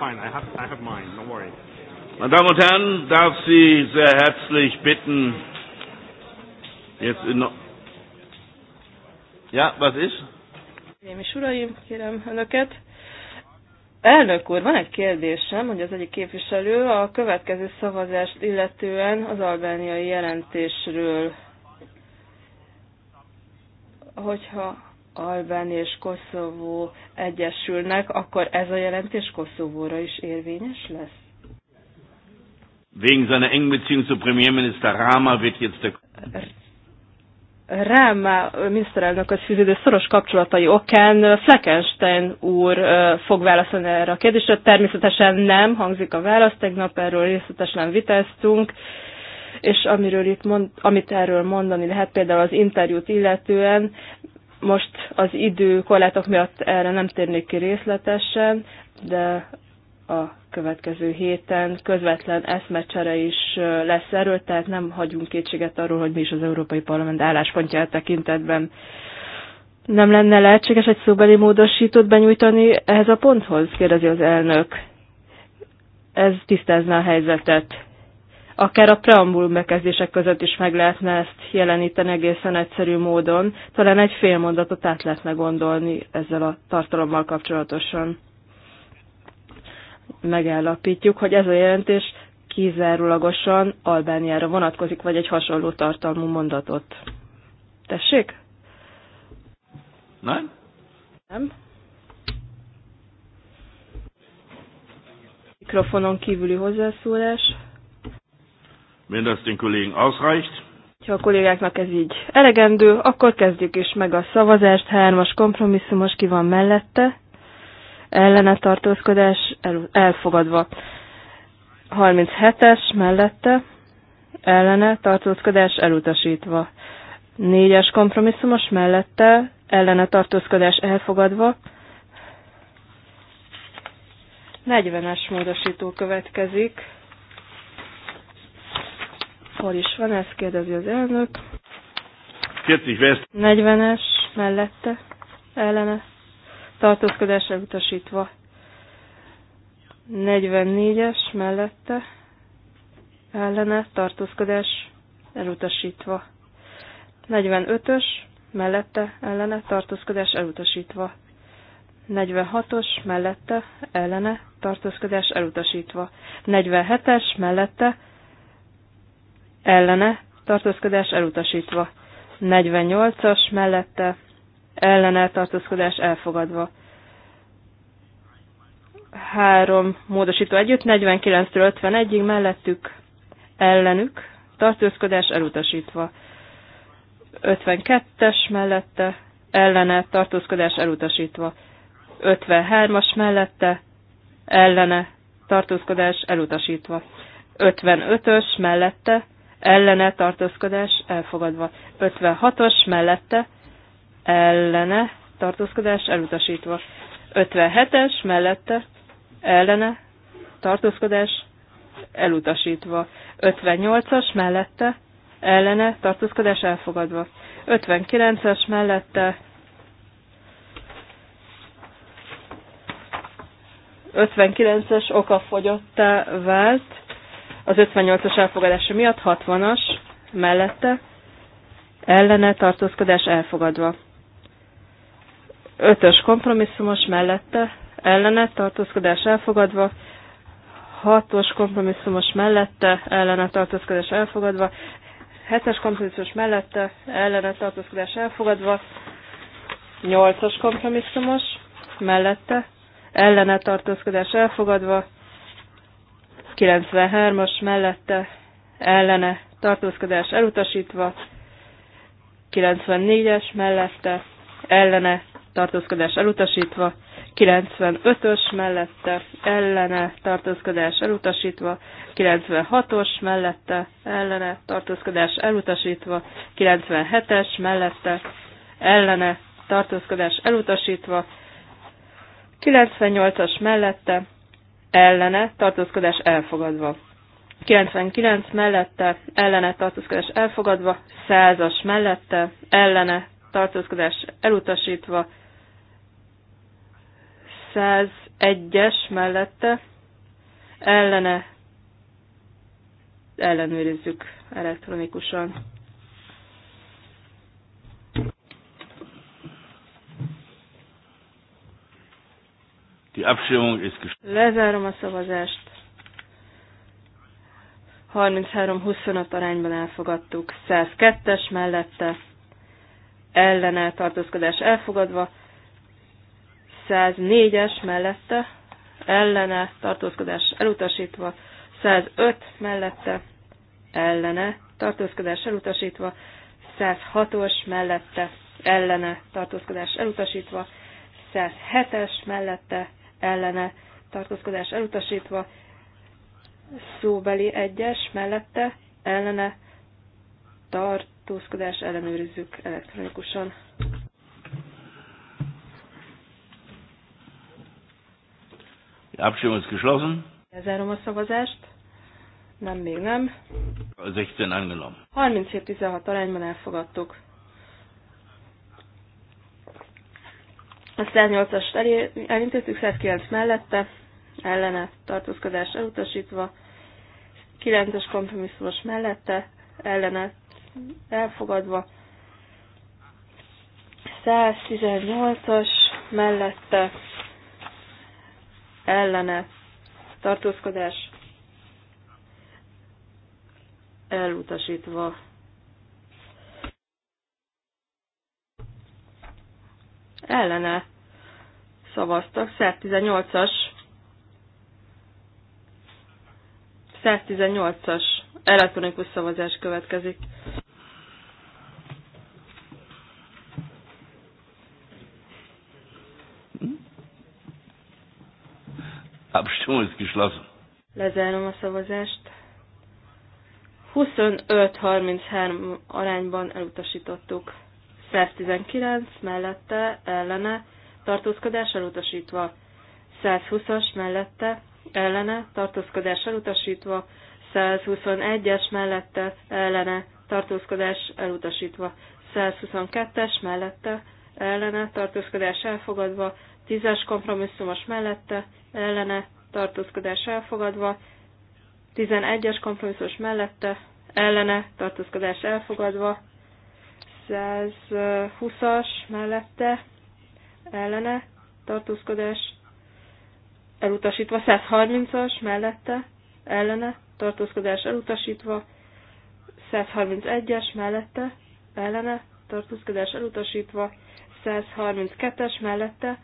fine. I have, I have mine. Don't worry. Meine Damen und Herren, darf Sie sehr herzlich bitten, jetzt in... no Ja, was ist? Én is uraim, kérem Önöket. Elnök úr, van egy kérdésem, hogy az egyik képviselő a következő szavazást illetően az albániai jelentésről, hogyha Albánia és Koszovó egyesülnek, akkor ez a jelentés Koszovóra is érvényes lesz? Wegen seiner engen Beziehung zu Premierminister Rama wird jetzt der miniszterelnök az fűződő szoros kapcsolatai okán Fleckenstein úr fog válaszolni erre a kérdésre. Természetesen nem hangzik a válasz, tegnap erről részletesen vitáztunk, és amiről itt mond, amit erről mondani lehet, például az interjút illetően, most az idő korlátok miatt erre nem térnék ki részletesen, de a következő héten közvetlen eszmecsere is lesz erről, tehát nem hagyunk kétséget arról, hogy mi is az Európai Parlament álláspontja a e tekintetben. Nem lenne lehetséges egy szóbeli módosítót benyújtani ehhez a ponthoz? kérdezi az elnök. Ez tisztázna a helyzetet akár a preambul bekezdések között is meg lehetne ezt jeleníteni egészen egyszerű módon. Talán egy fél mondatot át lehetne gondolni ezzel a tartalommal kapcsolatosan. Megállapítjuk, hogy ez a jelentés kizárólagosan Albániára vonatkozik, vagy egy hasonló tartalmú mondatot. Tessék? Nem? Nem? Mikrofonon kívüli hozzászólás. Wenn das den Kollegen ausreicht. Ha a kollégáknak ez így elegendő, akkor kezdjük is meg a szavazást. Hármas kompromisszumos ki van mellette. Ellene tartózkodás el, elfogadva. 37-es mellette. Ellene tartózkodás elutasítva. 4-es kompromisszumos mellette. Ellene tartózkodás elfogadva. 40-es módosító következik hol is van, ezt kérdezi az elnök. 40-es mellette ellene tartózkodásra elutasítva. 44-es mellette ellene tartózkodás elutasítva. 45-ös mellette ellene tartózkodás elutasítva. 46-os mellette ellene tartózkodás elutasítva. 47-es mellette ellene, tartózkodás elutasítva. 48-as mellette, ellene, tartózkodás elfogadva. Három módosító együtt, 49-től 51-ig mellettük, ellenük, tartózkodás elutasítva. 52-es mellette, ellene, tartózkodás elutasítva. 53-as mellette, ellene, tartózkodás elutasítva. 55-ös mellette, ellene tartózkodás elfogadva. 56-os mellette ellene tartózkodás elutasítva. 57-es mellette ellene tartózkodás elutasítva. 58-as mellette ellene tartózkodás elfogadva. 59-es mellette 59-es okafogyottá vált, az 58-as elfogadása miatt, 60-as mellette ellene tartózkodás elfogadva. 5-ös kompromisszumos mellette ellene tartózkodás elfogadva, 6-os kompromisszumos mellette ellene tartózkodás elfogadva, 7-es kompromisszumos mellette ellene tartózkodás elfogadva, 8-as kompromisszumos mellette ellene tartózkodás elfogadva, 93-as mellette ellene tartózkodás elutasítva, 94-es mellette ellene tartózkodás elutasítva, 95-ös mellette ellene tartózkodás elutasítva, 96-os mellette ellene tartózkodás elutasítva, 97-es mellette ellene tartózkodás elutasítva, 98-as mellette ellene tartózkodás elfogadva. 99 mellette ellene tartózkodás elfogadva, 100-as mellette ellene tartózkodás elutasítva, 101-es mellette ellene ellenőrizzük elektronikusan. Die Abstimmung ist Lezárom a szavazást. 33-25 arányban elfogadtuk. 102-es mellette ellene tartózkodás elfogadva. 104-es mellette ellene tartózkodás elutasítva. 105 mellette ellene tartózkodás elutasítva. 106-os mellette ellene tartózkodás elutasítva. 107-es mellette ellene tartózkodás elutasítva, szóbeli egyes mellette ellene tartózkodás ellenőrizzük elektronikusan. Abstimmung ist geschlossen. Lezárom a szavazást. Nem, még nem. 16 angenommen. 37-16 arányban elfogadtuk. A 108 as elintéztük, 109 mellette, ellene tartózkodás elutasítva, 9-es kompromisszumos mellette, ellene elfogadva, 118-as mellette ellene tartózkodás elutasítva. ellene szavaztak. 118-as 118-as elektronikus szavazás következik. Abstimmung kis geschlossen. Lezárom a szavazást. 25-33 arányban elutasítottuk. 19 mellette ellene tartózkodás elutasítva, 120-as mellette ellene tartózkodás elutasítva, 121-es mellette ellene tartózkodás elutasítva, 122-es mellette ellene tartózkodás elfogadva, 10-es kompromisszumos mellette ellene tartózkodás elfogadva, 11-es kompromisszumos mellette ellene tartózkodás elfogadva, 120-as mellette ellene tartózkodás elutasítva, 130-as mellette ellene tartózkodás elutasítva, 131-es mellette ellene tartózkodás elutasítva, 132-es mellette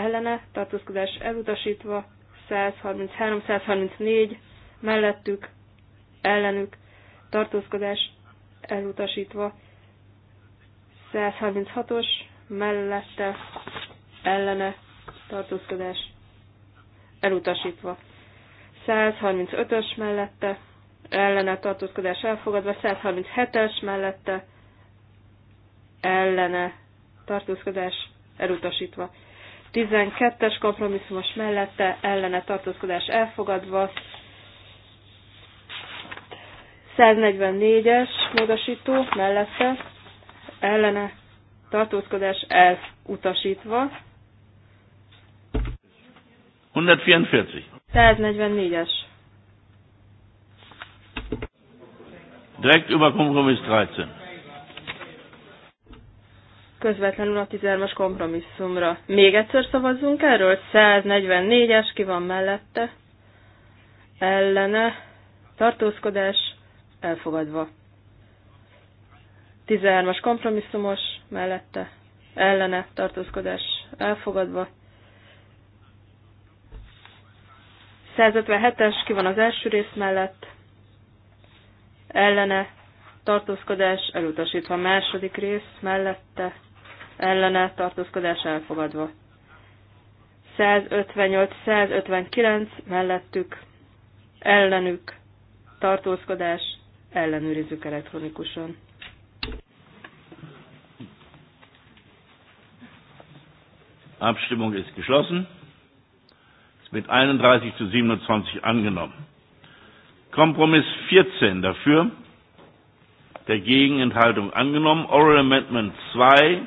ellene tartózkodás elutasítva, 133-134 mellettük ellenük tartózkodás elutasítva, 136-os mellette ellene tartózkodás elutasítva. 135-ös mellette ellene tartózkodás elfogadva, 137-es mellette ellene tartózkodás elutasítva. 12-es kompromisszumos mellette ellene tartózkodás elfogadva, 144-es módosító mellette ellene tartózkodás elutasítva. 144. 144-es. Direkt über Kompromiss 13. Közvetlenül a 13-as kompromisszumra. Még egyszer szavazzunk erről? 144-es, ki van mellette? Ellene. Tartózkodás elfogadva. 13-as kompromisszumos mellette ellene tartózkodás elfogadva. 157-es ki van az első rész mellett, ellene tartózkodás elutasítva második rész mellette, ellene tartózkodás elfogadva. 158-159 mellettük, ellenük tartózkodás ellenőrizzük elektronikusan. Abstimmung ist geschlossen. Ist mit 31 zu 27 angenommen. Kompromiss 14 dafür. Der Gegenenthaltung angenommen. Oral Amendment 2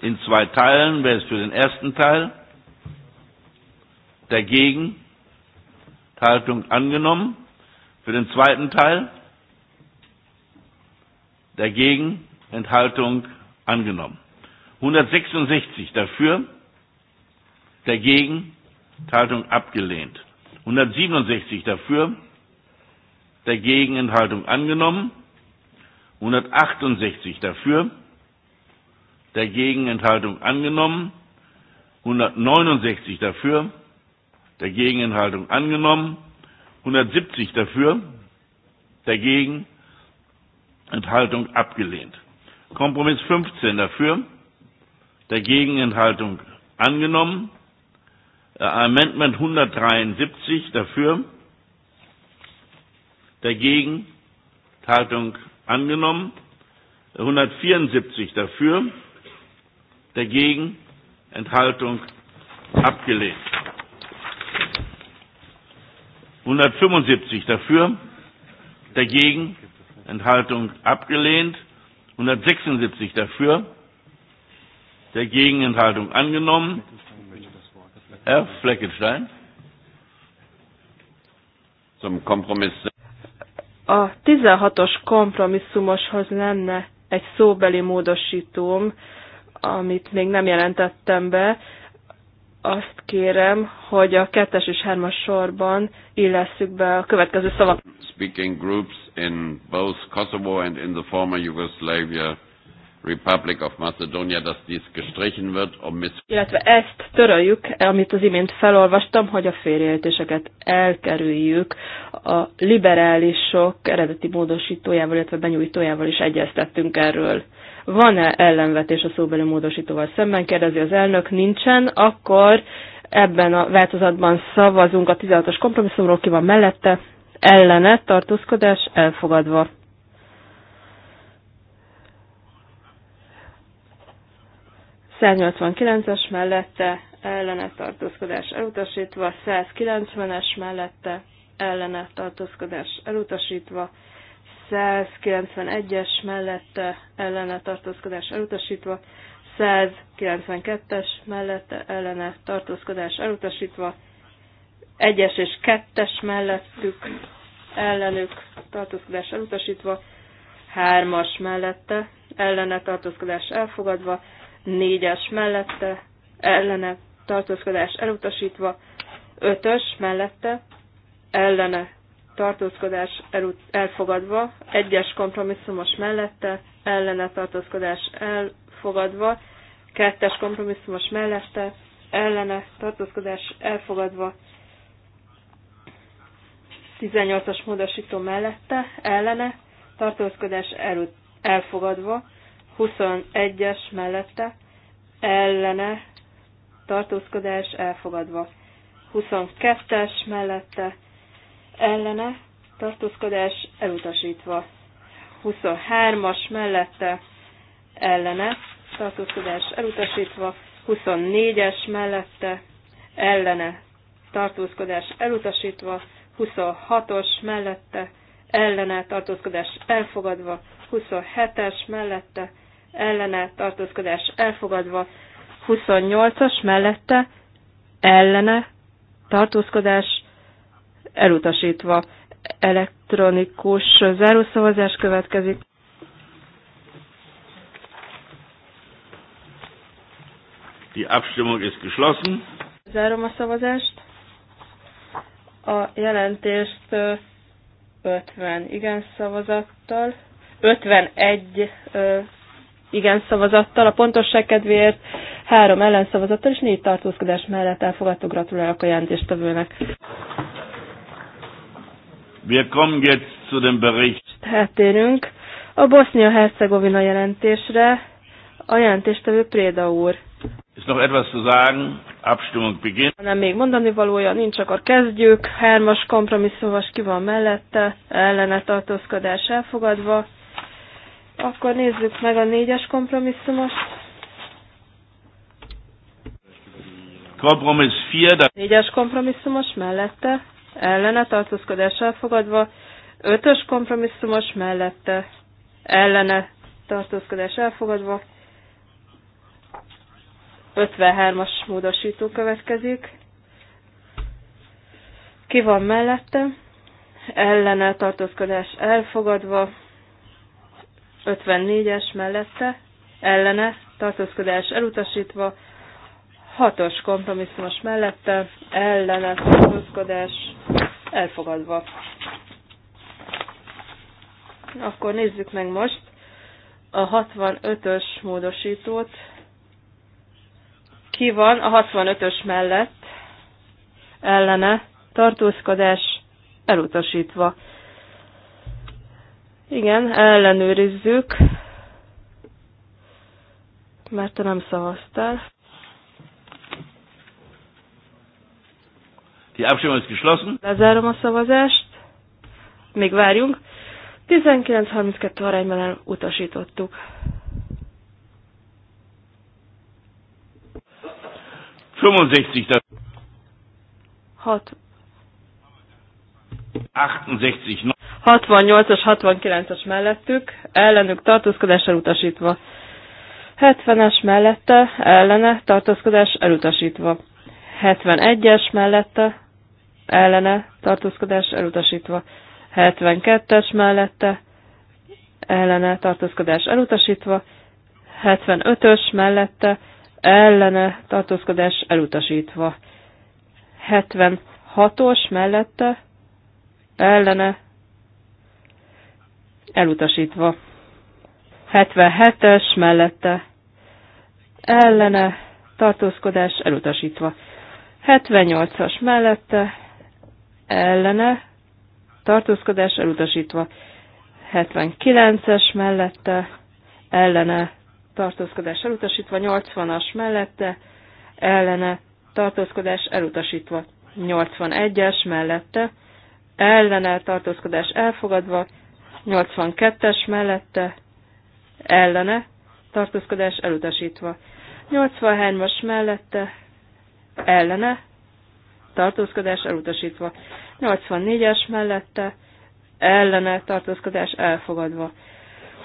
in zwei Teilen. Wer ist für den ersten Teil? Dagegen Enthaltung angenommen. Für den zweiten Teil? Dagegen Enthaltung angenommen. 166 dafür Dagegen? Enthaltung abgelehnt. 167 dafür. Dagegen Enthaltung angenommen. 168 dafür. Dagegen Enthaltung angenommen. 169 dafür. Dagegen Enthaltung angenommen. 170 dafür. Dagegen Enthaltung abgelehnt. Kompromiss 15 dafür. Dagegen Enthaltung angenommen. Äh, Amendment 173 dafür, dagegen, Haltung angenommen. 174 dafür, dagegen, Enthaltung abgelehnt. 175 dafür, dagegen, Enthaltung abgelehnt. 176 dafür, dagegen, Enthaltung angenommen. F. Fleckenstein zum Kompromiss. A 16-os kompromisszumoshoz lenne egy szóbeli módosítóm, amit még nem jelentettem be. Azt kérem, hogy a kettes és hármas sorban illesszük be a következő szavakat. Speaking groups in both Kosovo and in the former Yugoslavia Republic of Macedonia, dass dies gestrichen wird, um mit Illetve ezt töröljük, amit az imént felolvastam, hogy a félreértéseket elkerüljük. A liberálisok eredeti módosítójával, illetve benyújtójával is egyeztettünk erről. Van-e ellenvetés a szóbeli módosítóval szemben? Kérdezi az elnök, nincsen, akkor ebben a változatban szavazunk a 16-os kompromisszumról, ki van mellette, ellene, tartózkodás elfogadva. 189-es mellette ellene tartózkodás elutasítva, 190-es mellette ellene tartózkodás elutasítva, 191-es mellette ellene tartózkodás elutasítva, 192-es mellette ellene tartózkodás elutasítva, 1-es és 2-es mellettük ellenük tartózkodás elutasítva, 3-as mellette ellene tartózkodás elfogadva, négyes mellette, ellene tartózkodás elutasítva, ötös mellette, ellene tartózkodás elfogadva, egyes kompromisszumos mellette, ellene tartózkodás elfogadva, kettes kompromisszumos mellette, ellene tartózkodás elfogadva, 18-as módosító mellette, ellene tartózkodás elfogadva, 21-es mellette ellene tartózkodás elfogadva. 22-es mellette ellene tartózkodás elutasítva. 23-as mellette ellene tartózkodás elutasítva. 24-es mellette ellene tartózkodás elutasítva. 26-os mellette ellene tartózkodás elfogadva. 27-es mellette ellene tartózkodás elfogadva, 28-as mellette ellene tartózkodás elutasítva. Elektronikus zárószavazás következik. Die Abstimmung ist geschlossen. Zárom a szavazást. A jelentést 50 igen szavazattal, 51 igen szavazattal, a pontosság kedvéért három ellenszavazattal és négy tartózkodás mellett elfogadtuk. Gratulálok a jelentéstevőnek. Wir kommen jetzt zu dem Bericht. Áttérünk a bosnia hercegovina jelentésre. A jelentéstevő Préda úr. Ist noch etwas zu sagen? Abstimmung beginnt. Nem még mondani valója nincs, akkor kezdjük. Hármas kompromisszumos ki van mellette, ellene tartózkodás elfogadva. Akkor nézzük meg a négyes kompromisszumot. Kompromiss 4. Négyes kompromisszumos mellette, ellene tartózkodás elfogadva, ötös kompromisszumos mellette, ellene tartózkodás elfogadva, 53-as módosító következik. Ki van mellette? Ellene tartózkodás elfogadva, 54-es mellette, ellene, tartózkodás elutasítva, 6-os kompromisszumos mellette, ellene, tartózkodás elfogadva. Akkor nézzük meg most a 65-ös módosítót. Ki van a 65-ös mellett, ellene, tartózkodás elutasítva. Igen, ellenőrizzük, mert te nem szavaztál. Die Abstimmung ist geschlossen. Lezárom a szavazást. Még várjunk. 19.32 arányban elutasítottuk. Hat. 68, 68-as, 69-as mellettük, ellenük tartózkodás elutasítva. 70-es mellette, ellene tartózkodás elutasítva. 71-es mellette, ellene tartózkodás elutasítva. 72-es mellette, ellene tartózkodás elutasítva. 75-ös mellette, ellene tartózkodás elutasítva. 76-os mellette, ellene elutasítva. 77-es mellette ellene tartózkodás elutasítva. 78-as mellette ellene tartózkodás elutasítva. 79-es mellette ellene tartózkodás elutasítva, 80-as mellette ellene tartózkodás elutasítva, 81-es mellette ellene tartózkodás elfogadva, 82-es mellette ellene tartózkodás elutasítva. 83-as mellette ellene tartózkodás elutasítva. 84-es mellette ellene tartózkodás elfogadva.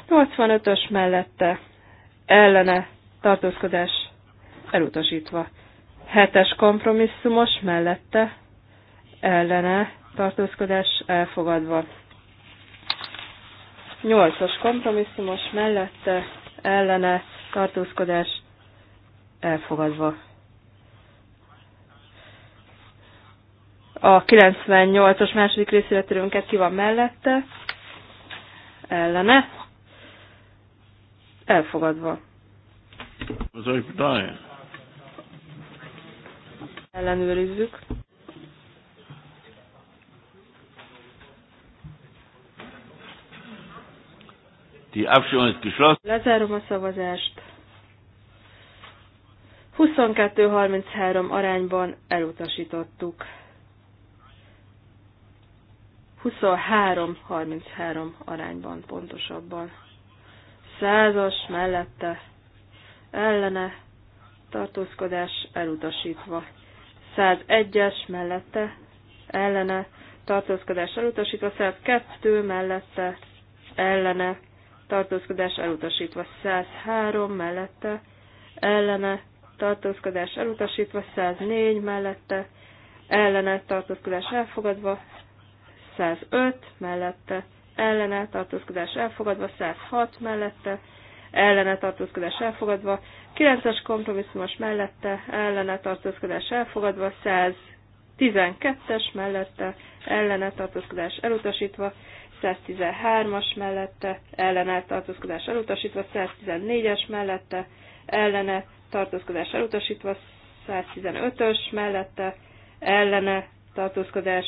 85-ös mellette ellene tartózkodás elutasítva. 7-es kompromisszumos mellette ellene tartózkodás elfogadva. Nyolcas kompromisszumos mellette ellene tartózkodás elfogadva. A 98-as második részére törőnket ki van mellette, ellene, elfogadva. Az Ellenőrizzük. Die Abstimmung ist geschlossen. Lezárom a szavazást. 22-33 arányban elutasítottuk. 23-33 arányban pontosabban. Százas mellette ellene tartózkodás elutasítva. 101-es mellette ellene tartózkodás elutasítva, 102 mellette ellene tartózkodás elutasítva 103 mellette, ellene tartózkodás elutasítva 104 mellette, ellene tartózkodás elfogadva 105 mellette, ellene tartózkodás elfogadva 106 mellette, ellene tartózkodás elfogadva, 9-es kompromisszumos mellette, ellene tartózkodás elfogadva, 112-es mellette, ellene tartózkodás elutasítva, 113-as mellette ellene tartózkodás elutasítva, 114-es mellette ellene tartózkodás elutasítva, 115-ös mellette ellene tartózkodás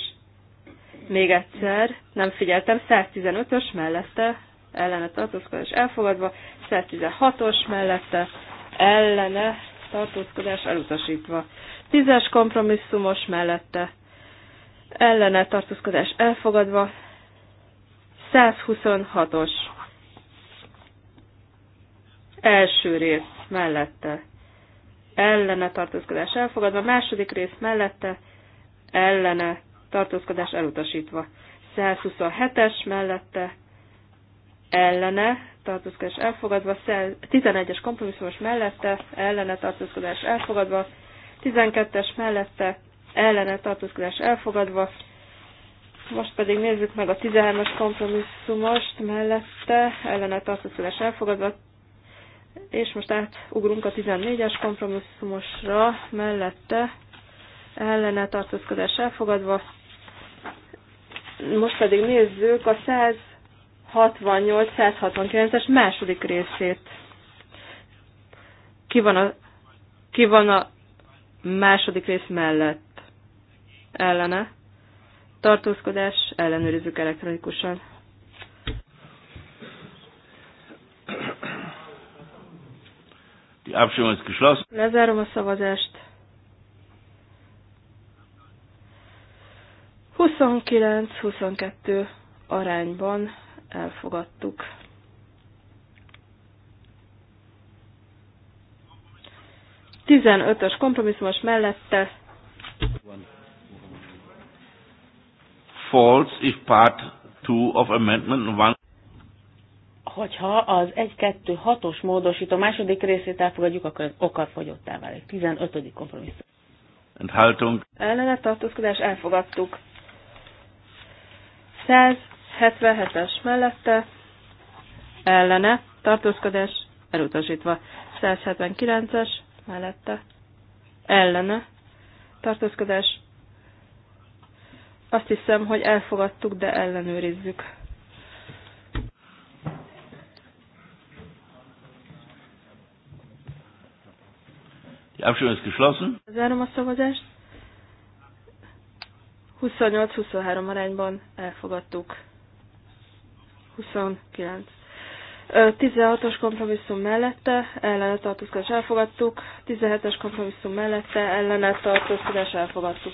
még egyszer, nem figyeltem, 115-ös mellette ellene tartózkodás elfogadva, 116-os mellette ellene tartózkodás elutasítva, 10-es kompromisszumos mellette ellene tartózkodás elfogadva, 126-os első rész mellette ellene tartózkodás elfogadva, második rész mellette ellene tartózkodás elutasítva. 127-es mellette ellene tartózkodás elfogadva, 11-es kompromisszumos mellette ellene tartózkodás elfogadva, 12-es mellette ellene tartózkodás elfogadva, most pedig nézzük meg a 13-as kompromisszumost mellette, ellene tartózkodás elfogadva, és most átugrunk a 14-es kompromisszumosra mellette, ellene tartózkodás elfogadva. Most pedig nézzük a 168-169-es második részét. Ki van, a, ki van a második rész mellett? Ellene? tartózkodás, ellenőrizzük elektronikusan. Lezárom a szavazást. 29-22 arányban elfogadtuk. Tizenötös kompromisszumos mellette falls if part 2 of amendment 1 hogyha az 1-2-6-os módosító második részét elfogadjuk, akkor az okafogyottá válik. 15. kompromisszum. Enthaltung. Ellenet tartózkodás elfogadtuk. 177-es mellette ellene tartózkodás elutasítva. 179-es mellette ellene tartózkodás azt hiszem, hogy elfogadtuk, de ellenőrizzük. Die Abstimmung ist geschlossen. Zárom a szavazást. 28-23 arányban elfogadtuk. 29. 16-os kompromisszum mellette ellene tartózkodás elfogadtuk, 17-es kompromisszum mellette ellene tartózkodás elfogadtuk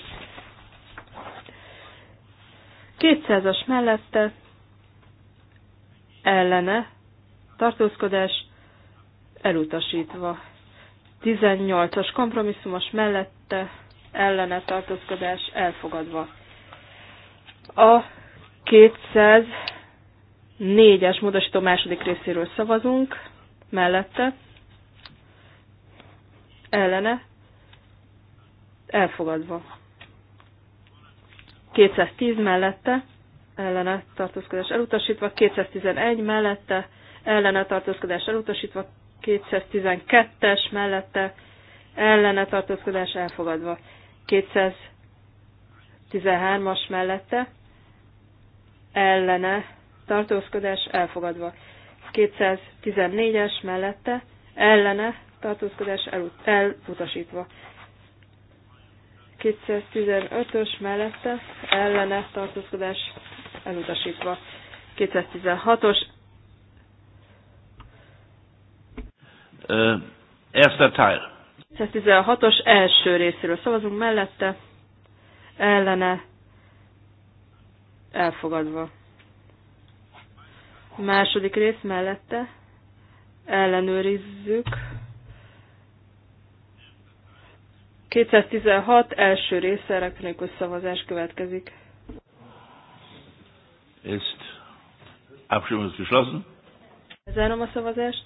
kétszázas mellette ellene tartózkodás elutasítva. 18-as kompromisszumos mellette ellene tartózkodás elfogadva. A 204-es módosító második részéről szavazunk, mellette, ellene, elfogadva. 210 mellette ellene tartózkodás elutasítva, 211 mellette ellene tartózkodás elutasítva, 212-es mellette ellene tartózkodás elfogadva, 213-as mellette ellene tartózkodás elfogadva, 214-es mellette ellene tartózkodás elut- elutasítva, 215-ös mellette ellene tartózkodás elutasítva. 216-os. erster Teil. 216-os első részéről szavazunk mellette, ellene elfogadva. Második rész mellette ellenőrizzük. 216 első része elektronikus szavazás következik. Ezt ist geschlossen. Zárom a szavazást.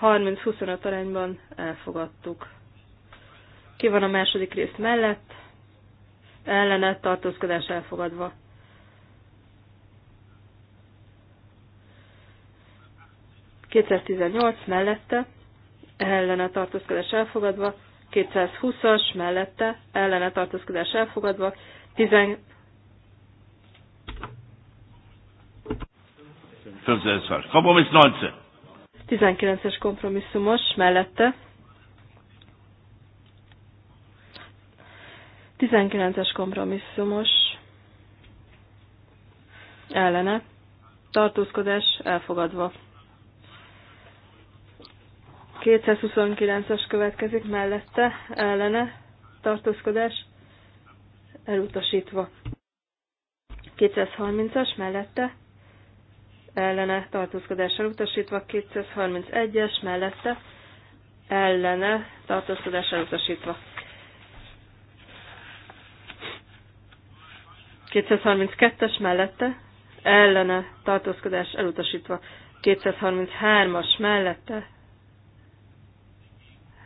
30-25 arányban elfogadtuk. Ki van a második rész mellett? Ellene tartózkodás elfogadva. Kétszer mellette, ellene tartózkodás elfogadva, 220-as mellette ellene tartózkodás elfogadva, 10... 19-es kompromisszumos mellette 19-es kompromisszumos ellene tartózkodás elfogadva. 229-es következik mellette, ellene, tartózkodás, elutasítva. 230-as mellette, ellene, tartózkodás elutasítva. 231-es mellette, ellene, tartózkodás elutasítva. 232-es mellette, ellene, tartózkodás elutasítva. 233-as mellette,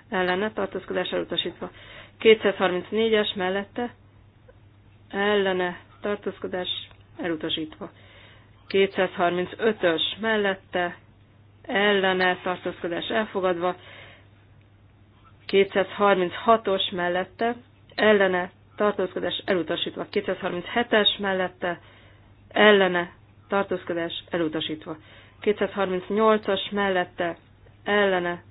ellene tartózkodás elutasítva. 234-es mellette ellene tartózkodás elutasítva. 235-ös mellette ellene tartózkodás elfogadva. 236-os mellette ellene tartózkodás elutasítva. 237-es mellette ellene tartózkodás elutasítva. 238-as mellette ellene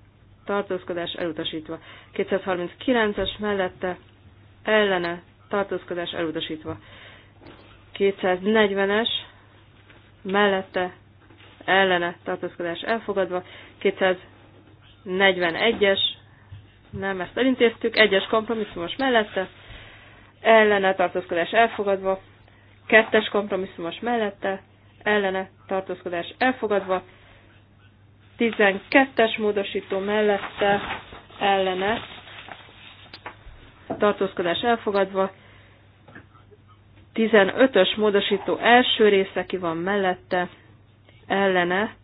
tartózkodás elutasítva. 239-es mellette ellene tartózkodás elutasítva. 240-es mellette ellene tartózkodás elfogadva. 241-es nem ezt elintéztük, egyes kompromisszumos mellette, ellene tartózkodás elfogadva, kettes kompromisszumos mellette, ellene tartózkodás elfogadva, 12-es módosító mellette ellene tartózkodás elfogadva, 15-ös módosító első része ki van mellette, ellene,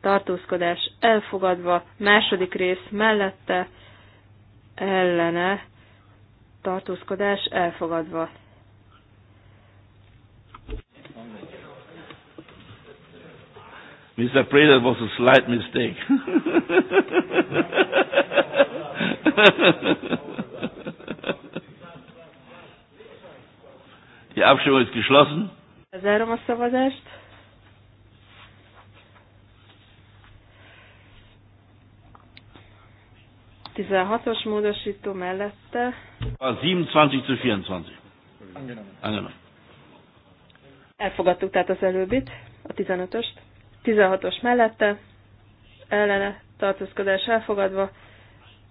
tartózkodás elfogadva, második rész mellette, ellene, tartózkodás elfogadva. Mr. that was a slight mistake. Die Abstimmung ist geschlossen. a szavazást. Tizenhatos módosító mellette. 27 zu 24. Angenommen. Angenommen. Elfogadtuk tehát az előbbit, a 15-öst. 16-os mellette, ellene tartózkodás elfogadva,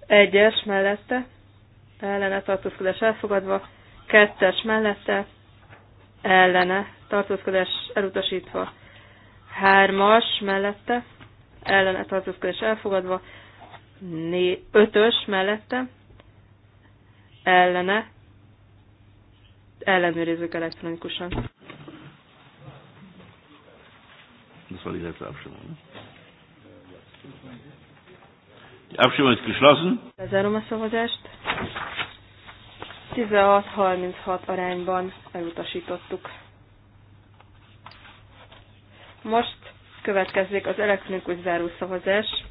1-es mellette, ellene tartózkodás elfogadva, 2-es mellette, ellene tartózkodás elutasítva, 3-as mellette, ellene tartózkodás elfogadva, 5-ös mellette, ellene ellenőrizzük elektronikusan. Das war die letzte Abstimmung. Ne? Die Abstimmung ist a szavazást. 16-36 arányban elutasítottuk. Most következik az elektronikus zárószavazás.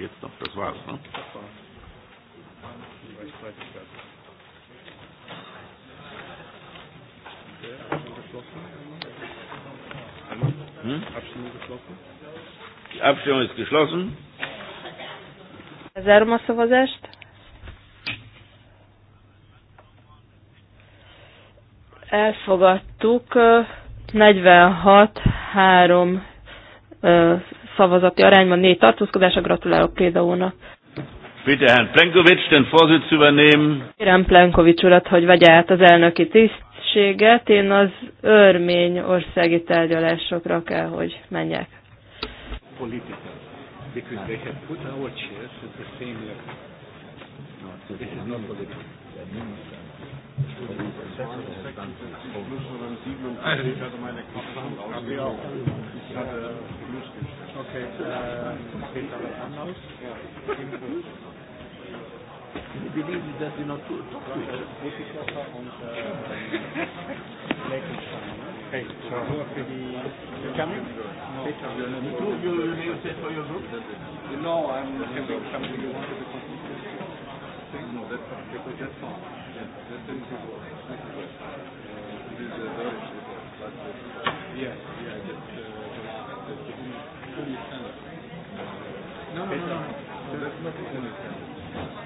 Jetzt noch, das war's, ne? Hm? Die Abstimmung ist geschlossen. Elfogadtuk 46-3 szavazati arányban négy tartózkodásra. Gratulálok Kédaónak. Bitte Herrn Plenkovic, den Vorsitz übernehmen. Kérem Plenkovic urat, hogy vegye át az elnöki tiszt lehetőséget, én az örmény országi tárgyalásokra kell, hogy menjek. because they have put our chairs at the same level. This is not political. Okay, uh, He believes it does not talk to each other. Hey, so you're coming? No. You, you, you need to for your group? No, I'm coming. You wanted to continue? No, that's fine. Because that's fine. That, that didn't is a very report. yes, yeah, that's uh, the fully standard. No, no, no. no. That's not fully standard.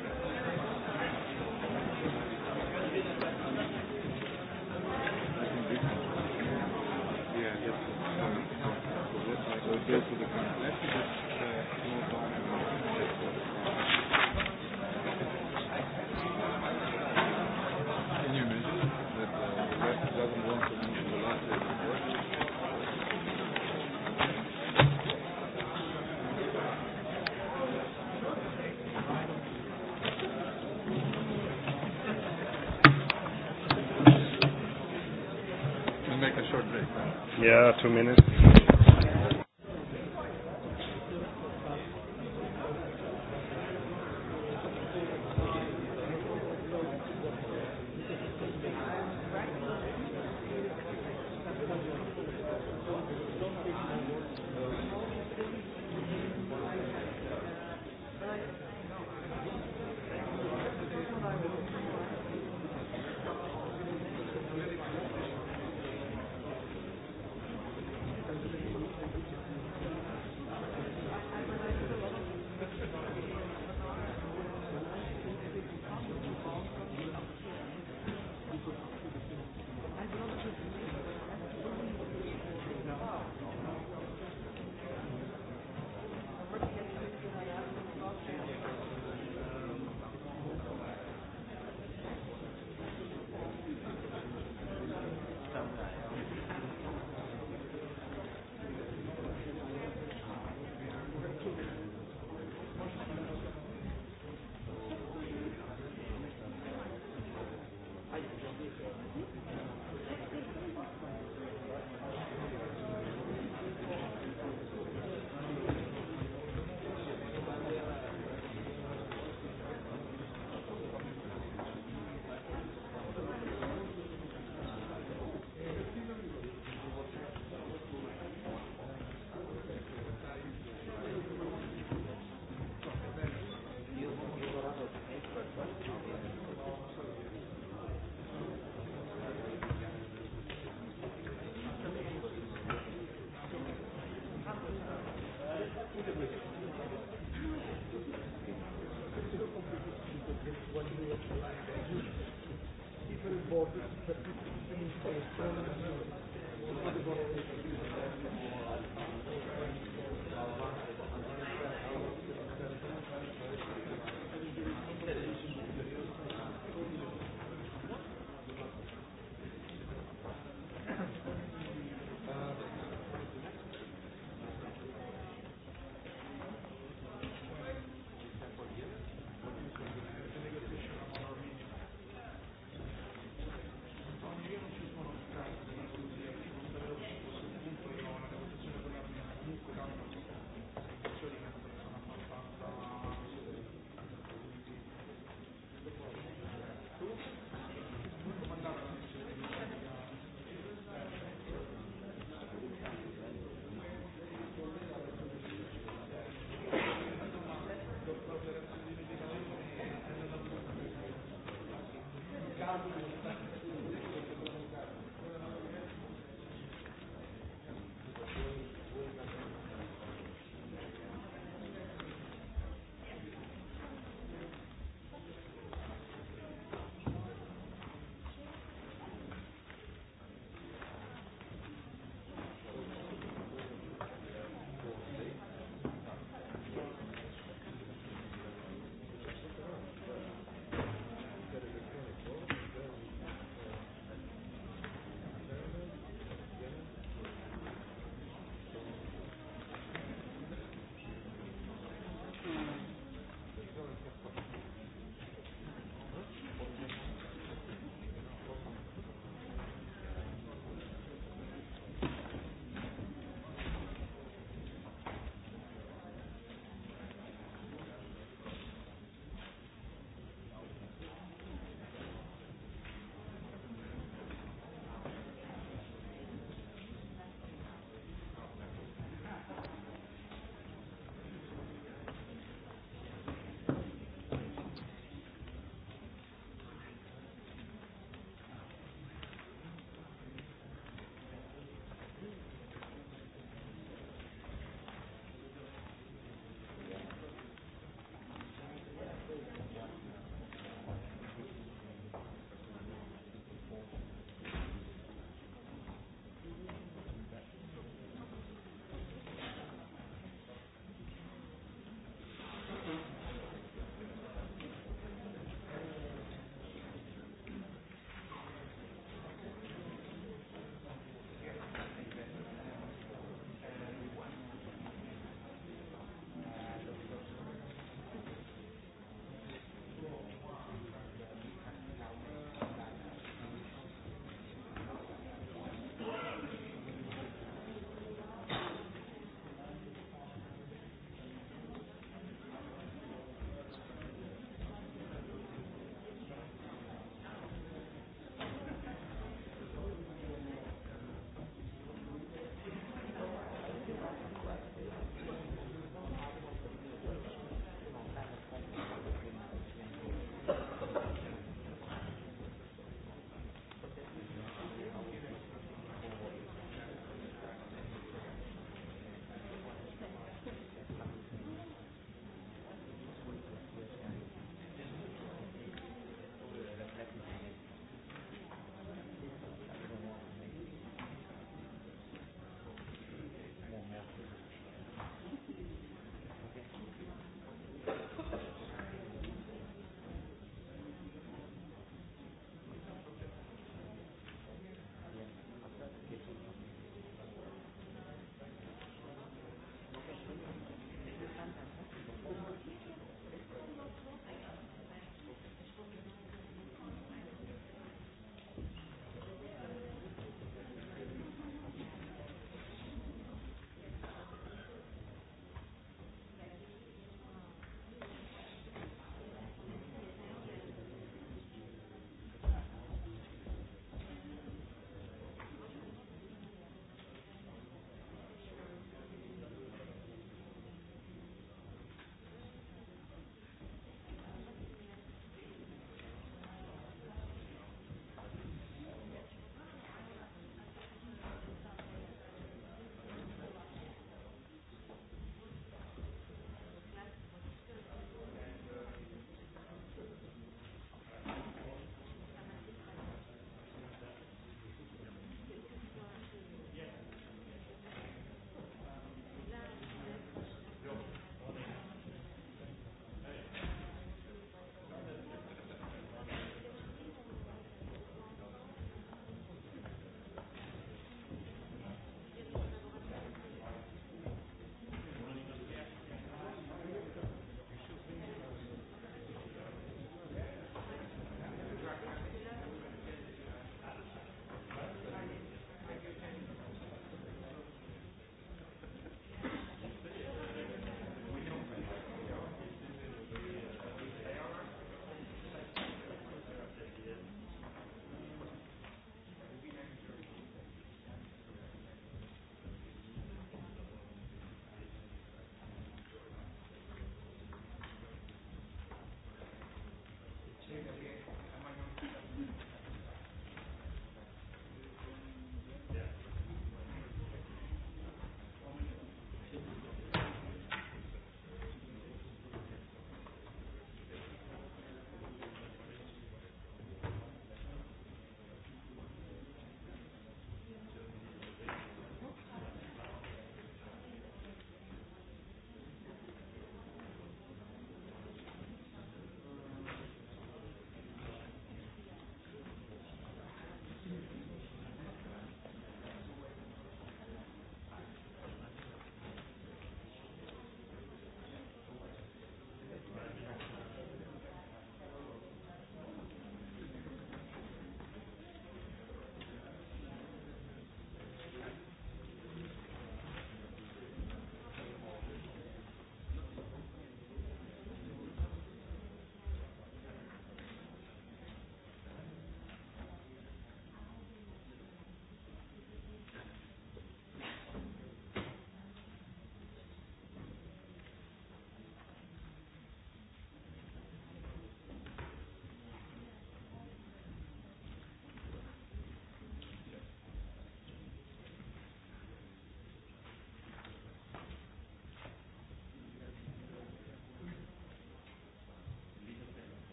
two minutes.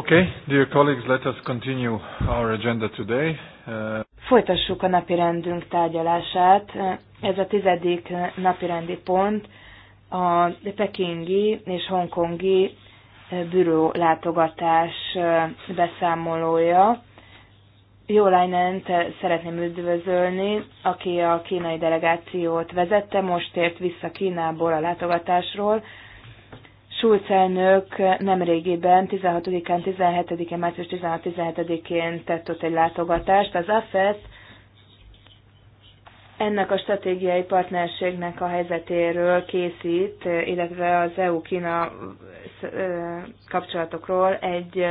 Okay, dear colleagues, let us continue our agenda today. Uh, Folytassuk a napirendünk tárgyalását. Ez a tizedik napirendi pont a pekingi és hongkongi büro látogatás beszámolója. Jó Lánent szeretném üdvözölni, aki a kínai delegációt vezette, most ért vissza Kínából a látogatásról. Schulz elnök nemrégiben 16-án, 17-én, március 16-17-én tett ott egy látogatást. Az AFET ennek a stratégiai partnerségnek a helyzetéről készít, illetve az EU-Kína kapcsolatokról egy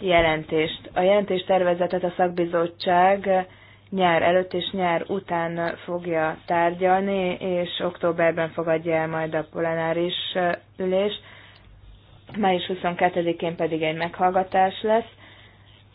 jelentést. A jelentés tervezetet a szakbizottság nyár előtt és nyár után fogja tárgyalni, és októberben fogadja el majd a polenáris ülés. Május 22-én pedig egy meghallgatás lesz.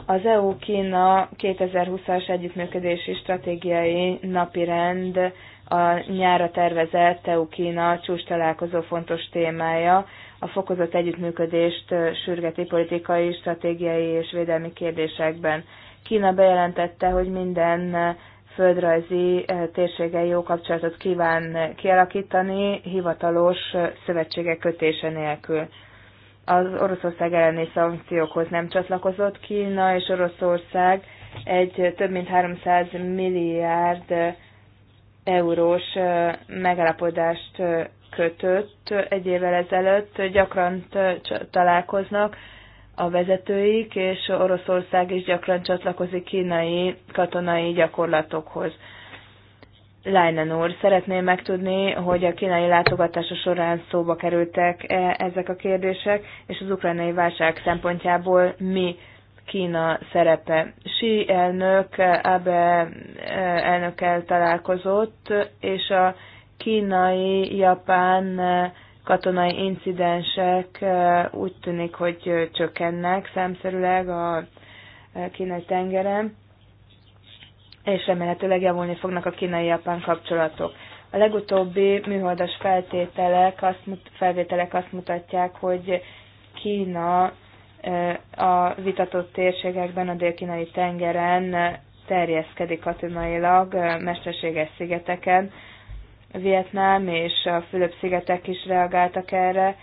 Az EU-Kína 2020-as együttműködési stratégiai napirend a nyára tervezett EU-Kína csúcs találkozó fontos témája a fokozott együttműködést sürgeti politikai, stratégiai és védelmi kérdésekben. Kína bejelentette, hogy minden eh, földrajzi eh, térséggel jó kapcsolatot kíván kialakítani, hivatalos eh, szövetségek kötése nélkül. Az Oroszország elleni szankciókhoz nem csatlakozott Kína, és Oroszország egy több mint 300 milliárd eurós megállapodást kötött egy évvel ezelőtt, gyakran találkoznak, a vezetőik, és Oroszország is gyakran csatlakozik kínai katonai gyakorlatokhoz. Leinen úr, szeretném megtudni, hogy a kínai látogatása során szóba kerültek -e ezek a kérdések, és az ukrajnai válság szempontjából mi Kína szerepe. Xi elnök Abe eh, elnökkel találkozott, és a kínai-japán eh, katonai incidensek úgy tűnik, hogy csökkennek számszerűleg a kínai tengeren, és remélhetőleg javulni fognak a kínai-japán kapcsolatok. A legutóbbi műholdas feltételek, azt, felvételek azt mutatják, hogy Kína a vitatott térségekben, a dél-kínai tengeren terjeszkedik katonailag, mesterséges szigeteken, Vietnám és a Fülöp-szigetek is reagáltak erre,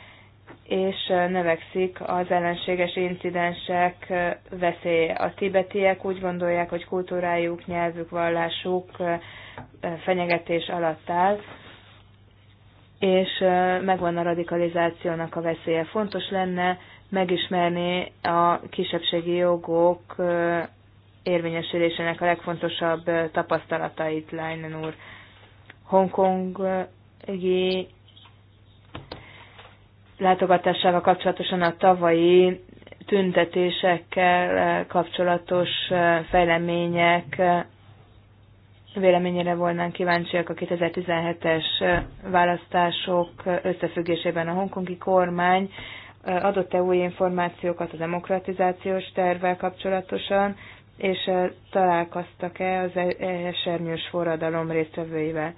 és növekszik az ellenséges incidensek veszélye. A tibetiek úgy gondolják, hogy kultúrájuk, nyelvük, vallásuk fenyegetés alatt áll, és megvan a radikalizációnak a veszélye. Fontos lenne megismerni a kisebbségi jogok érvényesülésének a legfontosabb tapasztalatait, Leinen úr hongkongi látogatásával kapcsolatosan a tavalyi tüntetésekkel eh, kapcsolatos eh, fejlemények eh, véleményére volnánk kíváncsiak a 2017-es választások összefüggésében a hongkongi kormány adott-e új információkat a demokratizációs tervvel kapcsolatosan, és találkoztak-e az esernyős e-, e-, forradalom résztvevőivel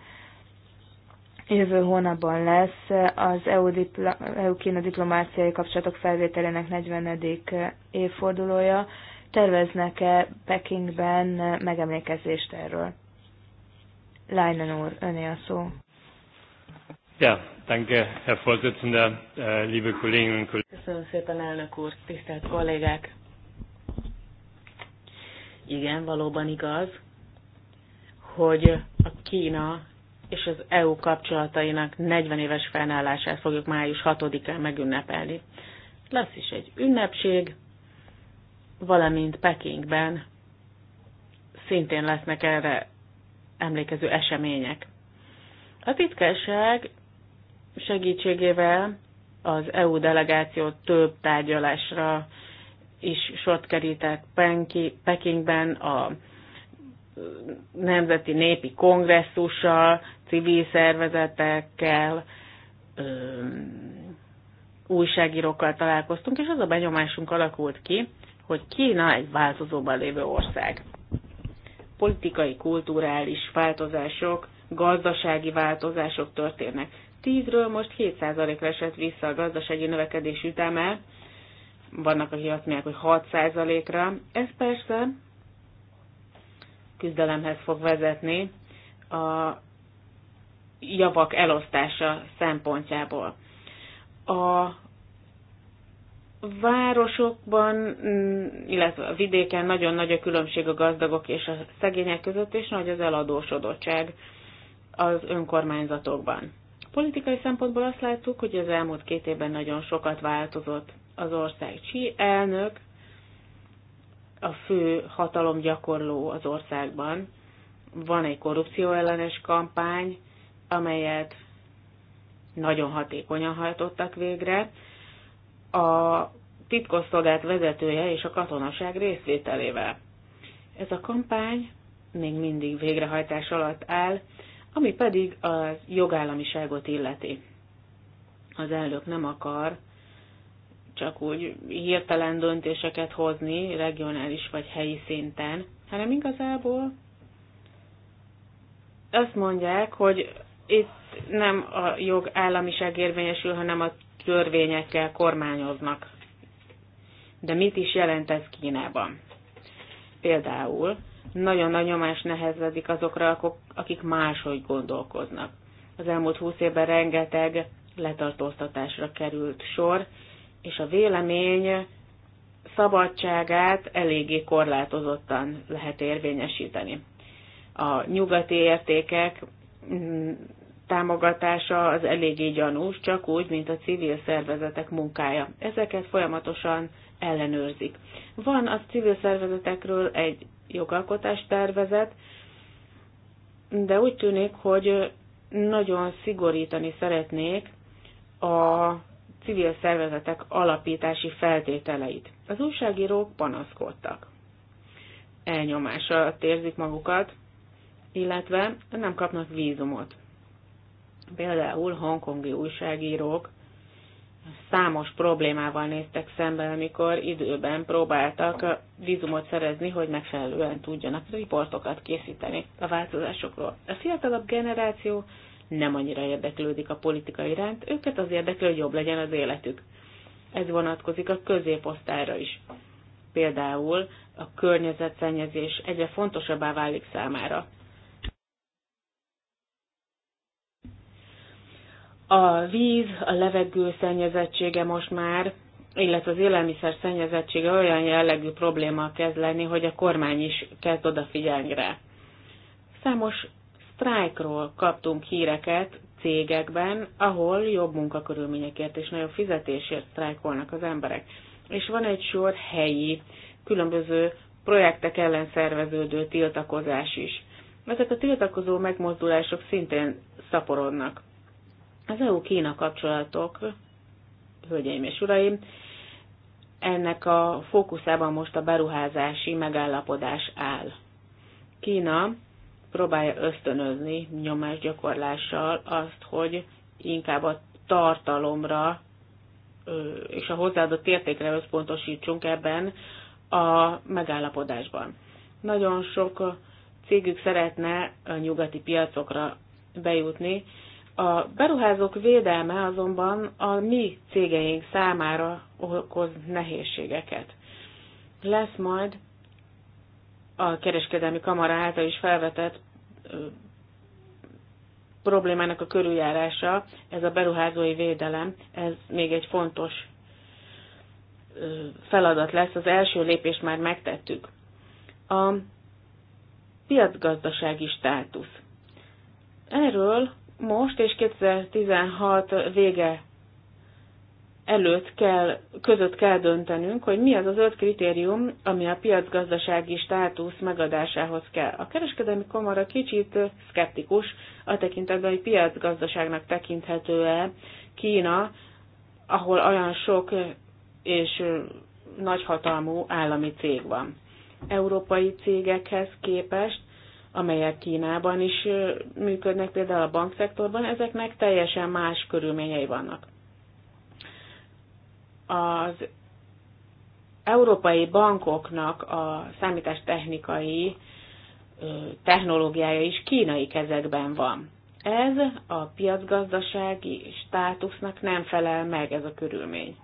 jövő hónapban lesz az EU, diplo- EU Kína diplomáciai kapcsolatok felvételének 40. évfordulója. Terveznek-e Pekingben megemlékezést erről? Leinen úr, öné a szó. Ja, danke, Herr Vorsitzender, äh, liebe Kolleginnen und Kollegen. Köszönöm szépen, elnök úr, tisztelt kollégák. Igen, valóban igaz, hogy a Kína és az EU kapcsolatainak 40 éves fennállását fogjuk május 6-án megünnepelni. Lesz is egy ünnepség, valamint Pekingben szintén lesznek erre emlékező események. A titkárság segítségével az EU delegáció több tárgyalásra is sort kerített Pekingben a nemzeti népi kongresszussal, civil szervezetekkel, újságírókkal találkoztunk, és az a benyomásunk alakult ki, hogy Kína egy változóban lévő ország. Politikai, kulturális változások, gazdasági változások történnek. Tízről most 7%-ra esett vissza a gazdasági növekedés üteme, vannak, akik azt mondják, hogy 6%-ra. Ez persze küzdelemhez fog vezetni a javak elosztása szempontjából. A városokban, mm, illetve a vidéken nagyon nagy a különbség a gazdagok és a szegények között, és nagy az eladósodottság az önkormányzatokban. Politikai szempontból azt láttuk, hogy az elmúlt két évben nagyon sokat változott az ország. Csi elnök a fő hatalomgyakorló az országban. Van egy korrupcióellenes kampány, amelyet nagyon hatékonyan hajtottak végre. A titkosszolgált vezetője és a katonaság részvételével. Ez a kampány még mindig végrehajtás alatt áll, ami pedig a jogállamiságot illeti. Az elnök nem akar csak úgy hirtelen döntéseket hozni regionális vagy helyi szinten, hanem igazából azt mondják, hogy itt nem a jog államiság érvényesül, hanem a törvényekkel kormányoznak. De mit is jelent ez Kínában? Például nagyon nagy nyomás nehezedik azokra, akik máshogy gondolkoznak. Az elmúlt húsz évben rengeteg letartóztatásra került sor, és a vélemény szabadságát eléggé korlátozottan lehet érvényesíteni. A nyugati értékek mm, támogatása az eléggé gyanús, csak úgy, mint a civil szervezetek munkája. Ezeket folyamatosan ellenőrzik. Van a civil szervezetekről egy jogalkotás tervezet, de úgy tűnik, hogy nagyon szigorítani szeretnék a civil szervezetek alapítási feltételeit. Az újságírók panaszkodtak. Elnyomás alatt érzik magukat, illetve nem kapnak vízumot. Például hongkongi újságírók számos problémával néztek szembe, amikor időben próbáltak vízumot szerezni, hogy megfelelően tudjanak riportokat készíteni a változásokról. A fiatalabb generáció nem annyira érdeklődik a politika iránt, őket az érdekli, hogy jobb legyen az életük. Ez vonatkozik a középosztályra is. Például a környezetszennyezés egyre fontosabbá válik számára. A víz, a levegő szennyezettsége most már, illetve az élelmiszer szennyezettsége olyan jellegű probléma kezd lenni, hogy a kormány is kezd odafigyelni rá. Számos sztrájkról kaptunk híreket cégekben, ahol jobb munkakörülményekért és nagyobb fizetésért sztrájkolnak az emberek. És van egy sor helyi, különböző projektek ellen szerveződő tiltakozás is. Ezek a tiltakozó megmozdulások szintén szaporodnak. Az EU-Kína kapcsolatok, hölgyeim és uraim, ennek a fókuszában most a beruházási megállapodás áll. Kína próbálja ösztönözni nyomásgyakorlással azt, hogy inkább a tartalomra és a hozzáadott értékre összpontosítsunk ebben a megállapodásban. Nagyon sok cégük szeretne a nyugati piacokra bejutni. A beruházók védelme azonban a mi cégeink számára okoz nehézségeket. Lesz majd a kereskedelmi kamara által is felvetett problémának a körüljárása, ez a beruházói védelem, ez még egy fontos feladat lesz. Az első lépést már megtettük. A piacgazdasági státusz. Erről most és 2016 vége előtt kell, között kell döntenünk, hogy mi az az öt kritérium, ami a piacgazdasági státusz megadásához kell. A kereskedelmi komara kicsit szkeptikus a tekintetben, hogy piacgazdaságnak tekinthető-e Kína, ahol olyan sok és nagyhatalmú állami cég van. Európai cégekhez képest, amelyek Kínában is működnek, például a bankszektorban, ezeknek teljesen más körülményei vannak az európai bankoknak a számítástechnikai technológiája is kínai kezekben van. Ez a piacgazdasági státusznak nem felel meg ez a körülmény.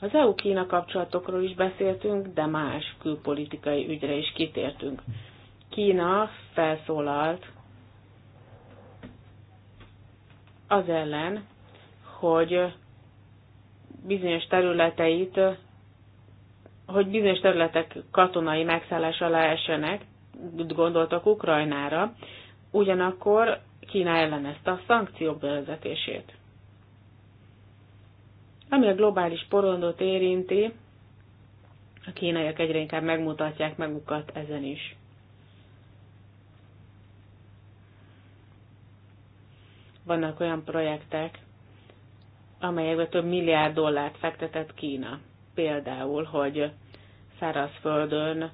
Az EU-Kína kapcsolatokról is beszéltünk, de más külpolitikai ügyre is kitértünk. Kína felszólalt az ellen, hogy bizonyos területeit, hogy bizonyos területek katonai megszállás alá essenek, gondoltak Ukrajnára, ugyanakkor Kína ellenezte a szankciók bevezetését. Ami a globális porondot érinti, a kínaiak egyre inkább megmutatják magukat ezen is. Vannak olyan projektek, amelyekbe több milliárd dollárt fektetett Kína. Például, hogy szárazföldön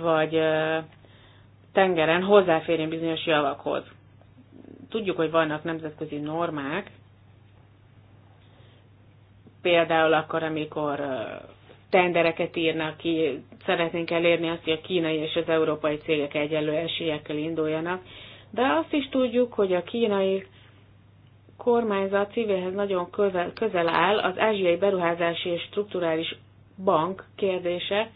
vagy tengeren hozzáférjen bizonyos javakhoz. Tudjuk, hogy vannak nemzetközi normák, például akkor, amikor tendereket írnak ki, szeretnénk elérni azt, hogy a kínai és az európai cégek egyenlő esélyekkel induljanak, de azt is tudjuk, hogy a kínai kormányzat civilhez nagyon közel, közel áll az Ázsiai Beruházási és Strukturális Bank kérdése,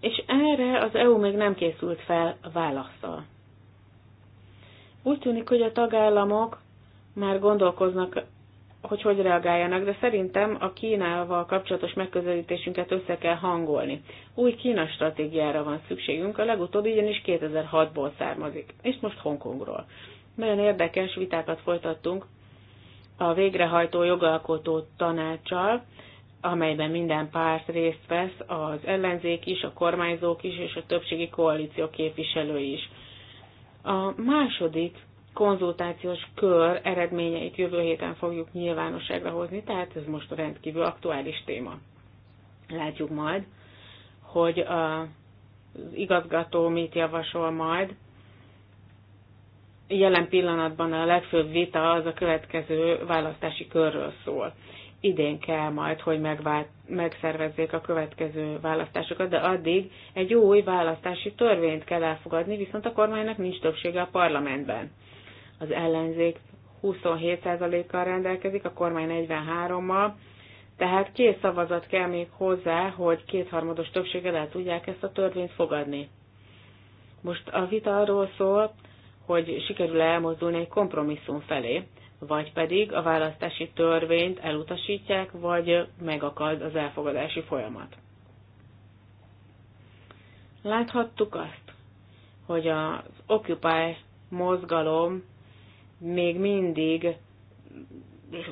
és erre az EU még nem készült fel válaszsal. Úgy tűnik, hogy a tagállamok már gondolkoznak, hogy hogy reagáljanak, de szerintem a Kínával kapcsolatos megközelítésünket össze kell hangolni. Új Kína stratégiára van szükségünk, a legutóbbi ugyanis 2006-ból származik, és most Hongkongról. Nagyon érdekes vitákat folytattunk a végrehajtó jogalkotó tanácsal, amelyben minden párt részt vesz, az ellenzék is, a kormányzók is, és a többségi koalíció képviselői is. A második konzultációs kör eredményeit jövő héten fogjuk nyilvánosságra hozni, tehát ez most a rendkívül aktuális téma. Látjuk majd, hogy az igazgató mit javasol majd, jelen pillanatban a legfőbb vita az a következő választási körről szól. Idén kell majd, hogy megvált, megszervezzék a következő választásokat, de addig egy új választási törvényt kell elfogadni, viszont a kormánynak nincs többsége a parlamentben. Az ellenzék 27%-kal rendelkezik, a kormány 43-mal, tehát két szavazat kell még hozzá, hogy kétharmados többséggel el tudják ezt a törvényt fogadni. Most a vita arról szól, hogy sikerül -e elmozdulni egy kompromisszum felé, vagy pedig a választási törvényt elutasítják, vagy megakad az elfogadási folyamat. Láthattuk azt, hogy az Occupy mozgalom még mindig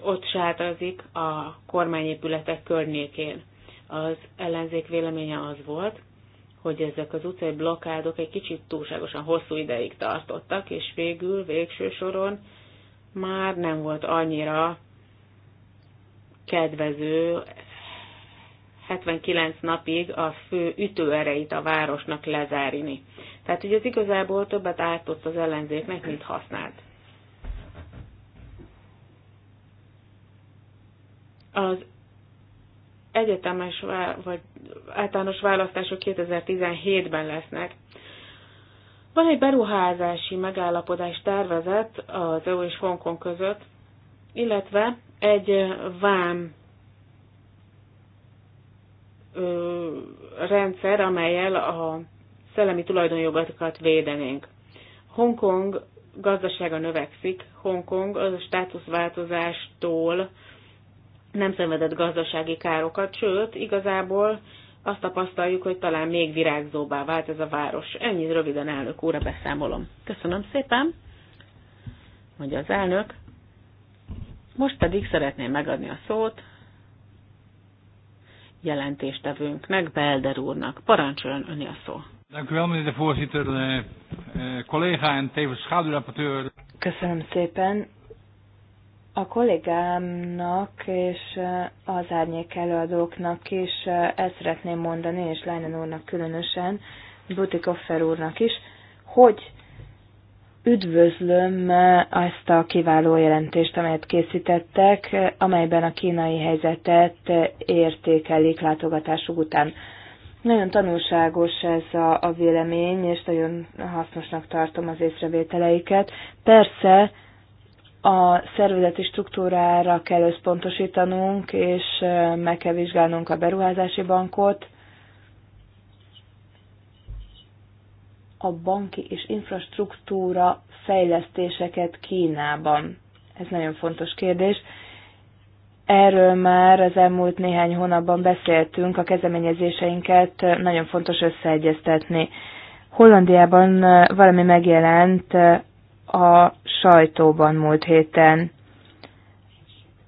ott sátrazik a kormányépületek környékén. Az ellenzék véleménye az volt, hogy ezek az utcai blokádok egy kicsit túlságosan hosszú ideig tartottak, és végül, végső soron már nem volt annyira kedvező 79 napig a fő ütőereit a városnak lezárni. Tehát, ugye az igazából többet ártott az ellenzéknek, mint használt. Az egyetemes vagy általános választások 2017-ben lesznek. Van egy beruházási megállapodás tervezett az EU és Hongkong között, illetve egy vám rendszer, amelyel a szellemi tulajdonjogokat védenénk. Hongkong gazdasága növekszik, Hongkong az a státuszváltozástól nem szenvedett gazdasági károkat, sőt, igazából azt tapasztaljuk, hogy talán még virágzóbbá vált ez a város. Ennyi röviden elnök úr, beszámolom. Köszönöm szépen, mondja az elnök. Most pedig szeretném megadni a szót jelentéstevőnknek, Belder úrnak. Parancsoljon öni a szó. Eh, eh, Köszönöm szépen, a kollégámnak és az árnyék előadóknak is el szeretném mondani, és Lányan úrnak különösen, Butikoffer úrnak is, hogy üdvözlöm azt a kiváló jelentést, amelyet készítettek, amelyben a kínai helyzetet értékelik látogatásuk után. Nagyon tanulságos ez a, a vélemény, és nagyon hasznosnak tartom az észrevételeiket. Persze a szervezeti struktúrára kell összpontosítanunk, és meg kell vizsgálnunk a beruházási bankot, a banki és infrastruktúra fejlesztéseket Kínában. Ez nagyon fontos kérdés. Erről már az elmúlt néhány hónapban beszéltünk, a kezeményezéseinket nagyon fontos összeegyeztetni. Hollandiában valami megjelent a sajtóban múlt héten.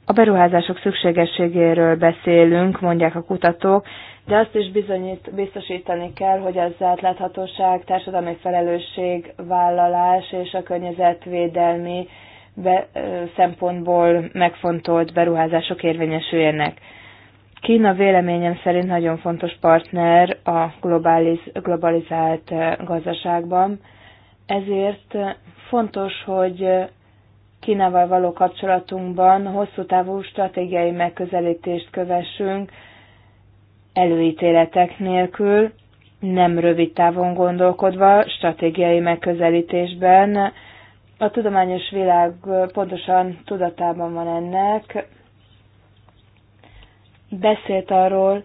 A beruházások szükségességéről beszélünk, mondják a kutatók, de azt is bizonyít, biztosítani kell, hogy az átláthatóság, társadalmi felelősség, vállalás és a környezetvédelmi be, szempontból megfontolt beruházások érvényesüljenek. Kína véleményem szerint nagyon fontos partner a globális, globalizált gazdaságban, ezért Fontos, hogy Kínával való kapcsolatunkban hosszú távú stratégiai megközelítést kövessünk, előítéletek nélkül, nem rövid távon gondolkodva, stratégiai megközelítésben. A tudományos világ pontosan tudatában van ennek. Beszélt arról,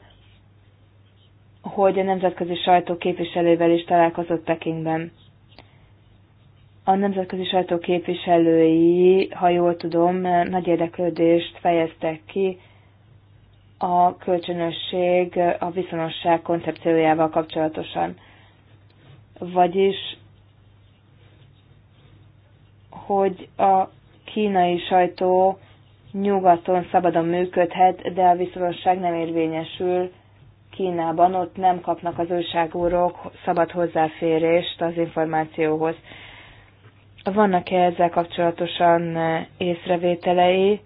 hogy a nemzetközi sajtó képviselővel is találkozott Pekingben a nemzetközi sajtó képviselői, ha jól tudom, nagy érdeklődést fejeztek ki a kölcsönösség, a viszonosság koncepciójával kapcsolatosan. Vagyis, hogy a kínai sajtó nyugaton szabadon működhet, de a viszonosság nem érvényesül Kínában, ott nem kapnak az újságúrók szabad hozzáférést az információhoz. Vannak-e ezzel kapcsolatosan e, észrevételei,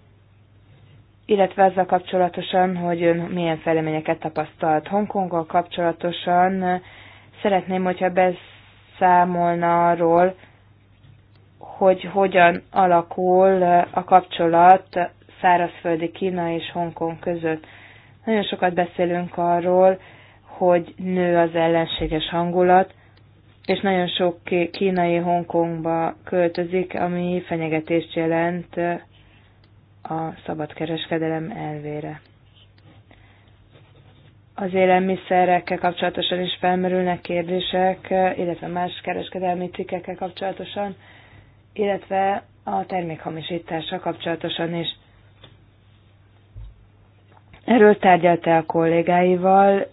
illetve ezzel kapcsolatosan, hogy ön milyen fejleményeket tapasztalt Hongkonggal kapcsolatosan, e, szeretném, hogyha beszámolna arról, hogy hogyan alakul e, a kapcsolat szárazföldi Kína és Hongkong között. Nagyon sokat beszélünk arról, hogy nő az ellenséges hangulat, és nagyon sok kínai Hongkongba költözik, ami fenyegetést jelent a szabadkereskedelem elvére. Az élelmiszerekkel kapcsolatosan is felmerülnek kérdések, illetve más kereskedelmi cikkekkel kapcsolatosan, illetve a termékhamisítással kapcsolatosan is. Erről tárgyalt el kollégáival,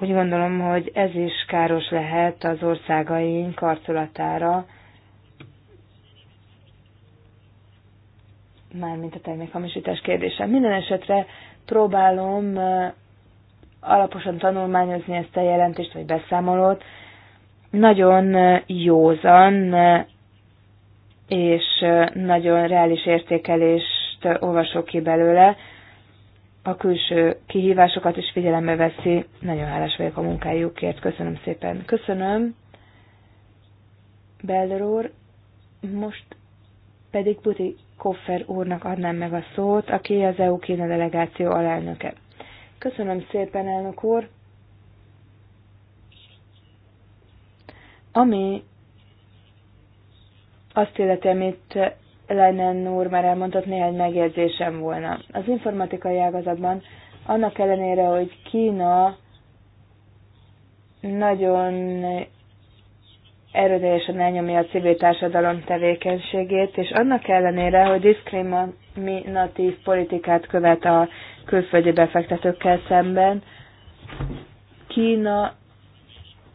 úgy gondolom, hogy ez is káros lehet az országaink karcolatára, mármint a termékhamisítás kérdése. Minden esetre próbálom alaposan tanulmányozni ezt a jelentést, vagy beszámolót. Nagyon józan és nagyon reális értékelést olvasok ki belőle a külső kihívásokat is figyelembe veszi. Nagyon hálás vagyok a munkájukért. Köszönöm szépen. Köszönöm, Belder úr. Most pedig Puti Koffer úrnak adnám meg a szót, aki az EU-Kína delegáció alelnöke. Köszönöm szépen, elnök úr. Ami azt illeti, amit Lennon úr már elmondott, néhány megjegyzésem volna. Az informatikai ágazatban annak ellenére, hogy Kína nagyon erőteljesen elnyomja a civil társadalom tevékenységét, és annak ellenére, hogy diszkriminatív politikát követ a külföldi befektetőkkel szemben, Kína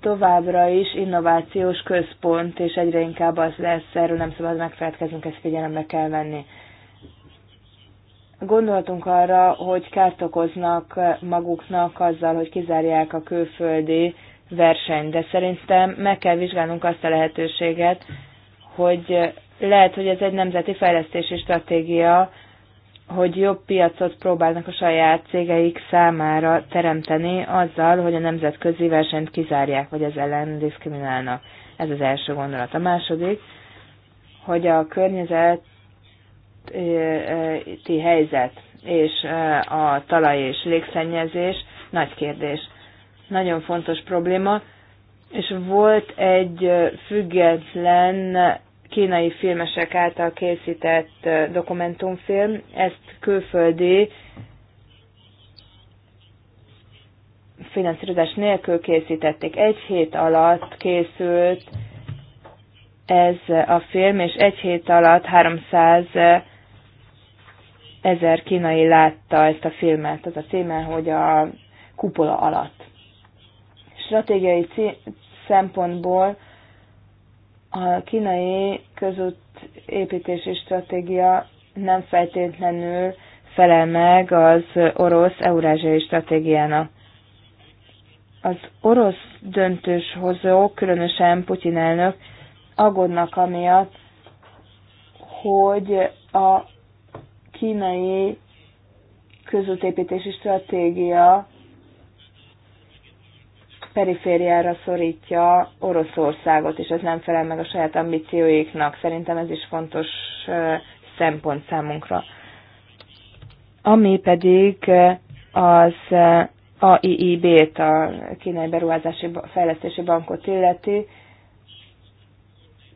továbbra is innovációs központ, és egyre inkább az lesz, erről nem szabad megfelelkeznünk, ezt figyelembe kell venni. Gondoltunk arra, hogy kárt okoznak maguknak azzal, hogy kizárják a külföldi versenyt, de szerintem meg kell vizsgálnunk azt a lehetőséget, hogy lehet, hogy ez egy nemzeti fejlesztési stratégia, hogy jobb piacot próbálnak a saját cégeik számára teremteni azzal, hogy a nemzetközi versenyt kizárják, vagy az ellen diszkriminálnak. Ez az első gondolat. A második, hogy a környezeti helyzet és a talaj és légszennyezés nagy kérdés. Nagyon fontos probléma, és volt egy független kínai filmesek által készített dokumentumfilm. Ezt külföldi finanszírozás nélkül készítették. Egy hét alatt készült ez a film, és egy hét alatt 300 ezer kínai látta ezt a filmet. Az a címe, hogy a kupola alatt. Stratégiai szempontból a kínai közút építési stratégia nem feltétlenül felel meg az orosz eurázsiai stratégiának. Az orosz döntéshozók, különösen Putyin elnök, aggódnak amiatt, hogy a kínai közútépítési stratégia perifériára szorítja Oroszországot, és ez nem felel meg a saját ambícióiknak. Szerintem ez is fontos szempont számunkra. Ami pedig az AIIB-t, a Kínai Beruházási Fejlesztési Bankot illeti,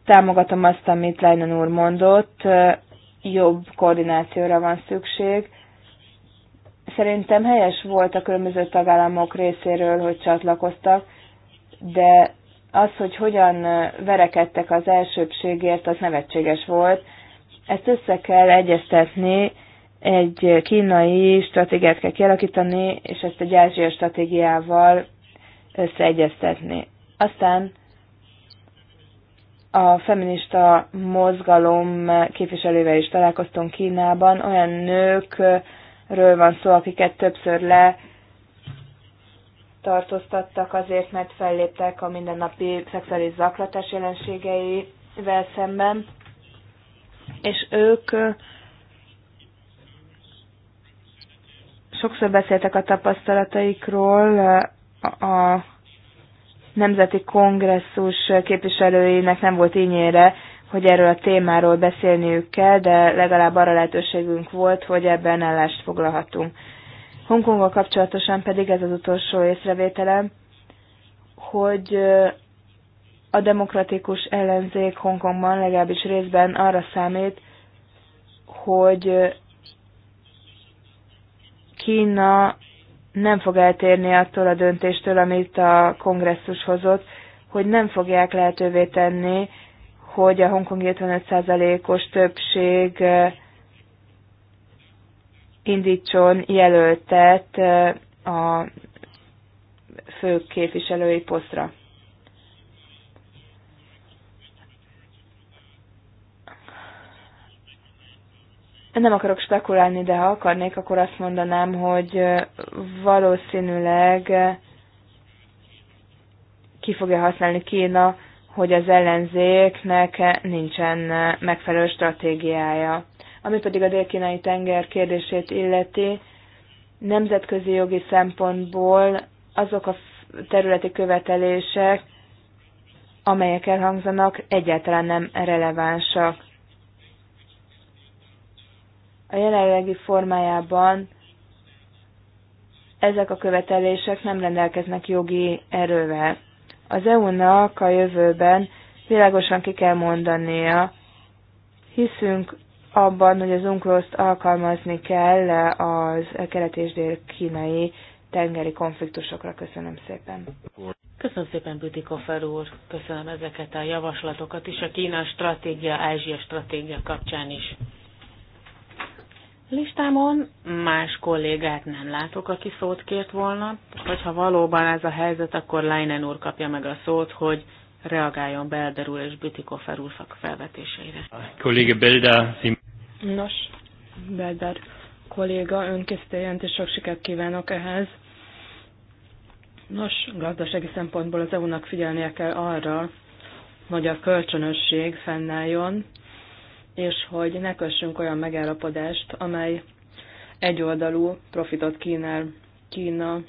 támogatom azt, amit Leinen úr mondott, jobb koordinációra van szükség, Szerintem helyes volt a különböző tagállamok részéről, hogy csatlakoztak, de az, hogy hogyan verekedtek az elsőbségért, az nevetséges volt. Ezt össze kell egyeztetni, egy kínai stratégiát kell kialakítani, és ezt egy ázsia stratégiával összeegyeztetni. Aztán a feminista mozgalom képviselővel is találkoztunk Kínában, olyan nők, ről van szó, akiket többször le tartóztattak azért, mert felléptek a mindennapi szexuális zaklatás jelenségeivel szemben, és ők sokszor beszéltek a tapasztalataikról a Nemzeti Kongresszus képviselőinek nem volt ínyére hogy erről a témáról beszélniük kell, de legalább arra lehetőségünk volt, hogy ebben állást foglalhatunk. Hongkonggal kapcsolatosan pedig ez az utolsó észrevételem, hogy a demokratikus ellenzék Hongkongban legalábbis részben arra számít, hogy Kína nem fog eltérni attól a döntéstől, amit a kongresszus hozott, hogy nem fogják lehetővé tenni, hogy a hongkongi 55%-os többség indítson jelöltet a fő képviselői posztra. Nem akarok spekulálni, de ha akarnék, akkor azt mondanám, hogy valószínűleg ki fogja használni Kína hogy az ellenzéknek nincsen megfelelő stratégiája. Ami pedig a dél-kínai tenger kérdését illeti, nemzetközi jogi szempontból azok a területi követelések, amelyek elhangzanak, egyáltalán nem relevánsak. A jelenlegi formájában ezek a követelések nem rendelkeznek jogi erővel. Az EU-nak a jövőben világosan ki kell mondania, hiszünk abban, hogy az unclos alkalmazni kell az e kelet és dél-kínai tengeri konfliktusokra. Köszönöm szépen. Köszönöm szépen, Bütikofer úr. Köszönöm ezeket a javaslatokat is a Kína stratégia, Ázsia stratégia kapcsán is listámon, más kollégát nem látok, aki szót kért volna. Hogyha valóban ez a helyzet, akkor Leinen úr kapja meg a szót, hogy reagáljon Belder úr és Bütikofer úr felvetéseire. Kollége Belder. Nos, Belder kolléga, ön készítő jelentés, sok sikert kívánok ehhez. Nos, gazdasági szempontból az EU-nak figyelnie kell arra, hogy a kölcsönösség fennálljon, és hogy ne kössünk olyan megállapodást, amely egyoldalú profitot kínál Kína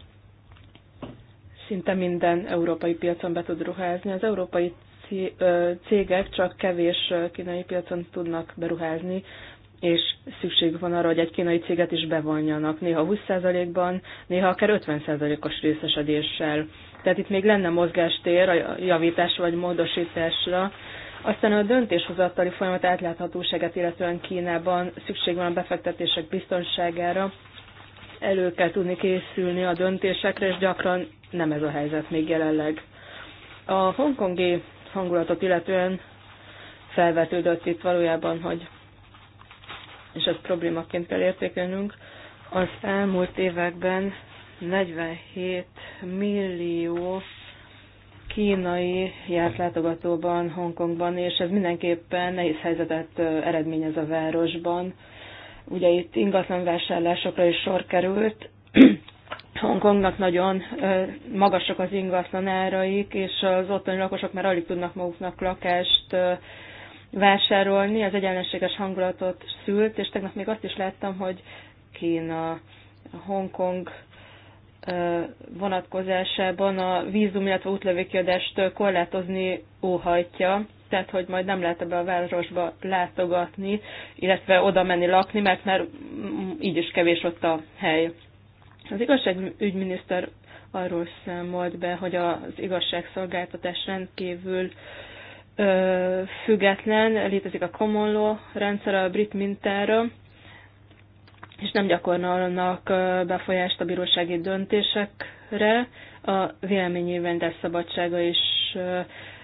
szinte minden európai piacon be tud ruházni. Az európai cégek csak kevés kínai piacon tudnak beruházni, és szükség van arra, hogy egy kínai céget is bevonjanak, néha 20%-ban, néha akár 50%-os részesedéssel. Tehát itt még lenne mozgástér a javítás vagy módosításra, aztán a döntéshozatali folyamat átláthatóságát illetően Kínában szükség van a befektetések biztonságára, elő kell tudni készülni a döntésekre, és gyakran nem ez a helyzet még jelenleg. A hongkongi hangulatot illetően felvetődött itt valójában, hogy, és ezt problémaként kell értékelnünk, az elmúlt években 47 millió kínai járt látogatóban, Hongkongban, és ez mindenképpen nehéz helyzetet eredményez a városban. Ugye itt ingatlanvásárlásokra is sor került. Hongkongnak nagyon magasak az ingatlan áraik, és az ottani lakosok már alig tudnak maguknak lakást vásárolni. az egyenlenséges hangulatot szült, és tegnap még azt is láttam, hogy Kína, Hongkong vonatkozásában a vízum, illetve útlevékiadást korlátozni óhajtja, tehát hogy majd nem lehet ebbe a városba látogatni, illetve oda menni lakni, mert már így is kevés ott a hely. Az igazságügyminiszter arról számolt be, hogy az igazságszolgáltatás rendkívül ö, független, létezik a common law rendszer a brit mintára, és nem gyakorolnak befolyást a bírósági döntésekre. A de szabadsága is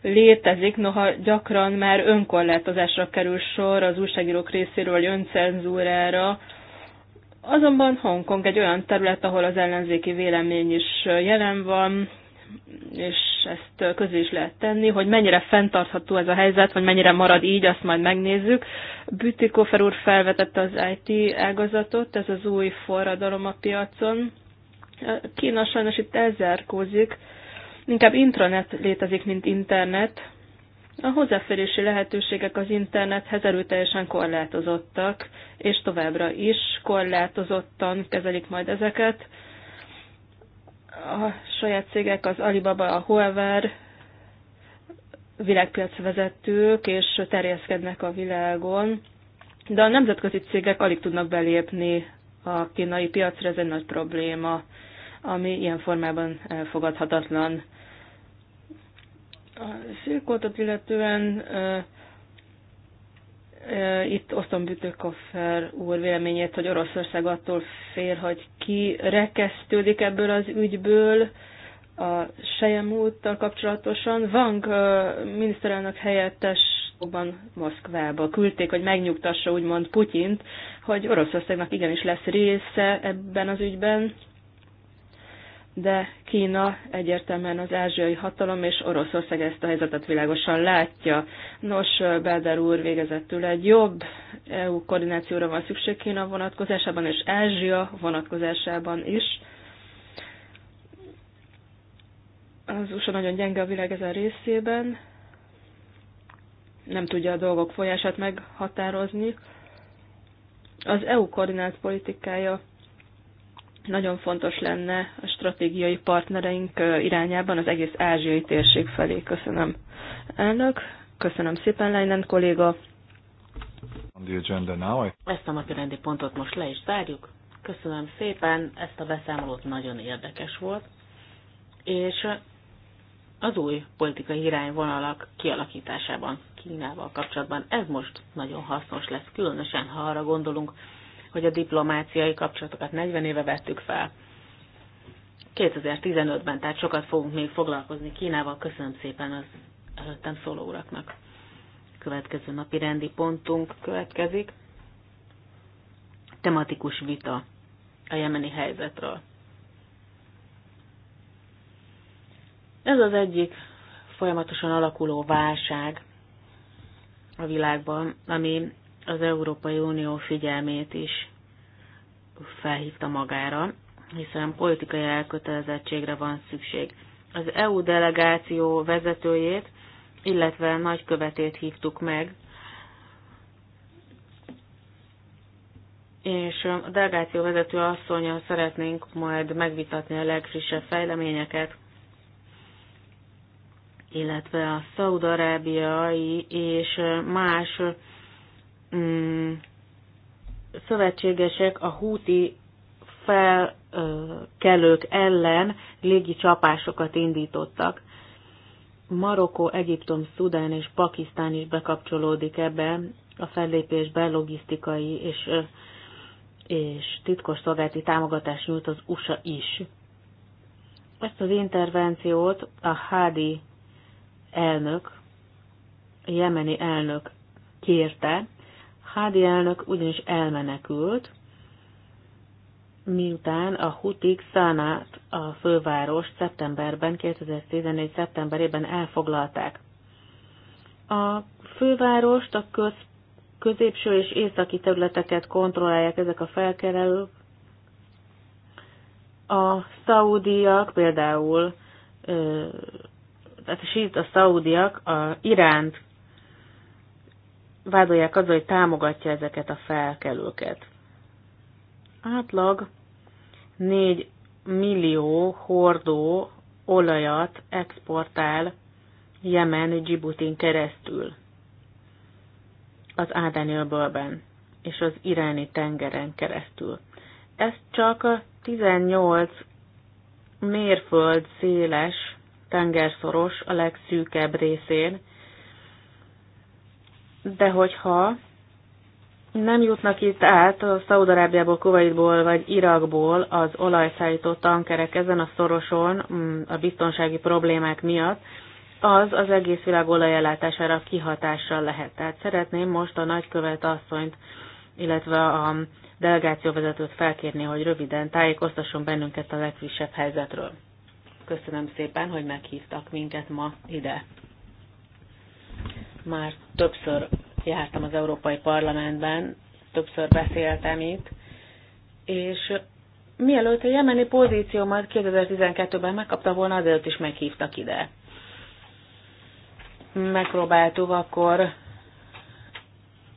létezik, noha gyakran már önkorlátozásra kerül sor az újságírók részéről, vagy öncenzúrára. Azonban Hongkong egy olyan terület, ahol az ellenzéki vélemény is jelen van, és ezt közé is lehet tenni, hogy mennyire fenntartható ez a helyzet, vagy mennyire marad így, azt majd megnézzük. Bütikofer úr felvetette az IT ágazatot, ez az új forradalom a piacon. Kína sajnos itt elzárkózik, inkább intranet létezik, mint internet. A hozzáférési lehetőségek az internethez erőteljesen korlátozottak, és továbbra is korlátozottan kezelik majd ezeket a saját cégek, az Alibaba, a Huawei világpiacvezetők, és terjeszkednek a világon, de a nemzetközi cégek alig tudnak belépni a kínai piacra, ez egy nagy probléma, ami ilyen formában elfogadhatatlan. A szilkoltat illetően itt osztom Bütökoffer úr véleményét, hogy Oroszország attól fél, hogy ki rekesztődik ebből az ügyből a Sejemúttal kapcsolatosan. Vang miniszterelnök helyettes Moszkvába küldték, hogy megnyugtassa úgymond Putyint, hogy Oroszországnak igenis lesz része ebben az ügyben, de Kína egyértelműen az ázsiai hatalom, és Oroszország ezt a helyzetet világosan látja. Nos, Báder úr végezettül egy jobb EU koordinációra van szükség Kína vonatkozásában, és Ázsia vonatkozásában is. Az USA nagyon gyenge a világ ezen részében, nem tudja a dolgok folyását meghatározni. Az EU koordinált politikája nagyon fontos lenne a stratégiai partnereink irányában az egész ázsiai térség felé. Köszönöm, elnök. Köszönöm szépen, Leinen kolléga. Ezt a napirendi pontot most le is zárjuk. Köszönöm szépen, ezt a beszámolót nagyon érdekes volt, és az új politikai irányvonalak kialakításában Kínával kapcsolatban ez most nagyon hasznos lesz, különösen ha arra gondolunk, hogy a diplomáciai kapcsolatokat 40 éve vettük fel. 2015-ben, tehát sokat fogunk még foglalkozni Kínával. Köszönöm szépen az előttem szóló uraknak. Következő napi rendi pontunk következik. Tematikus vita a jemeni helyzetről. Ez az egyik folyamatosan alakuló válság a világban, ami az Európai Unió figyelmét is felhívta magára, hiszen politikai elkötelezettségre van szükség. Az EU delegáció vezetőjét, illetve nagykövetét hívtuk meg, és a delegáció vezető asszonya szeretnénk majd megvitatni a legfrissebb fejleményeket, illetve a szaudarábiai és más mm, szövetségesek a húti felkelők ellen légi csapásokat indítottak. Marokkó, Egyiptom, Szudán és Pakisztán is bekapcsolódik ebbe a fellépésbe logisztikai és, és titkos szolgálati támogatást nyújt az USA is. Ezt az intervenciót a Hádi elnök, a jemeni elnök kérte, Hádi elnök ugyanis elmenekült, miután a Hutik Szánát, a főváros szeptemberben, 2014. szeptemberében elfoglalták. A fővárost a köz, középső és északi területeket kontrollálják ezek a felkerelők. A szaudiak például, tehát a szaudiak a Iránt vádolják azzal, hogy támogatja ezeket a felkelőket. Átlag 4 millió hordó olajat exportál Jemen Djibutin keresztül az Ádánélbőlben és az iráni tengeren keresztül. Ez csak 18 mérföld széles tengerszoros a legszűkebb részén, de hogyha nem jutnak itt át a Szaudarábiából, Kuwaitból vagy Irakból az olajszállító tankerek ezen a szoroson mm, a biztonsági problémák miatt, az az egész világ olajellátására kihatással lehet. Tehát szeretném most a nagykövet asszonyt, illetve a delegációvezetőt felkérni, hogy röviden tájékoztasson bennünket a legfrissebb helyzetről. Köszönöm szépen, hogy meghívtak minket ma ide. Már többször jártam az Európai Parlamentben, többször beszéltem itt, és mielőtt a jemeni pozíciómat 2012-ben megkapta volna, azért is meghívtak ide. Megpróbáltuk akkor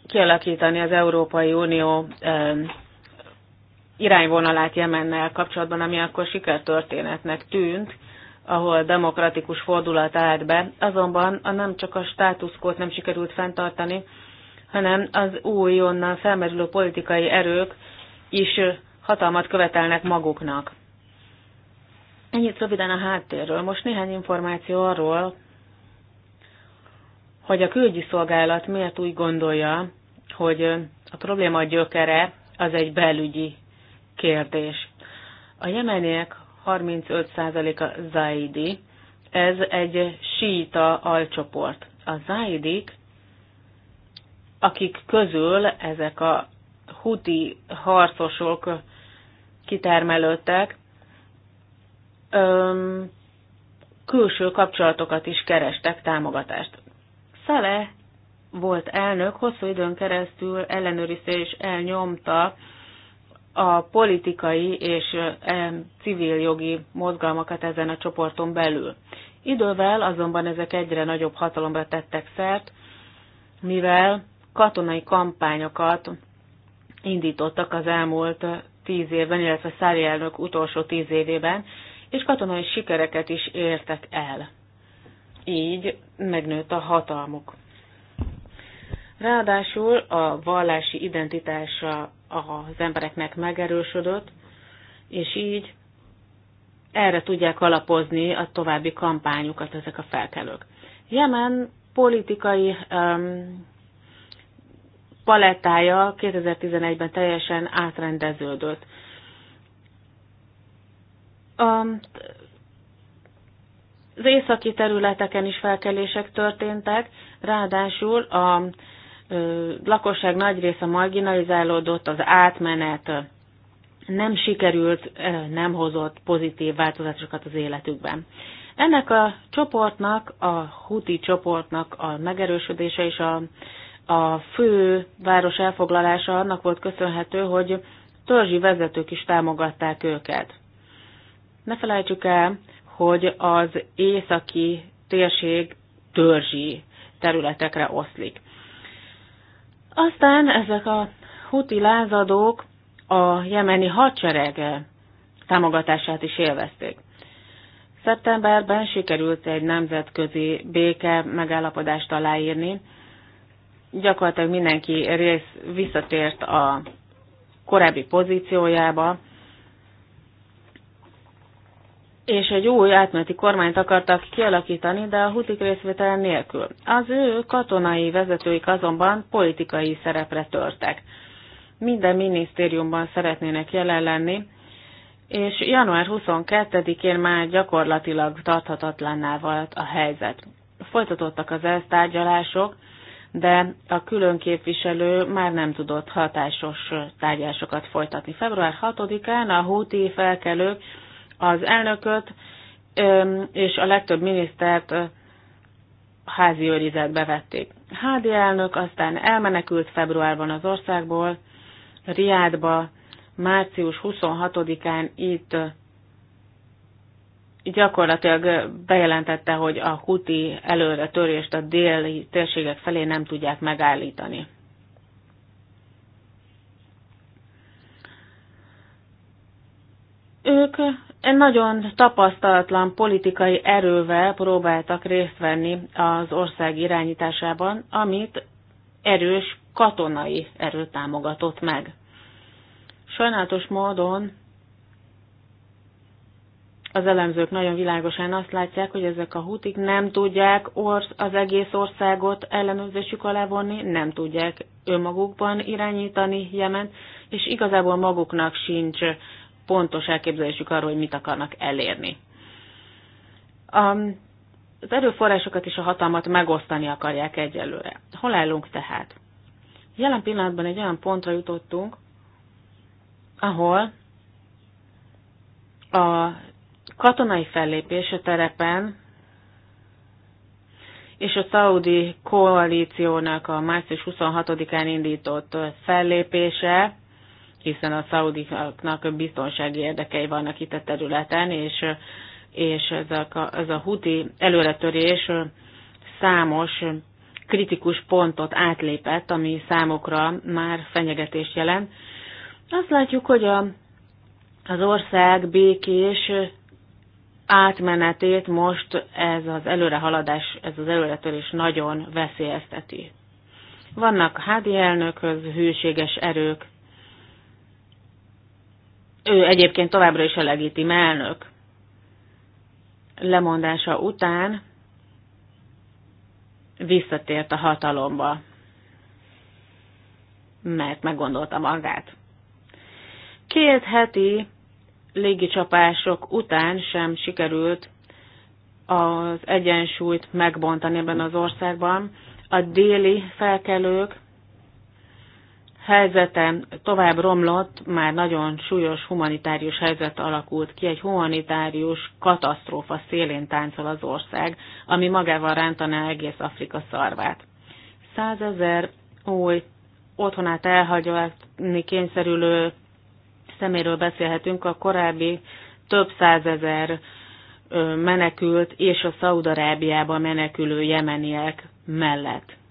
kialakítani az Európai Unió irányvonalát Jemennel kapcsolatban, ami akkor sikertörténetnek tűnt, ahol demokratikus fordulat állt be, azonban a nem csak a státuszkót nem sikerült fenntartani, hanem az új onnan felmerülő politikai erők is hatalmat követelnek maguknak. Ennyit röviden a háttérről. Most néhány információ arról, hogy a külügyi szolgálat miért úgy gondolja, hogy a probléma gyökere az egy belügyi kérdés. A jemeniek 35%-a zaidi. Ez egy síta alcsoport. A zaidik, akik közül ezek a huti harcosok kitermelődtek, öm, külső kapcsolatokat is kerestek, támogatást. Szele volt elnök, hosszú időn keresztül ellenőrizte és elnyomta a politikai és civil jogi mozgalmakat ezen a csoporton belül. Idővel azonban ezek egyre nagyobb hatalomra tettek szert, mivel katonai kampányokat indítottak az elmúlt tíz évben, illetve Szári elnök utolsó tíz évében, és katonai sikereket is értek el. Így megnőtt a hatalmuk. Ráadásul a vallási identitása az embereknek megerősödött, és így erre tudják alapozni a további kampányukat ezek a felkelők. Jemen politikai um, palettája 2011-ben teljesen átrendeződött. Um, az északi területeken is felkelések történtek, ráadásul a lakosság nagy része marginalizálódott, az átmenet nem sikerült, nem hozott pozitív változásokat az életükben. Ennek a csoportnak, a Huti csoportnak a megerősödése és a, a fő város elfoglalása annak volt köszönhető, hogy törzsi vezetők is támogatták őket. Ne felejtsük el, hogy az északi térség törzsi területekre oszlik. Aztán ezek a huti lázadók a jemeni hadsereg támogatását is élvezték. Szeptemberben sikerült egy nemzetközi béke megállapodást aláírni. Gyakorlatilag mindenki rész visszatért a korábbi pozíciójába, és egy új átmeneti kormányt akartak kialakítani, de a hutik részvétel nélkül. Az ő katonai vezetőik azonban politikai szerepre törtek. Minden minisztériumban szeretnének jelen lenni, és január 22-én már gyakorlatilag tarthatatlanná vált a helyzet. Folytatottak az elsztárgyalások, de a külön képviselő már nem tudott hatásos tárgyásokat folytatni. Február 6-án a húti felkelők az elnököt és a legtöbb minisztert házi őrizetbe vették. Hádi elnök aztán elmenekült februárban az országból, Riádba, március 26-án itt gyakorlatilag bejelentette, hogy a huti törést a déli térségek felé nem tudják megállítani. Ők nagyon tapasztalatlan politikai erővel próbáltak részt venni az ország irányításában, amit erős katonai erő támogatott meg. Sajnálatos módon az elemzők nagyon világosan azt látják, hogy ezek a hutik nem tudják orsz, az egész országot ellenőrzésük alá vonni, nem tudják önmagukban irányítani Jemen, és igazából maguknak sincs pontos elképzelésük arról, hogy mit akarnak elérni. Az erőforrásokat és a hatalmat megosztani akarják egyelőre. Hol állunk tehát? Jelen pillanatban egy olyan pontra jutottunk, ahol a katonai fellépés a terepen és a szaudi koalíciónak a március 26-án indított fellépése hiszen a szaudiknak biztonsági érdekei vannak itt a területen, és, és ez, a, ez a huti előretörés számos kritikus pontot átlépett, ami számokra már fenyegetés jelent. Azt látjuk, hogy a, az ország békés átmenetét most ez az előrehaladás, ez az előretörés nagyon veszélyezteti. Vannak hádi elnökhöz hűséges erők, ő egyébként továbbra is a legitim elnök. Lemondása után visszatért a hatalomba, mert meggondolta magát. Két heti légicsapások után sem sikerült az egyensúlyt megbontani ebben az országban. A déli felkelők helyzete tovább romlott, már nagyon súlyos humanitárius helyzet alakult ki, egy humanitárius katasztrófa szélén táncol az ország, ami magával rántaná egész Afrika szarvát. Százezer új otthonát elhagyatni kényszerülő szeméről beszélhetünk, a korábbi több százezer menekült és a Szaudarábiába menekülő jemeniek mellett.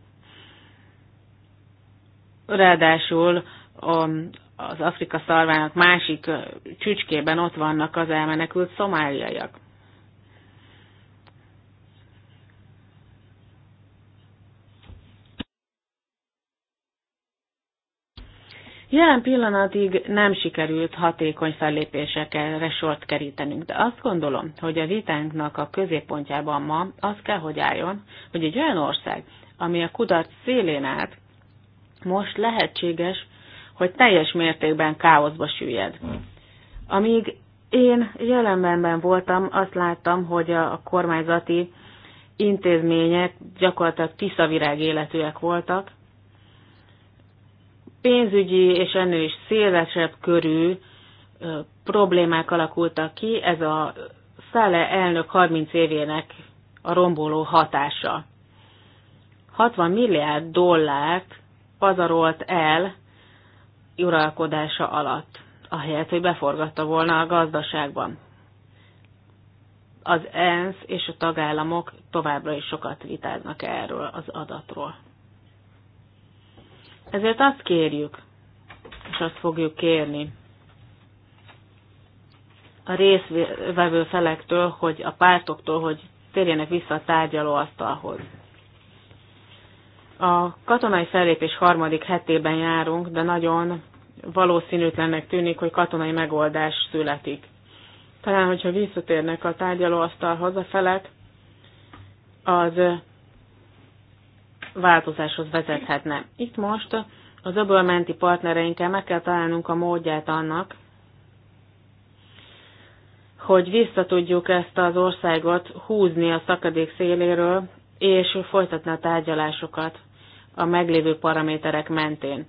Ráadásul um, az Afrika szarvának másik uh, csücskében ott vannak az elmenekült szomáliaiak. Jelen pillanatig nem sikerült hatékony fellépésekre sort kerítenünk, de azt gondolom, hogy a vitánknak a középpontjában ma az kell, hogy álljon, hogy egy olyan ország, ami a kudarc szélén állt, most lehetséges, hogy teljes mértékben káoszba süllyed. Amíg én jelenben voltam, azt láttam, hogy a kormányzati intézmények gyakorlatilag tiszavirág életűek voltak. Pénzügyi és ennél is szélesebb körű problémák alakultak ki, ez a Szále elnök 30 évének a romboló hatása. 60 milliárd dollárt pazarolt el uralkodása alatt, ahelyett, hogy beforgatta volna a gazdaságban. Az ENSZ és a tagállamok továbbra is sokat vitáznak erről az adatról. Ezért azt kérjük, és azt fogjuk kérni a részvevő felektől, hogy a pártoktól, hogy térjenek vissza a tárgyalóasztalhoz a katonai fellépés harmadik hetében járunk, de nagyon valószínűtlennek tűnik, hogy katonai megoldás születik. Talán, hogyha visszatérnek a tárgyalóasztalhoz a felek, az változáshoz vezethetne. Itt most az öböl menti partnereinkkel meg kell találnunk a módját annak, hogy vissza tudjuk ezt az országot húzni a szakadék széléről, és folytatni a tárgyalásokat a meglévő paraméterek mentén.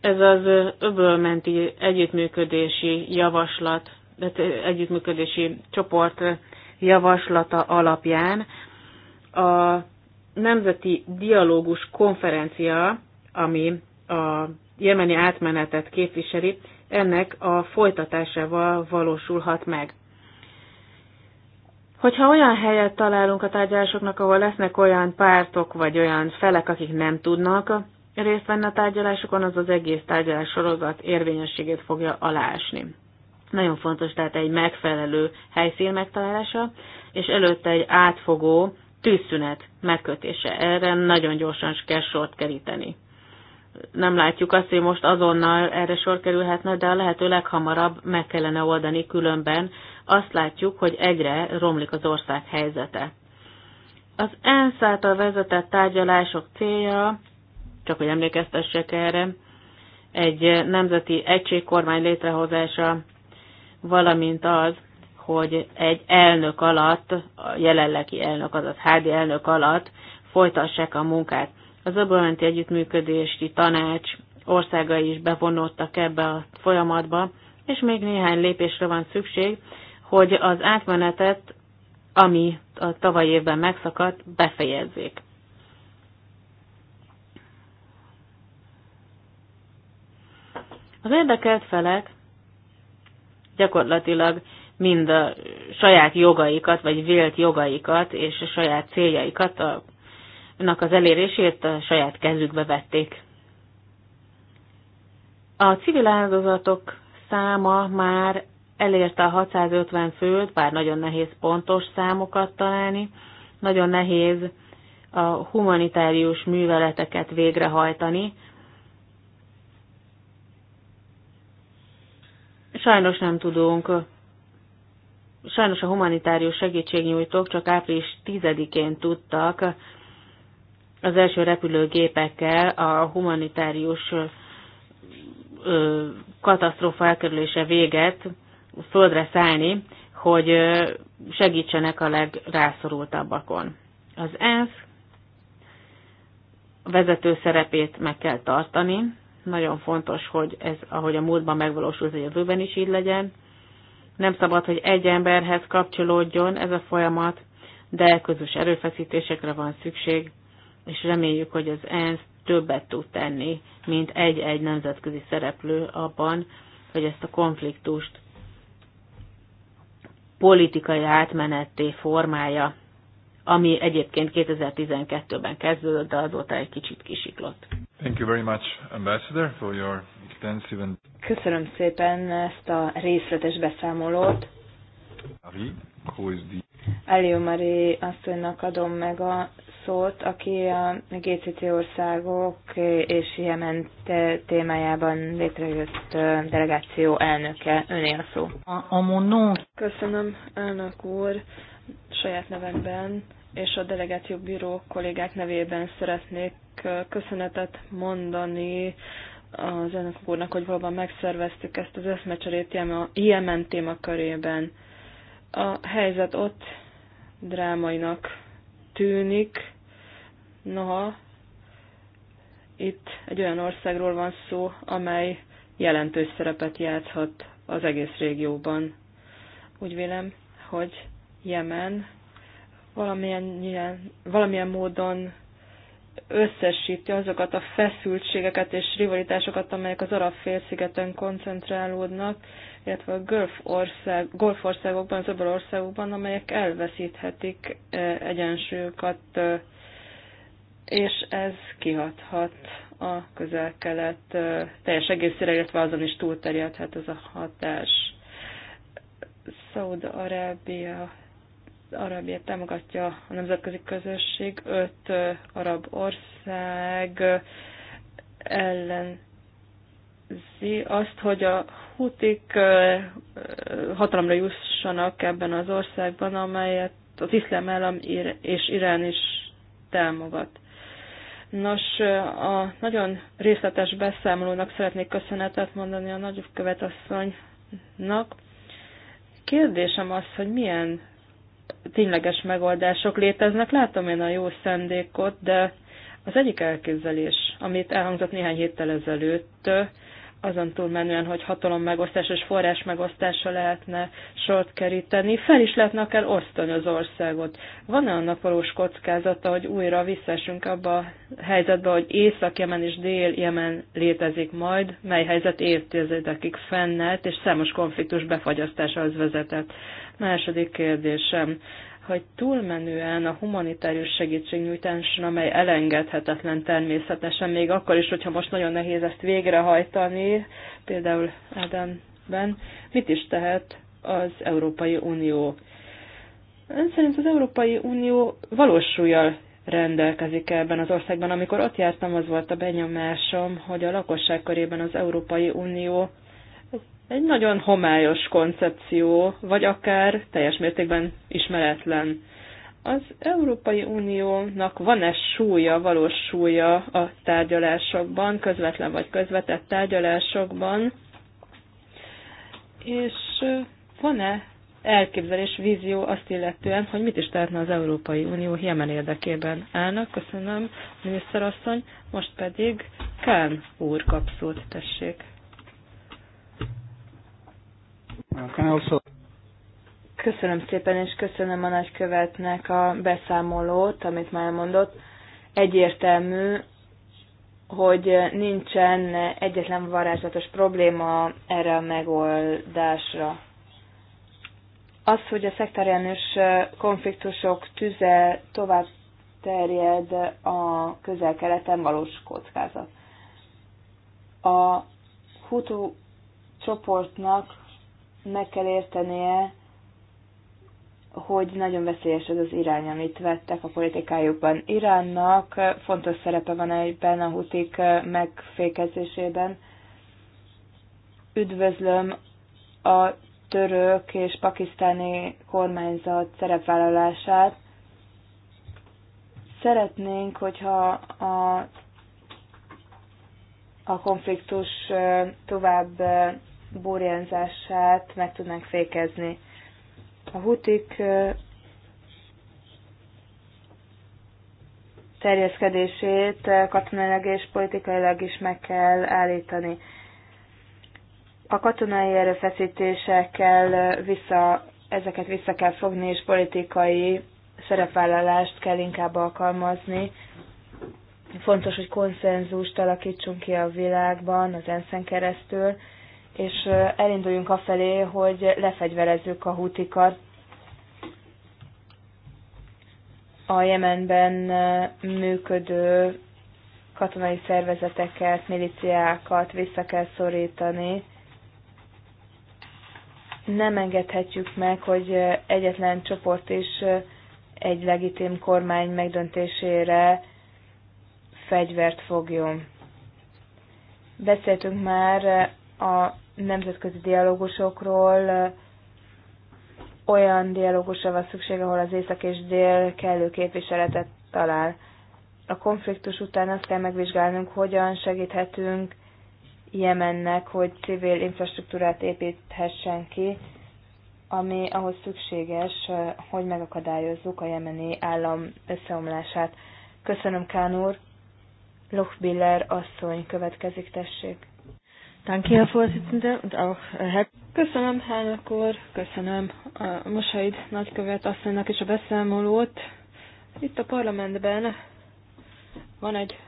Ez az öbölmenti együttműködési javaslat, együttműködési csoport javaslata alapján a Nemzeti Dialógus Konferencia, ami a jemeni átmenetet képviseli, ennek a folytatásával valósulhat meg. Hogyha olyan helyet találunk a tárgyalásoknak, ahol lesznek olyan pártok vagy olyan felek, akik nem tudnak részt venni a tárgyalásokon, az az egész tárgyalás sorozat érvényességét fogja alásni. Nagyon fontos tehát egy megfelelő helyszín megtalálása, és előtte egy átfogó tűzszünet megkötése. Erre nagyon gyorsan kell sort keríteni. Nem látjuk azt, hogy most azonnal erre sor kerülhetne, de a lehető leghamarabb meg kellene oldani, különben azt látjuk, hogy egyre romlik az ország helyzete. Az ENSZ által vezetett tárgyalások célja, csak hogy emlékeztessek erre, egy nemzeti egységkormány létrehozása, valamint az, hogy egy elnök alatt, a jelenlegi elnök, azaz Hádi elnök alatt folytassák a munkát. Az öbölmenti együttműködési tanács országai is bevonódtak ebbe a folyamatba, és még néhány lépésre van szükség, hogy az átmenetet, ami a tavaly évben megszakadt, befejezzék. Az érdekelt felek gyakorlatilag mind a saját jogaikat, vagy vélt jogaikat és a saját céljaikat, a, annak az elérését a saját kezükbe vették. A civil áldozatok száma már elérte a 650 főt, bár nagyon nehéz pontos számokat találni, nagyon nehéz a humanitárius műveleteket végrehajtani. Sajnos nem tudunk, sajnos a humanitárius segítségnyújtók csak április 10-én tudtak az első repülőgépekkel a humanitárius katasztrófa elkerülése véget földre szállni, hogy segítsenek a legrászorultabbakon. Az ENSZ vezető szerepét meg kell tartani. Nagyon fontos, hogy ez, ahogy a múltban megvalósult, hogy a jövőben is így legyen. Nem szabad, hogy egy emberhez kapcsolódjon ez a folyamat, de közös erőfeszítésekre van szükség, és reméljük, hogy az ENSZ többet tud tenni, mint egy-egy nemzetközi szereplő abban, hogy ezt a konfliktust politikai átmenetté formája, ami egyébként 2012-ben kezdődött, de azóta egy kicsit kisiklott. Thank you very much, Ambassador, for your extensive and... Köszönöm szépen ezt a részletes beszámolót. Marie, who is the... Elio Marie asszonynak adom meg a szót, aki a GCC országok és Jemen témájában létrejött delegáció elnöke. Öné a szó. A, a Köszönöm, elnök úr. Saját nevemben és a delegáció bíró kollégák nevében szeretnék köszönetet mondani az elnök úrnak, hogy valóban megszerveztük ezt az eszmecserét Jemen témakörében. A helyzet ott drámainak tűnik, Noha itt egy olyan országról van szó, amely jelentős szerepet játszhat az egész régióban. Úgy vélem, hogy Jemen valamilyen, ilyen, valamilyen módon összesíti azokat a feszültségeket és rivalitásokat, amelyek az arab félszigeten koncentrálódnak, illetve a golf ország, országokban, az országokban, amelyek elveszíthetik eh, egyensúlyokat eh, és ez kihathat a közel-kelet teljes egészére, illetve azon is túlterjedhet ez a hatás. szaúd arábia Arabia támogatja a nemzetközi közösség, öt arab ország ellenzi azt, hogy a hutik hatalomra jussanak ebben az országban, amelyet az iszlám állam és Irán is támogat. Nos, a nagyon részletes beszámolónak szeretnék köszönetet mondani a nagykövetasszonynak. Kérdésem az, hogy milyen tényleges megoldások léteznek. Látom én a jó szendékot, de az egyik elképzelés, amit elhangzott néhány héttel ezelőtt, azon túlmenően, hogy hatalom megosztás és forrás megosztása lehetne sort keríteni, fel is lehetne akár osztani az országot. Van-e annak valós kockázata, hogy újra visszaesünk abba a helyzetbe, hogy Észak-Jemen és Dél-Jemen létezik majd, mely helyzet évtizedekig fennállt, és számos konfliktus befagyasztásához vezetett? Második kérdésem hogy túlmenően a humanitárius segítségnyújtáson, amely elengedhetetlen természetesen, még akkor is, hogyha most nagyon nehéz ezt végrehajtani, például edenben, mit is tehet az Európai Unió? Ön szerint az Európai Unió valós rendelkezik ebben az országban. Amikor ott jártam, az volt a benyomásom, hogy a lakosság körében az Európai Unió egy nagyon homályos koncepció, vagy akár teljes mértékben ismeretlen. Az Európai Uniónak van-e súlya, valós súlya a tárgyalásokban, közvetlen vagy közvetett tárgyalásokban, és van-e elképzelés, vízió azt illetően, hogy mit is tehetne az Európai Unió Jemen érdekében. Elnök, köszönöm, miniszterasszony, most pedig Kán úr kap szót, tessék. Köszönöm szépen, és köszönöm a nagykövetnek a beszámolót, amit már mondott. Egyértelmű, hogy nincsen egyetlen varázslatos probléma erre a megoldásra. Az, hogy a szektáriánus konfliktusok tüze tovább terjed a közel-keleten valós kockázat. A Hutu csoportnak meg kell értenie, hogy nagyon veszélyes ez az irány, amit vettek a politikájukban. Iránnak fontos szerepe van egyben a hutik megfékezésében. Üdvözlöm a török és pakisztáni kormányzat szerepvállalását. Szeretnénk, hogyha a, a konfliktus tovább borjánzását meg tudnánk fékezni. A hutik terjeszkedését katonailag és politikailag is meg kell állítani. A katonai erőfeszítésekkel vissza, ezeket vissza kell fogni, és politikai szerepvállalást kell inkább alkalmazni. Fontos, hogy konszenzust alakítsunk ki a világban, az ensz keresztül, és elinduljunk afelé, hogy lefegyverezzük a hútikat. A Jemenben működő katonai szervezeteket, miliciákat vissza kell szorítani. Nem engedhetjük meg, hogy egyetlen csoport is egy legitim kormány megdöntésére fegyvert fogjon. Beszéltünk már a nemzetközi dialógusokról olyan dialógusra van szükség, ahol az észak és dél kellő képviseletet talál. A konfliktus után azt kell megvizsgálnunk, hogyan segíthetünk Jemennek, hogy civil infrastruktúrát építhessen ki, ami ahhoz szükséges, hogy megakadályozzuk a jemeni állam összeomlását. Köszönöm, Kán Lochbiller asszony következik, tessék. Danke, Herr Vorsitzender, und auch äh, Herr... Köszönöm, elnök úr, köszönöm a Mosaid nagykövet asszonynak is a beszámolót. Itt a parlamentben van egy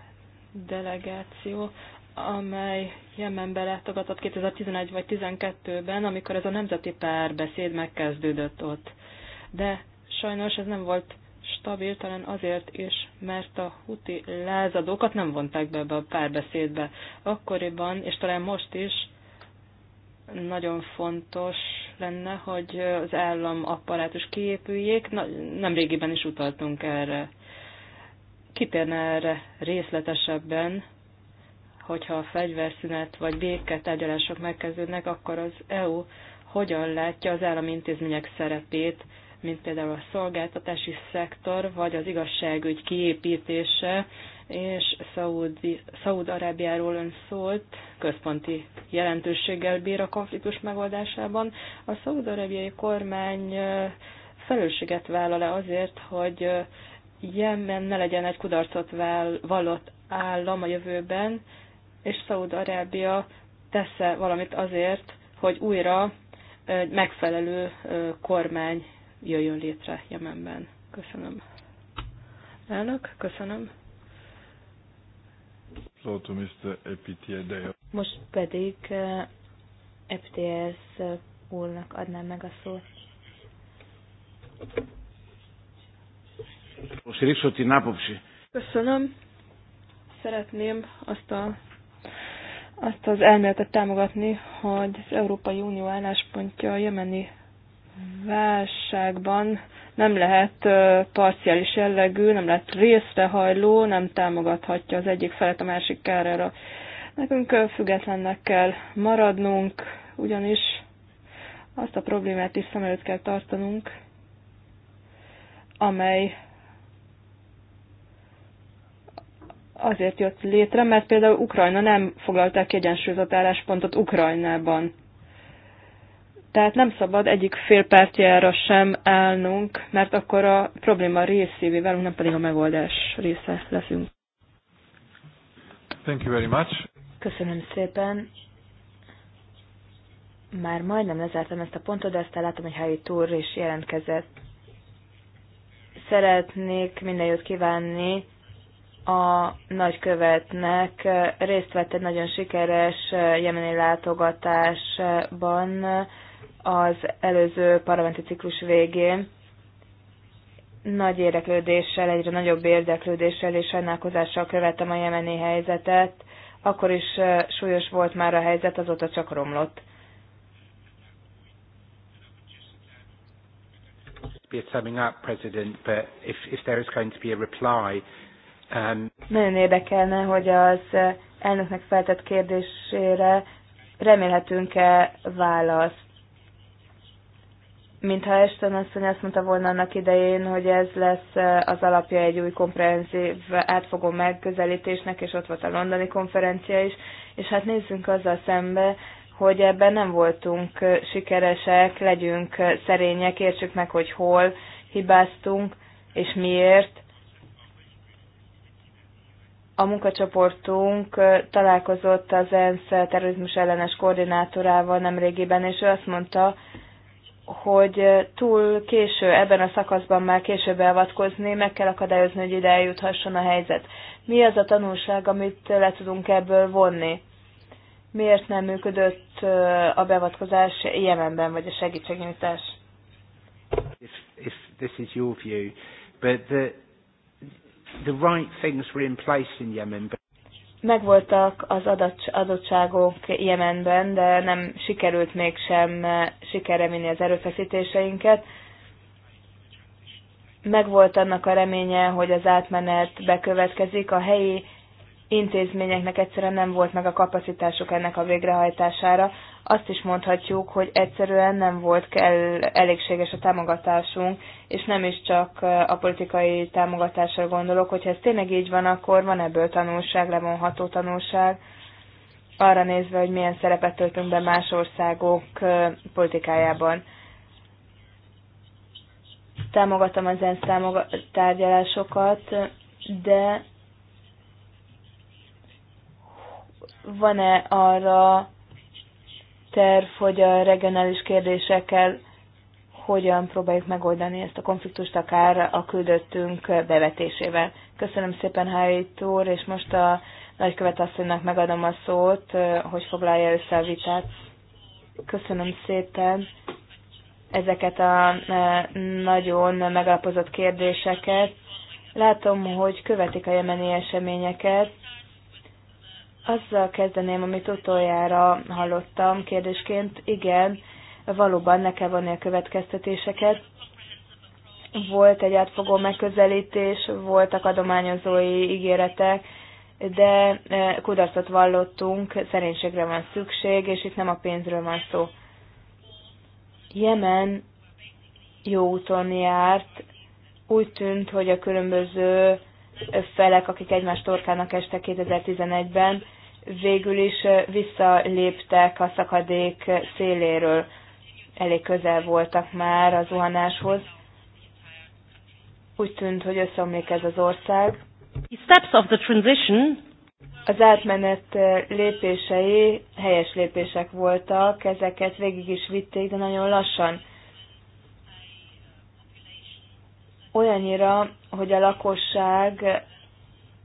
delegáció, amely Jemenbe látogatott 2011 vagy 2012-ben, amikor ez a nemzeti párbeszéd megkezdődött ott. De sajnos ez nem volt stabil, talán azért is, mert a huti lázadókat nem vonták be ebbe a párbeszédbe. Akkoriban, és talán most is, nagyon fontos lenne, hogy az állam apparátus kiépüljék. nem nemrégiben is utaltunk erre. Kitérne erre részletesebben, hogyha a fegyverszünet vagy béketárgyalások megkezdődnek, akkor az EU hogyan látja az állami intézmények szerepét mint például a szolgáltatási szektor, vagy az igazságügy kiépítése, és Szaúd-Arábiáról ön szólt, központi jelentőséggel bír a konfliktus megoldásában. A szaúd-arábiai kormány felelősséget vállal-e azért, hogy Jemen ne legyen egy kudarcot vallott állam a jövőben, és Szaúd-Arábia tesz -e valamit azért, hogy újra egy megfelelő kormány jöjjön létre Jemenben. Köszönöm. Elnök, köszönöm. Most pedig FTS eh, úrnak adnám meg a szót. Köszönöm. Szeretném azt, a, azt az elméletet támogatni, hogy az Európai Unió álláspontja a jemeni válságban nem lehet parciális jellegű, nem lehet részrehajló, nem támogathatja az egyik felet a másik kárára. Nekünk függetlennek kell maradnunk, ugyanis azt a problémát is szem előtt kell tartanunk, amely azért jött létre, mert például Ukrajna nem foglalták egyensúlyozott álláspontot Ukrajnában. Tehát nem szabad egyik félpártjára sem állnunk, mert akkor a probléma részévé válunk, nem pedig a megoldás része leszünk. Thank you very much. Köszönöm szépen. Már majdnem lezártam ezt a pontot, de aztán látom, hogy Helyi Túr is jelentkezett. Szeretnék minden jót kívánni a nagykövetnek. Részt vett egy nagyon sikeres jemeni látogatásban, az előző parlamenti ciklus végén. Nagy érdeklődéssel, egyre nagyobb érdeklődéssel és sajnálkozással követtem a jemeni helyzetet. Akkor is súlyos volt már a helyzet, azóta csak romlott. Um, Nagyon érdekelne, hogy az elnöknek feltett kérdésére remélhetünk-e választ mintha Ashton asszony azt mondta volna annak idején, hogy ez lesz eh, az alapja egy új komprehenzív átfogó megközelítésnek, és ott volt a londoni konferencia is, és hát nézzünk azzal szembe, hogy ebben nem voltunk eh, sikeresek, legyünk eh, szerények, értsük meg, hogy hol hibáztunk, és miért. A munkacsoportunk találkozott az ENSZ terrorizmus ellenes koordinátorával nemrégiben, és ő azt mondta, hogy túl késő, ebben a szakaszban már később beavatkozni, meg kell akadályozni, hogy ide eljuthasson a helyzet. Mi az a tanulság, amit le tudunk ebből vonni? Miért nem működött a beavatkozás Jemenben, vagy a segítségnyújtás? If, if this is your view, but the, the right things were in place in Yemen. Megvoltak az adottságok Jemenben, de nem sikerült mégsem eh, sikerre vinni az erőfeszítéseinket. Megvolt annak a reménye, hogy az átmenet bekövetkezik. A helyi intézményeknek egyszerűen nem volt meg a kapacitásuk ennek a végrehajtására azt is mondhatjuk, hogy egyszerűen nem volt kell elégséges a támogatásunk, és nem is csak a politikai támogatásra gondolok, hogyha ez tényleg így van, akkor van ebből tanulság, levonható tanulság, arra nézve, hogy milyen szerepet töltünk be más országok politikájában. Támogatom az ENSZ tárgyalásokat, de van-e arra terv, hogy a regionális kérdésekkel hogyan próbáljuk megoldani ezt a konfliktust akár a küldöttünk bevetésével. Köszönöm szépen, Hájt úr, és most a nagykövet asszonynak megadom a szót, hogy foglalja össze a vitát. Köszönöm szépen ezeket a e, nagyon megalapozott kérdéseket. Látom, hogy követik a jemeni eseményeket, azzal kezdeném, amit utoljára hallottam kérdésként. Igen, valóban ne kell vonni a következtetéseket. Volt egy átfogó megközelítés, voltak adományozói ígéretek, de e, kudarcot vallottunk, szerénységre van szükség, és itt nem a pénzről van szó. Jemen jó úton járt, úgy tűnt, hogy a különböző felek, akik egymást torkának este 2011-ben, végül is visszaléptek a szakadék széléről. Elég közel voltak már a zuhanáshoz. Úgy tűnt, hogy összeomlik ez az ország. Steps of the transition. Az átmenet lépései helyes lépések voltak, ezeket végig is vitték, de nagyon lassan. Olyannyira, hogy a lakosság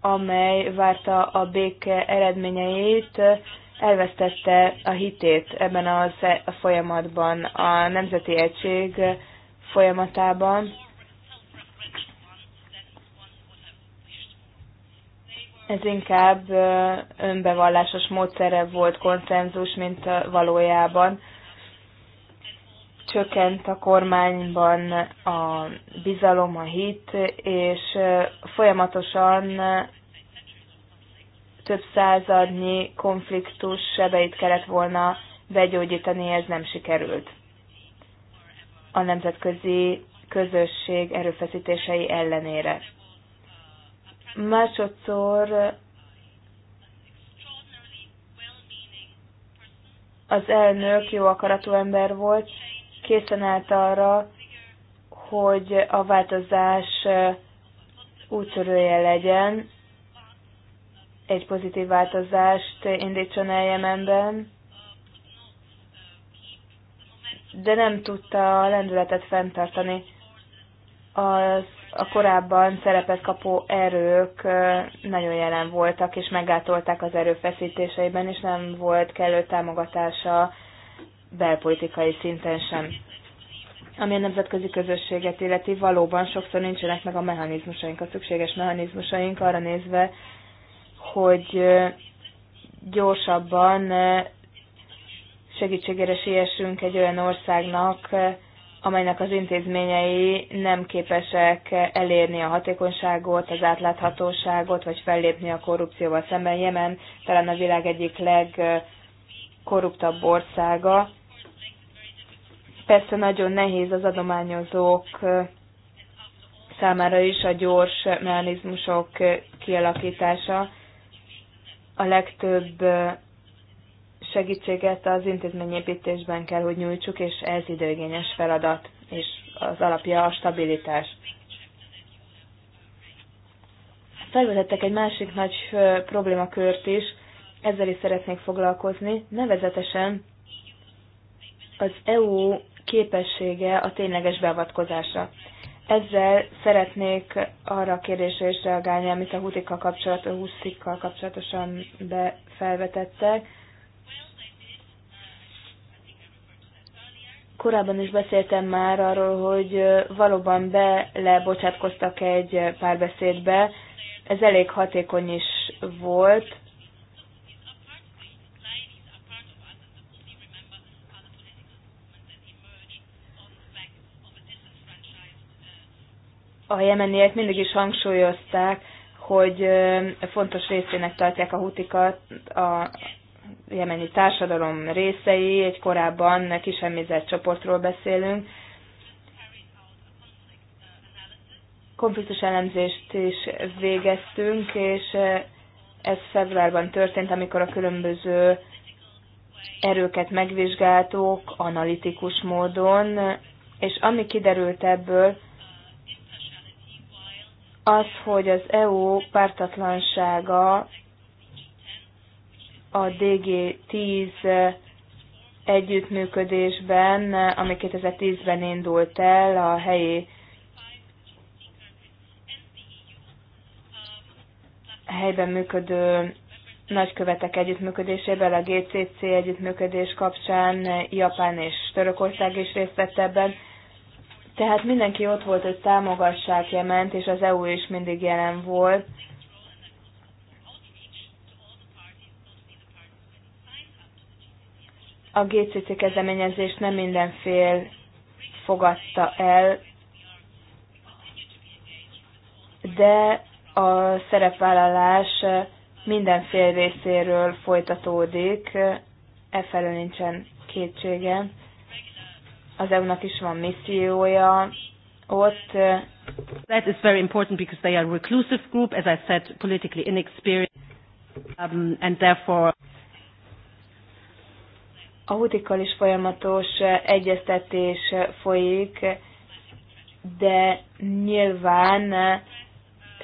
amely várta a béke eredményeit, elvesztette a hitét ebben a folyamatban, a Nemzeti Egység folyamatában. Ez inkább önbevallásos módszere volt konszenzus, mint valójában. Csökkent a kormányban a bizalom, a hit, és folyamatosan több századnyi konfliktus sebeit kellett volna begyógyítani, ez nem sikerült. A nemzetközi közösség erőfeszítései ellenére. Másodszor az elnök jó akaratú ember volt, készen állt arra, hogy a változás úttörője legyen, egy pozitív változást indítson el Jemenben, de nem tudta a lendületet fenntartani. Az a korábban szerepet kapó erők nagyon jelen voltak, és megátolták az erőfeszítéseiben, és nem volt kellő támogatása belpolitikai szinten sem. Ami a nemzetközi közösséget illeti, valóban sokszor nincsenek meg a mechanizmusaink, a szükséges mechanizmusaink arra nézve, hogy gyorsabban segítségére siessünk egy olyan országnak, amelynek az intézményei nem képesek elérni a hatékonyságot, az átláthatóságot, vagy fellépni a korrupcióval szemben. Jemen talán a világ egyik legkorruptabb országa. Persze nagyon nehéz az adományozók számára is a gyors mechanizmusok kialakítása, a legtöbb segítséget az intézményépítésben kell, hogy nyújtsuk, és ez időgényes feladat, és az alapja a stabilitás. Felvetettek egy másik nagy problémakört is, ezzel is szeretnék foglalkozni, nevezetesen az EU képessége a tényleges beavatkozásra. Ezzel szeretnék arra a kérdésre is reagálni, amit a hutikkal kapcsolatosan, husszikkal kapcsolatosan befelvetettek. felvetettek. Korábban is beszéltem már arról, hogy valóban belebocsátkoztak egy párbeszédbe. Ez elég hatékony is volt a jemeniek mindig is hangsúlyozták, hogy fontos részének tartják a hutikat a jemeni társadalom részei, egy korábban kisemmizett csoportról beszélünk. Konfliktus elemzést is végeztünk, és ez februárban történt, amikor a különböző erőket megvizsgáltuk analitikus módon, és ami kiderült ebből, az, hogy az EU pártatlansága a DG10 együttműködésben, ami 2010-ben indult el a helyi helyben működő nagykövetek együttműködésében, a GCC együttműködés kapcsán Japán és Törökország is részt vett ebben. Tehát mindenki ott volt, hogy támogassák Jement, és az EU is mindig jelen volt. A GCC kezdeményezést nem mindenfél fogadta el, de a szerepvállalás mindenfél részéről folytatódik, e felől nincsen kétségem az EU-nak is van missziója ott. That is very important because they are a reclusive group, as I said, politically inexperienced, um, and therefore a hutikkal is folyamatos eh, egyeztetés eh, folyik, de nyilván eh,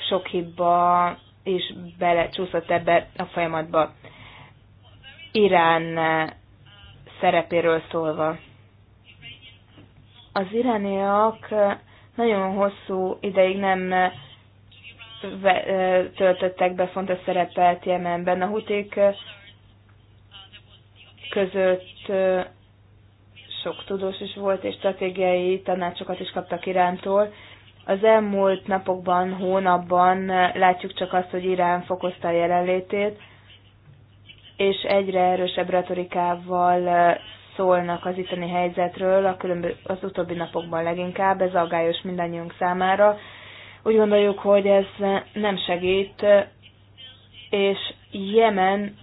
sok hiba is belecsúszott ebbe a folyamatba. Irán szerepéről szólva. Az irániak nagyon hosszú ideig nem töltöttek be fontos szerepet Jemenben. A huték között sok tudós is volt, és stratégiai tanácsokat is kaptak Irántól. Az elmúlt napokban, hónapban látjuk csak azt, hogy Irán fokozta a jelenlétét, és egyre erősebb retorikával szólnak az itteni helyzetről, a különböző, az utóbbi napokban leginkább, ez aggályos mindannyiunk számára. Úgy gondoljuk, hogy ez nem segít, és Jemen,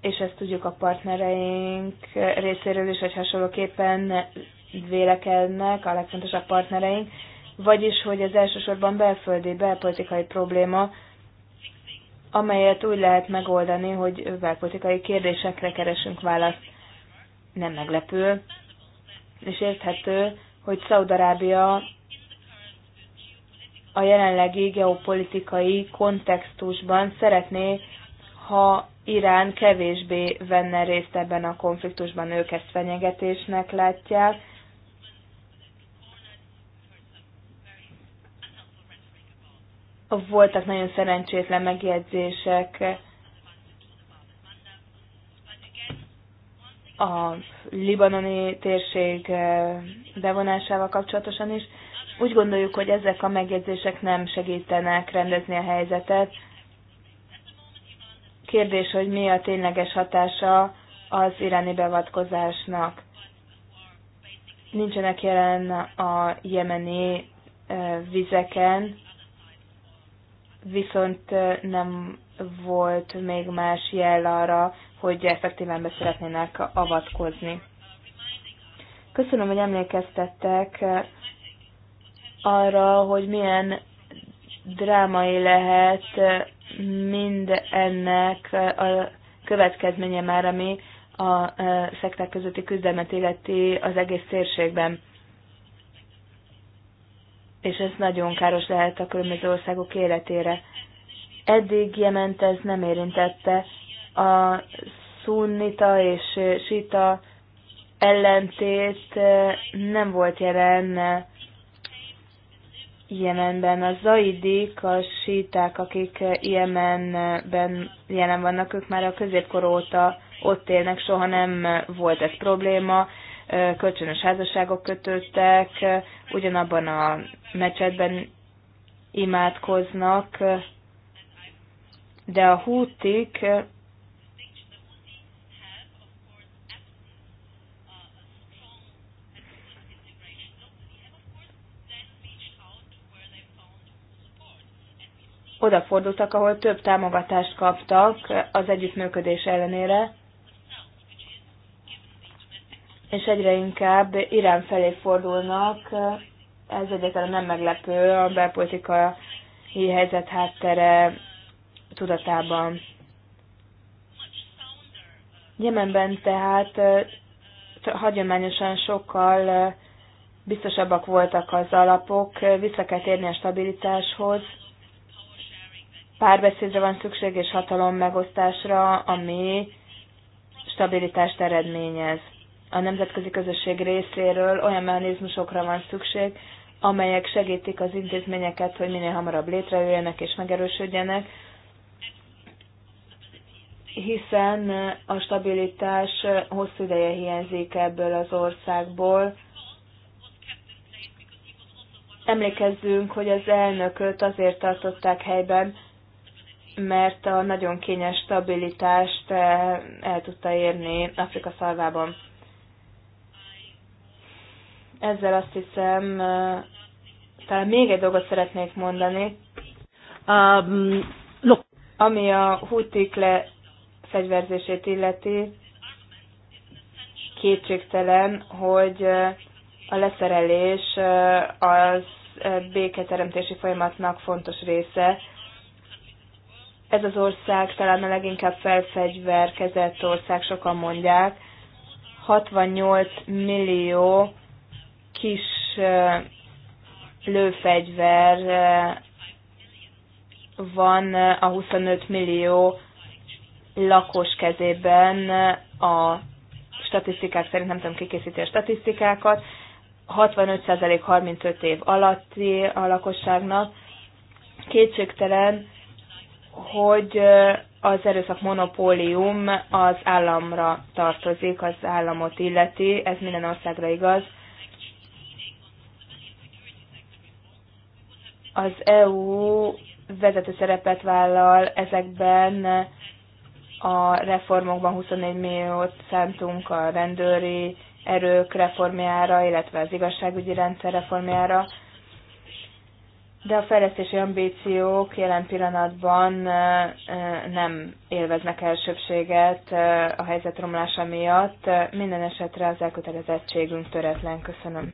és ezt tudjuk a partnereink részéről is, hogy hasonlóképpen vélekednek a legfontosabb partnereink, vagyis, hogy ez elsősorban belföldi, belpolitikai probléma, amelyet úgy lehet megoldani, hogy belpolitikai kérdésekre keresünk választ nem meglepő, és érthető, hogy Szaudarábia a jelenlegi geopolitikai kontextusban szeretné, ha Irán kevésbé venne részt ebben a konfliktusban, ők ezt fenyegetésnek látják. Voltak nagyon szerencsétlen megjegyzések a libanoni térség eh, bevonásával kapcsolatosan is. Úgy gondoljuk, hogy ezek a megjegyzések nem segítenek rendezni a helyzetet. Kérdés, hogy mi a tényleges hatása az iráni beavatkozásnak. Nincsenek jelen a jemeni eh, vizeken, viszont eh, nem volt még más jel arra, hogy effektíven be szeretnének avatkozni. Köszönöm, hogy emlékeztettek arra, hogy milyen drámai lehet mind ennek a következménye már, ami a e, szekták közötti küzdelmet illeti az egész térségben. És ez nagyon káros lehet a különböző országok életére. Eddig Jement ez nem érintette, a szunnita és sita ellentét eh, nem volt jelen eh, Jemenben. A zaidik, a síták, akik eh, Jemenben jelen vannak, ők már a középkor óta ott élnek, soha nem volt ez probléma, kölcsönös házasságok kötöttek, ugyanabban a mecsetben imádkoznak, de a hútik odafordultak, ahol több támogatást kaptak az együttműködés ellenére, és egyre inkább Irán felé fordulnak. Ez egyáltalán nem meglepő a belpolitikai helyzet háttere tudatában. Jemenben tehát eh, hagyományosan sokkal eh, biztosabbak voltak az alapok, vissza kell térni a stabilitáshoz, párbeszédre van szükség és hatalom megosztásra, ami stabilitást eredményez. A nemzetközi közösség részéről olyan mechanizmusokra van szükség, amelyek segítik az intézményeket, hogy minél hamarabb létrejöjjenek és megerősödjenek, hiszen a stabilitás hosszú ideje hiányzik ebből az országból. Emlékezzünk, hogy az elnököt azért tartották helyben, mert a nagyon kényes stabilitást eh, el tudta érni Afrika szalvában. Ezzel azt hiszem, eh, talán még egy dolgot szeretnék mondani. Um, Ami a hútik le fegyverzését illeti, kétségtelen, hogy eh, a leszerelés az béketeremtési folyamatnak fontos része, ez az ország talán a leginkább felfegyverkezett ország, sokan mondják. 68 millió kis lőfegyver van a 25 millió lakos kezében a statisztikák szerint, nem tudom, kikészíti a statisztikákat, 65% 35 év alatti a lakosságnak. Kétségtelen, hogy az erőszak monopólium az államra tartozik, az államot illeti, ez minden országra igaz. Az EU vezető szerepet vállal ezekben a reformokban 24 milliót szántunk a rendőri erők reformjára, illetve az igazságügyi rendszer reformjára de a fejlesztési ambíciók jelen pillanatban nem élveznek elsőbséget a helyzet romlása miatt. Minden esetre az elkötelezettségünk töretlen. Köszönöm.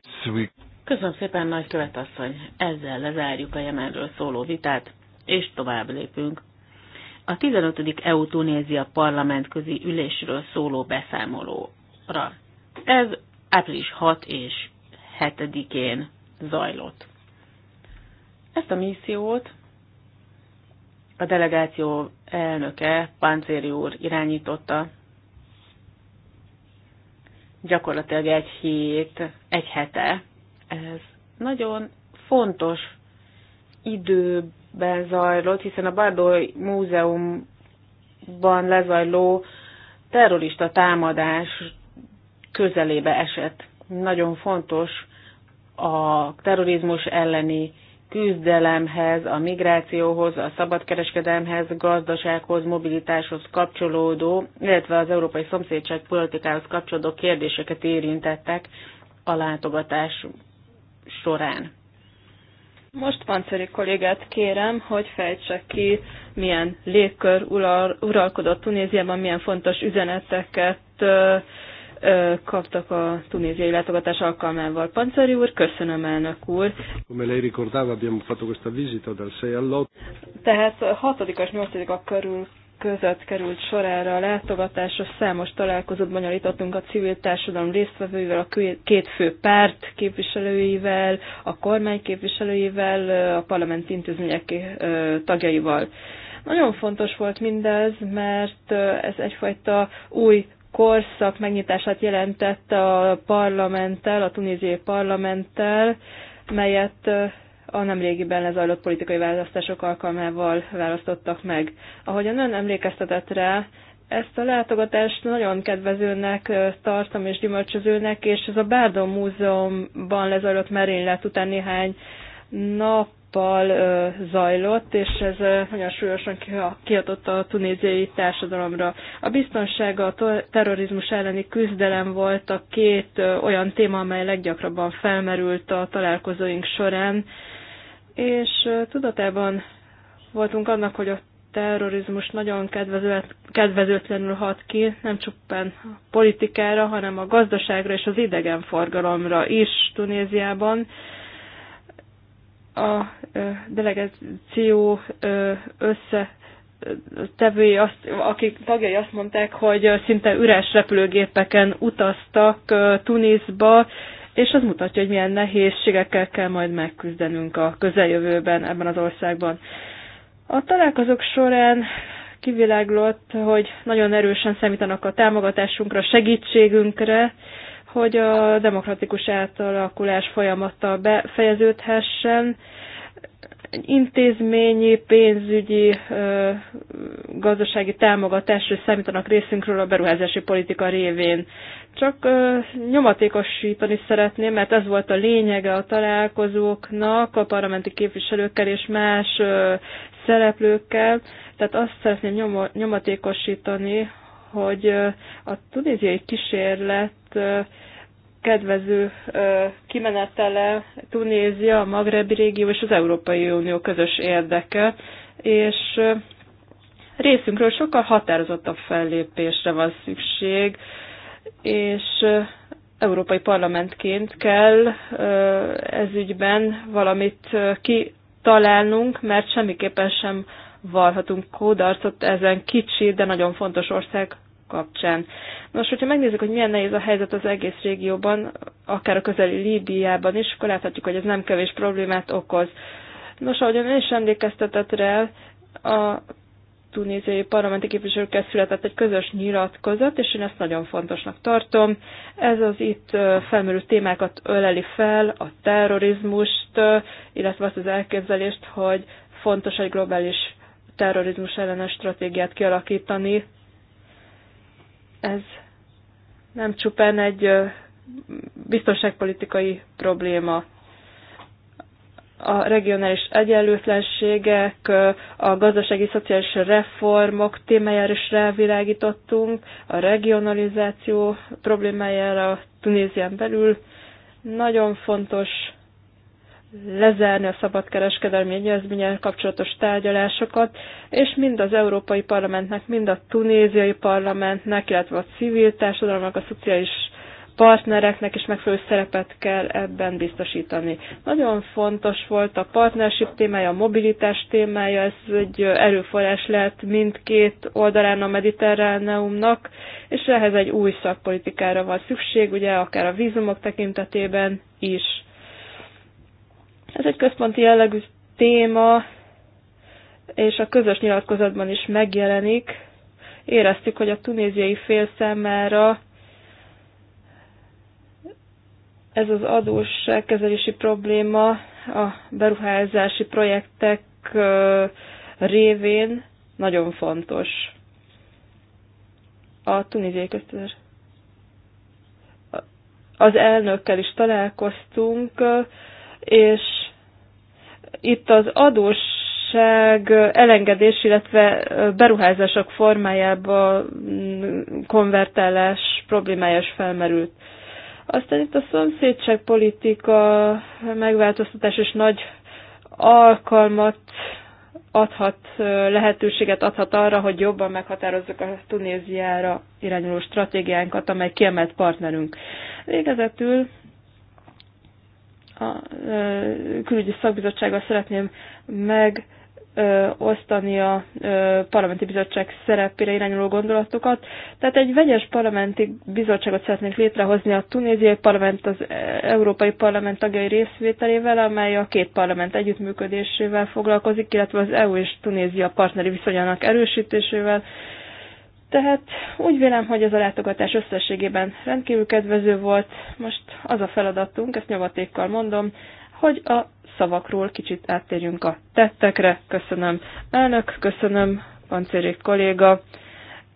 Köszönöm szépen, nagy követasszony. Ezzel lezárjuk a Jemenről szóló vitát, és tovább lépünk. A 15. EU-Tunézia parlamentközi ülésről szóló beszámolóra. Ez április 6 és 7-én zajlott. Ezt a missziót a delegáció elnöke, Páncéri úr irányította. Gyakorlatilag egy hét, egy hete. Ez nagyon fontos időben zajlott, hiszen a Bardoly Múzeumban lezajló terrorista támadás közelébe esett. Nagyon fontos a terrorizmus elleni küzdelemhez, a migrációhoz, a szabadkereskedelemhez, gazdasághoz, mobilitáshoz kapcsolódó, illetve az európai szomszédság politikához kapcsolódó kérdéseket érintettek a látogatás során. Most Panceri kollégát kérem, hogy fejtse ki, milyen légkör uralkodott Tunéziában, milyen fontos üzeneteket kaptak a tunéziai látogatás alkalmával. Pancari úr, köszönöm elnök úr. Come lei ricordava abbiamo fatto questa visita dal 6 all'8. Tehát 6 és 8-a körül között került sorára a látogatásra, számos találkozót bonyolítottunk a civil társadalom résztvevőivel, a két fő párt képviselőivel, a kormány képviselőivel, a parlament intézmények tagjaival. Nagyon fontos volt mindez, mert ez egyfajta új korszak megnyitását jelentette a parlamenttel, a tunéziai parlamenttel, melyet a nemrégiben lezajlott politikai választások alkalmával választottak meg. Ahogyan ön emlékeztetett rá, ezt a látogatást nagyon kedvezőnek tartom és gyümölcsözőnek, és ez a Bárdon Múzeumban lezajlott merénylet után néhány nap ö, zajlott, és ez nagyon súlyosan kiadott a tunéziai társadalomra. A biztonság, a terrorizmus elleni küzdelem volt a két olyan téma, amely leggyakrabban felmerült a találkozóink során, és tudatában voltunk annak, hogy a terrorizmus nagyon kedvezőtlenül hat ki, nem csupán a politikára, hanem a gazdaságra és az idegenforgalomra is Tunéziában a delegáció össze tevői, azt, akik tagjai azt mondták, hogy szinte üres repülőgépeken utaztak Tunisba, és az mutatja, hogy milyen nehézségekkel kell majd megküzdenünk a közeljövőben ebben az országban. A találkozók során kiviláglott, hogy nagyon erősen számítanak a támogatásunkra, segítségünkre, hogy a demokratikus átalakulás folyamata befejeződhessen, intézményi, pénzügyi, gazdasági támogatásra számítanak részünkről a beruházási politika révén. Csak nyomatékosítani szeretném, mert ez volt a lényege a találkozóknak, a parlamenti képviselőkkel és más szereplőkkel, tehát azt szeretném nyomatékosítani, hogy a tunéziai kísérlet kedvező kimenetele Tunézia, a Magrebi régió és az Európai Unió közös érdeke, és részünkről sokkal határozottabb fellépésre van szükség, és Európai Parlamentként kell ez ügyben valamit kitalálnunk, mert semmiképpen sem vallhatunk kódarcot ezen kicsi, de nagyon fontos ország kapcsán. Nos, hogyha megnézzük, hogy milyen nehéz a helyzet az egész régióban, akár a közeli Líbiában is, akkor láthatjuk, hogy ez nem kevés problémát okoz. Nos, ahogy ön is emlékeztetett rá, a tunéziai parlamenti képviselőkkel született egy közös nyilatkozat, és én ezt nagyon fontosnak tartom. Ez az itt felmerülő témákat öleli fel, a terrorizmust, illetve azt az elképzelést, hogy fontos egy globális terrorizmus ellenes stratégiát kialakítani. Ez nem csupán egy biztonságpolitikai probléma. A regionális egyenlőtlenségek, a gazdasági szociális reformok témájára is rávilágítottunk, a regionalizáció problémájára Tunézián belül. Nagyon fontos lezárni a szabadkereskedelmi egyezménnyel kapcsolatos tárgyalásokat, és mind az Európai Parlamentnek, mind a tunéziai parlamentnek, illetve a civil társadalomnak, a szociális partnereknek is megfelelő szerepet kell ebben biztosítani. Nagyon fontos volt a partnership témája, a mobilitás témája, ez egy erőforrás lehet mindkét oldalán a mediterráneumnak, és ehhez egy új szakpolitikára van szükség, ugye akár a vízumok tekintetében is. Ez egy központi jellegű téma, és a közös nyilatkozatban is megjelenik. Éreztük, hogy a tunéziai fél számára ez az adósságkezelési probléma a beruházási projektek révén nagyon fontos. A tunéziai köztudás. Az elnökkel is találkoztunk, és itt az adósság elengedés, illetve beruházások formájába konvertálás problémája is felmerült. Aztán itt a szomszédságpolitika megváltoztatás és nagy alkalmat adhat, lehetőséget adhat arra, hogy jobban meghatározzuk a Tunéziára irányuló stratégiánkat, amely kiemelt partnerünk. Végezetül a külügyi szakbizottsággal szeretném meg osztani a parlamenti bizottság szerepére irányuló gondolatokat. Tehát egy vegyes parlamenti bizottságot szeretnénk létrehozni a tunéziai parlament, az e, európai parlament tagjai részvételével, amely a két parlament együttműködésével foglalkozik, illetve az EU és Tunézia partneri viszonyának erősítésével, tehát úgy vélem, hogy ez a látogatás összességében rendkívül kedvező volt. Most az a feladatunk, ezt nyomatékkal mondom, hogy a szavakról kicsit áttérjünk a tettekre. Köszönöm elnök, köszönöm pancérék kolléga.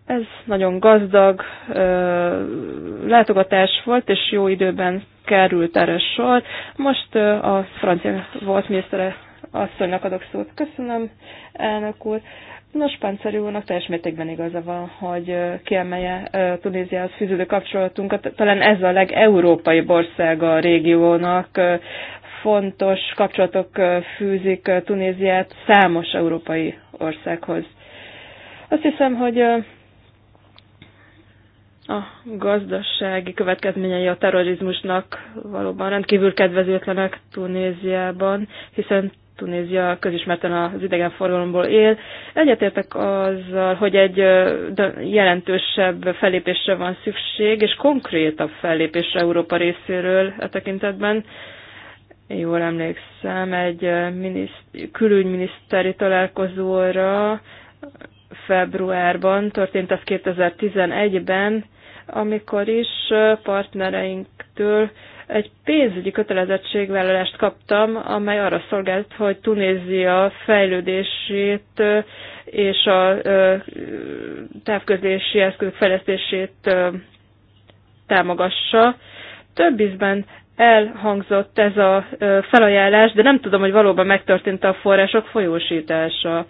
Ez nagyon gazdag ö, látogatás volt, és jó időben került erre sor. Most ö, a francia volt minisztere asszonynak adok szót. Köszönöm, elnök úr. Nos, Panceri úrnak teljes mértékben igaza van, hogy kiemelje Tunéziához fűződő kapcsolatunkat. Talán ez a legeurópai ország a régiónak. Fontos kapcsolatok fűzik Tunéziát számos európai országhoz. Azt hiszem, hogy a gazdasági következményei a terrorizmusnak valóban rendkívül kedvezőtlenek Tunéziában, hiszen Tunézia közismerten az idegenforgalomból él. Egyetértek azzal, hogy egy jelentősebb fellépésre van szükség, és konkrétabb fellépésre Európa részéről a e tekintetben. Jól emlékszem, egy miniszt- külügyminiszteri találkozóra februárban, történt ez 2011-ben, amikor is partnereinktől egy pénzügyi kötelezettségvállalást kaptam, amely arra szolgált, hogy Tunézia fejlődését és a távközlési eszközök fejlesztését támogassa. Több ízben elhangzott ez a felajánlás, de nem tudom, hogy valóban megtörtént a források folyósítása.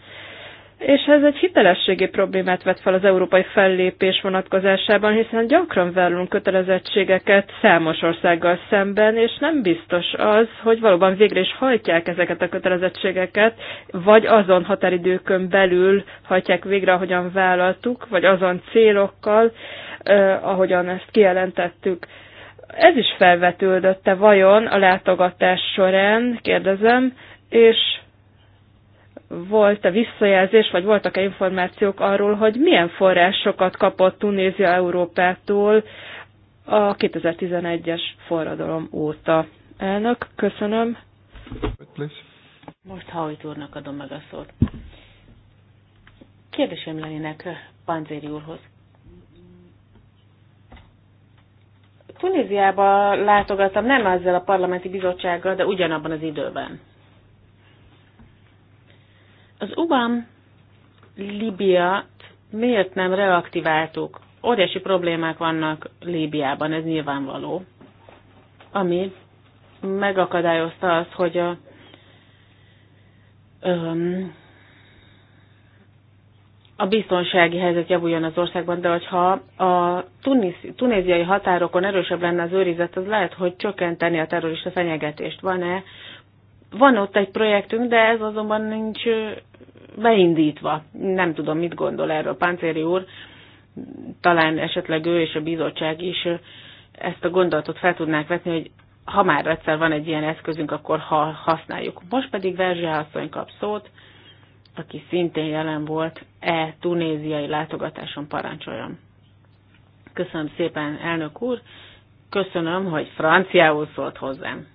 És ez egy hitelességi problémát vet fel az európai fellépés vonatkozásában, hiszen gyakran vállunk kötelezettségeket számos országgal szemben, és nem biztos az, hogy valóban végre is hajtják ezeket a kötelezettségeket, vagy azon határidőkön belül hajtják végre, ahogyan vállaltuk, vagy azon célokkal, eh, ahogyan ezt kijelentettük. Ez is felvetődötte vajon a látogatás során, kérdezem, és volt-e visszajelzés, vagy voltak-e információk arról, hogy milyen forrásokat kapott Tunézia Európától a 2011-es forradalom óta. Elnök, köszönöm. Most Hajt úrnak adom meg a szót. Kérdésem lennének Panzéri úrhoz. Tunéziába látogattam nem ezzel a parlamenti bizottsággal, de ugyanabban az időben. Az UBAM Libiát miért nem reaktiváltuk? Óriási problémák vannak Líbiában, ez nyilvánvaló, ami megakadályozta az, hogy a öm, a biztonsági helyzet javuljon az országban, de hogyha a tunéziai határokon erősebb lenne az őrizet, az lehet, hogy csökkenteni a terrorista fenyegetést. Van-e van ott egy projektünk, de ez azonban nincs beindítva. Nem tudom, mit gondol erről Páncéri úr. Talán esetleg ő és a bizottság is ezt a gondolatot fel tudnák vetni, hogy ha már egyszer van egy ilyen eszközünk, akkor ha használjuk. Most pedig Verzsia asszony kap szót, aki szintén jelen volt e tunéziai látogatáson parancsoljon. Köszönöm szépen, elnök úr, köszönöm, hogy franciául szólt hozzám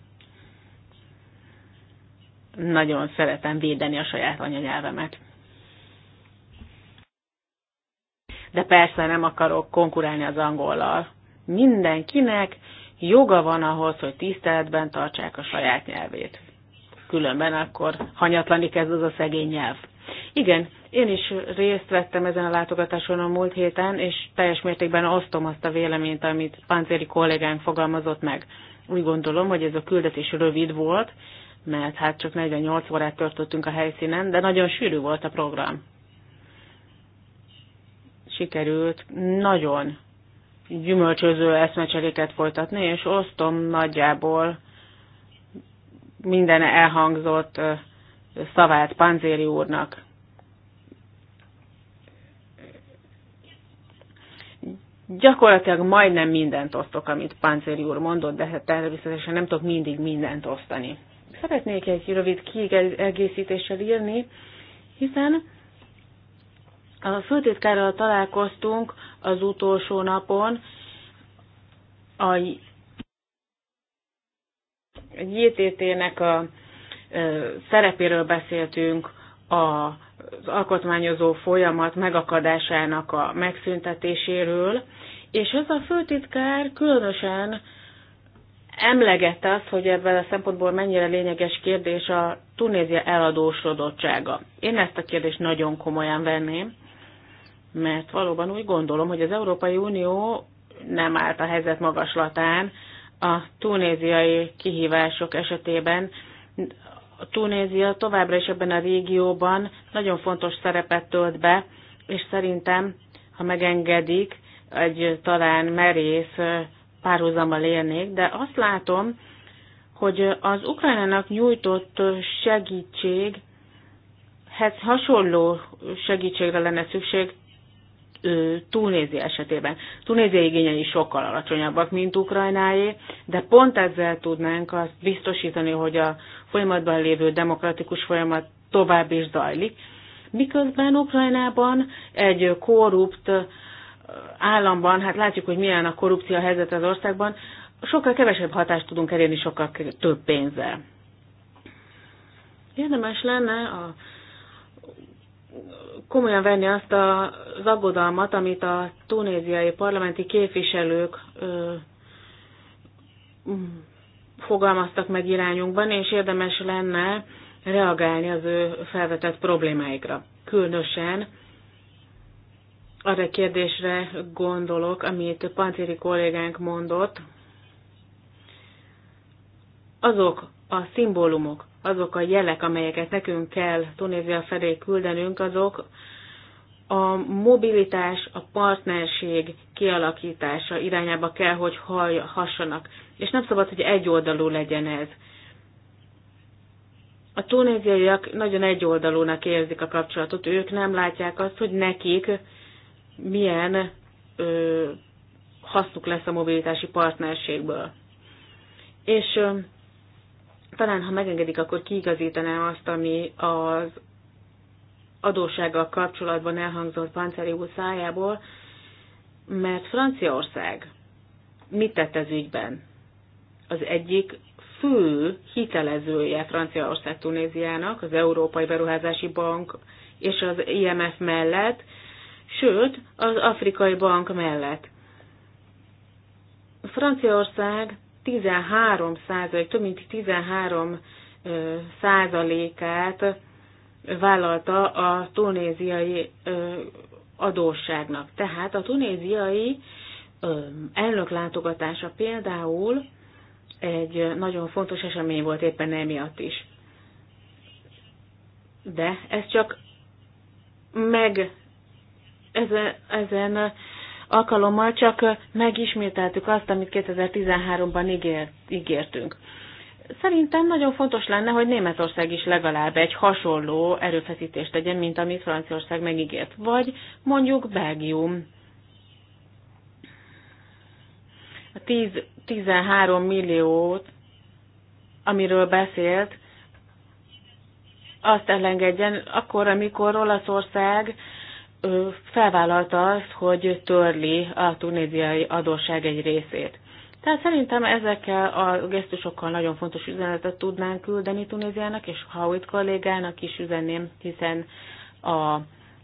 nagyon szeretem védeni a saját anyanyelvemet. De persze nem akarok konkurálni az angollal. Mindenkinek joga van ahhoz, hogy tiszteletben tartsák a saját nyelvét. Különben akkor hanyatlani kezd az a szegény nyelv. Igen, én is részt vettem ezen a látogatáson a múlt héten, és teljes mértékben osztom azt a véleményt, amit páncéri kollégánk fogalmazott meg. Úgy gondolom, hogy ez a küldetés rövid volt, mert hát csak 48 órát töltöttünk a helyszínen, de nagyon sűrű volt a program. Sikerült nagyon gyümölcsöző eszmecseréket folytatni, és osztom nagyjából minden elhangzott szavát Panzéri úrnak. Gyakorlatilag majdnem mindent osztok, amit Panzéri úr mondott, de hát természetesen nem tudok mindig mindent osztani. Szeretnék egy rövid kiegészítéssel írni, hiszen a főtitkárral találkoztunk az utolsó napon a JTT-nek a szerepéről beszéltünk, az alkotmányozó folyamat megakadásának a megszüntetéséről, és ez a főtitkár különösen emlegette azt, hogy ebben a szempontból mennyire lényeges kérdés a Tunézia eladósodottsága. Én ezt a kérdést nagyon komolyan venném, mert valóban úgy gondolom, hogy az Európai Unió nem állt a helyzet magaslatán a tunéziai kihívások esetében. A Tunézia továbbra is ebben a régióban nagyon fontos szerepet tölt be, és szerintem, ha megengedik, egy talán merész párhuzammal élnék, de azt látom, hogy az Ukrajnának nyújtott segítséghez hasonló segítségre lenne szükség Tunézia esetében. Tunézia igényei sokkal alacsonyabbak, mint Ukrajnáé, de pont ezzel tudnánk azt biztosítani, hogy a folyamatban lévő demokratikus folyamat tovább is zajlik, miközben Ukrajnában egy korrupt államban, hát látjuk, hogy milyen a korrupció helyzet az országban, sokkal kevesebb hatást tudunk elérni sokkal több pénzzel. Érdemes lenne a, komolyan venni azt az aggodalmat, amit a tunéziai parlamenti képviselők ö, fogalmaztak meg irányunkban, és érdemes lenne reagálni az ő felvetett problémáikra. Különösen arra kérdésre gondolok, amit a Pancéri kollégánk mondott, azok a szimbólumok, azok a jelek, amelyeket nekünk kell Tunézia felé küldenünk, azok a mobilitás, a partnerség kialakítása irányába kell, hogy hassanak. És nem szabad, hogy egyoldalú legyen ez. A tunéziaiak nagyon egyoldalúnak érzik a kapcsolatot. Ők nem látják azt, hogy nekik milyen ö, hasznuk lesz a mobilitási partnerségből. És ö, talán, ha megengedik, akkor kiigazítanám azt, ami az adóssággal kapcsolatban elhangzott Panceri úr szájából, mert Franciaország mit tett ez ügyben? Az egyik fő hitelezője Franciaország Tunéziának, az Európai Beruházási Bank és az IMF mellett sőt az Afrikai Bank mellett. Franciaország 13 százalék, több mint 13 százalékát vállalta a tunéziai adósságnak. Tehát a tunéziai elnök látogatása például egy nagyon fontos esemény volt éppen emiatt is. De ez csak meg ezen, ezen alkalommal csak megismételtük azt, amit 2013-ban ígért, ígértünk. Szerintem nagyon fontos lenne, hogy Németország is legalább egy hasonló erőfeszítést tegyen, mint amit Franciaország megígért, vagy mondjuk Belgium. A 10, 13 milliót, amiről beszélt, azt elengedjen akkor, amikor Olaszország felvállalta azt, hogy törli a tunéziai adósság egy részét. Tehát szerintem ezekkel a gesztusokkal nagyon fontos üzenetet tudnánk küldeni Tunéziának, és Howitt kollégának is üzenném, hiszen a,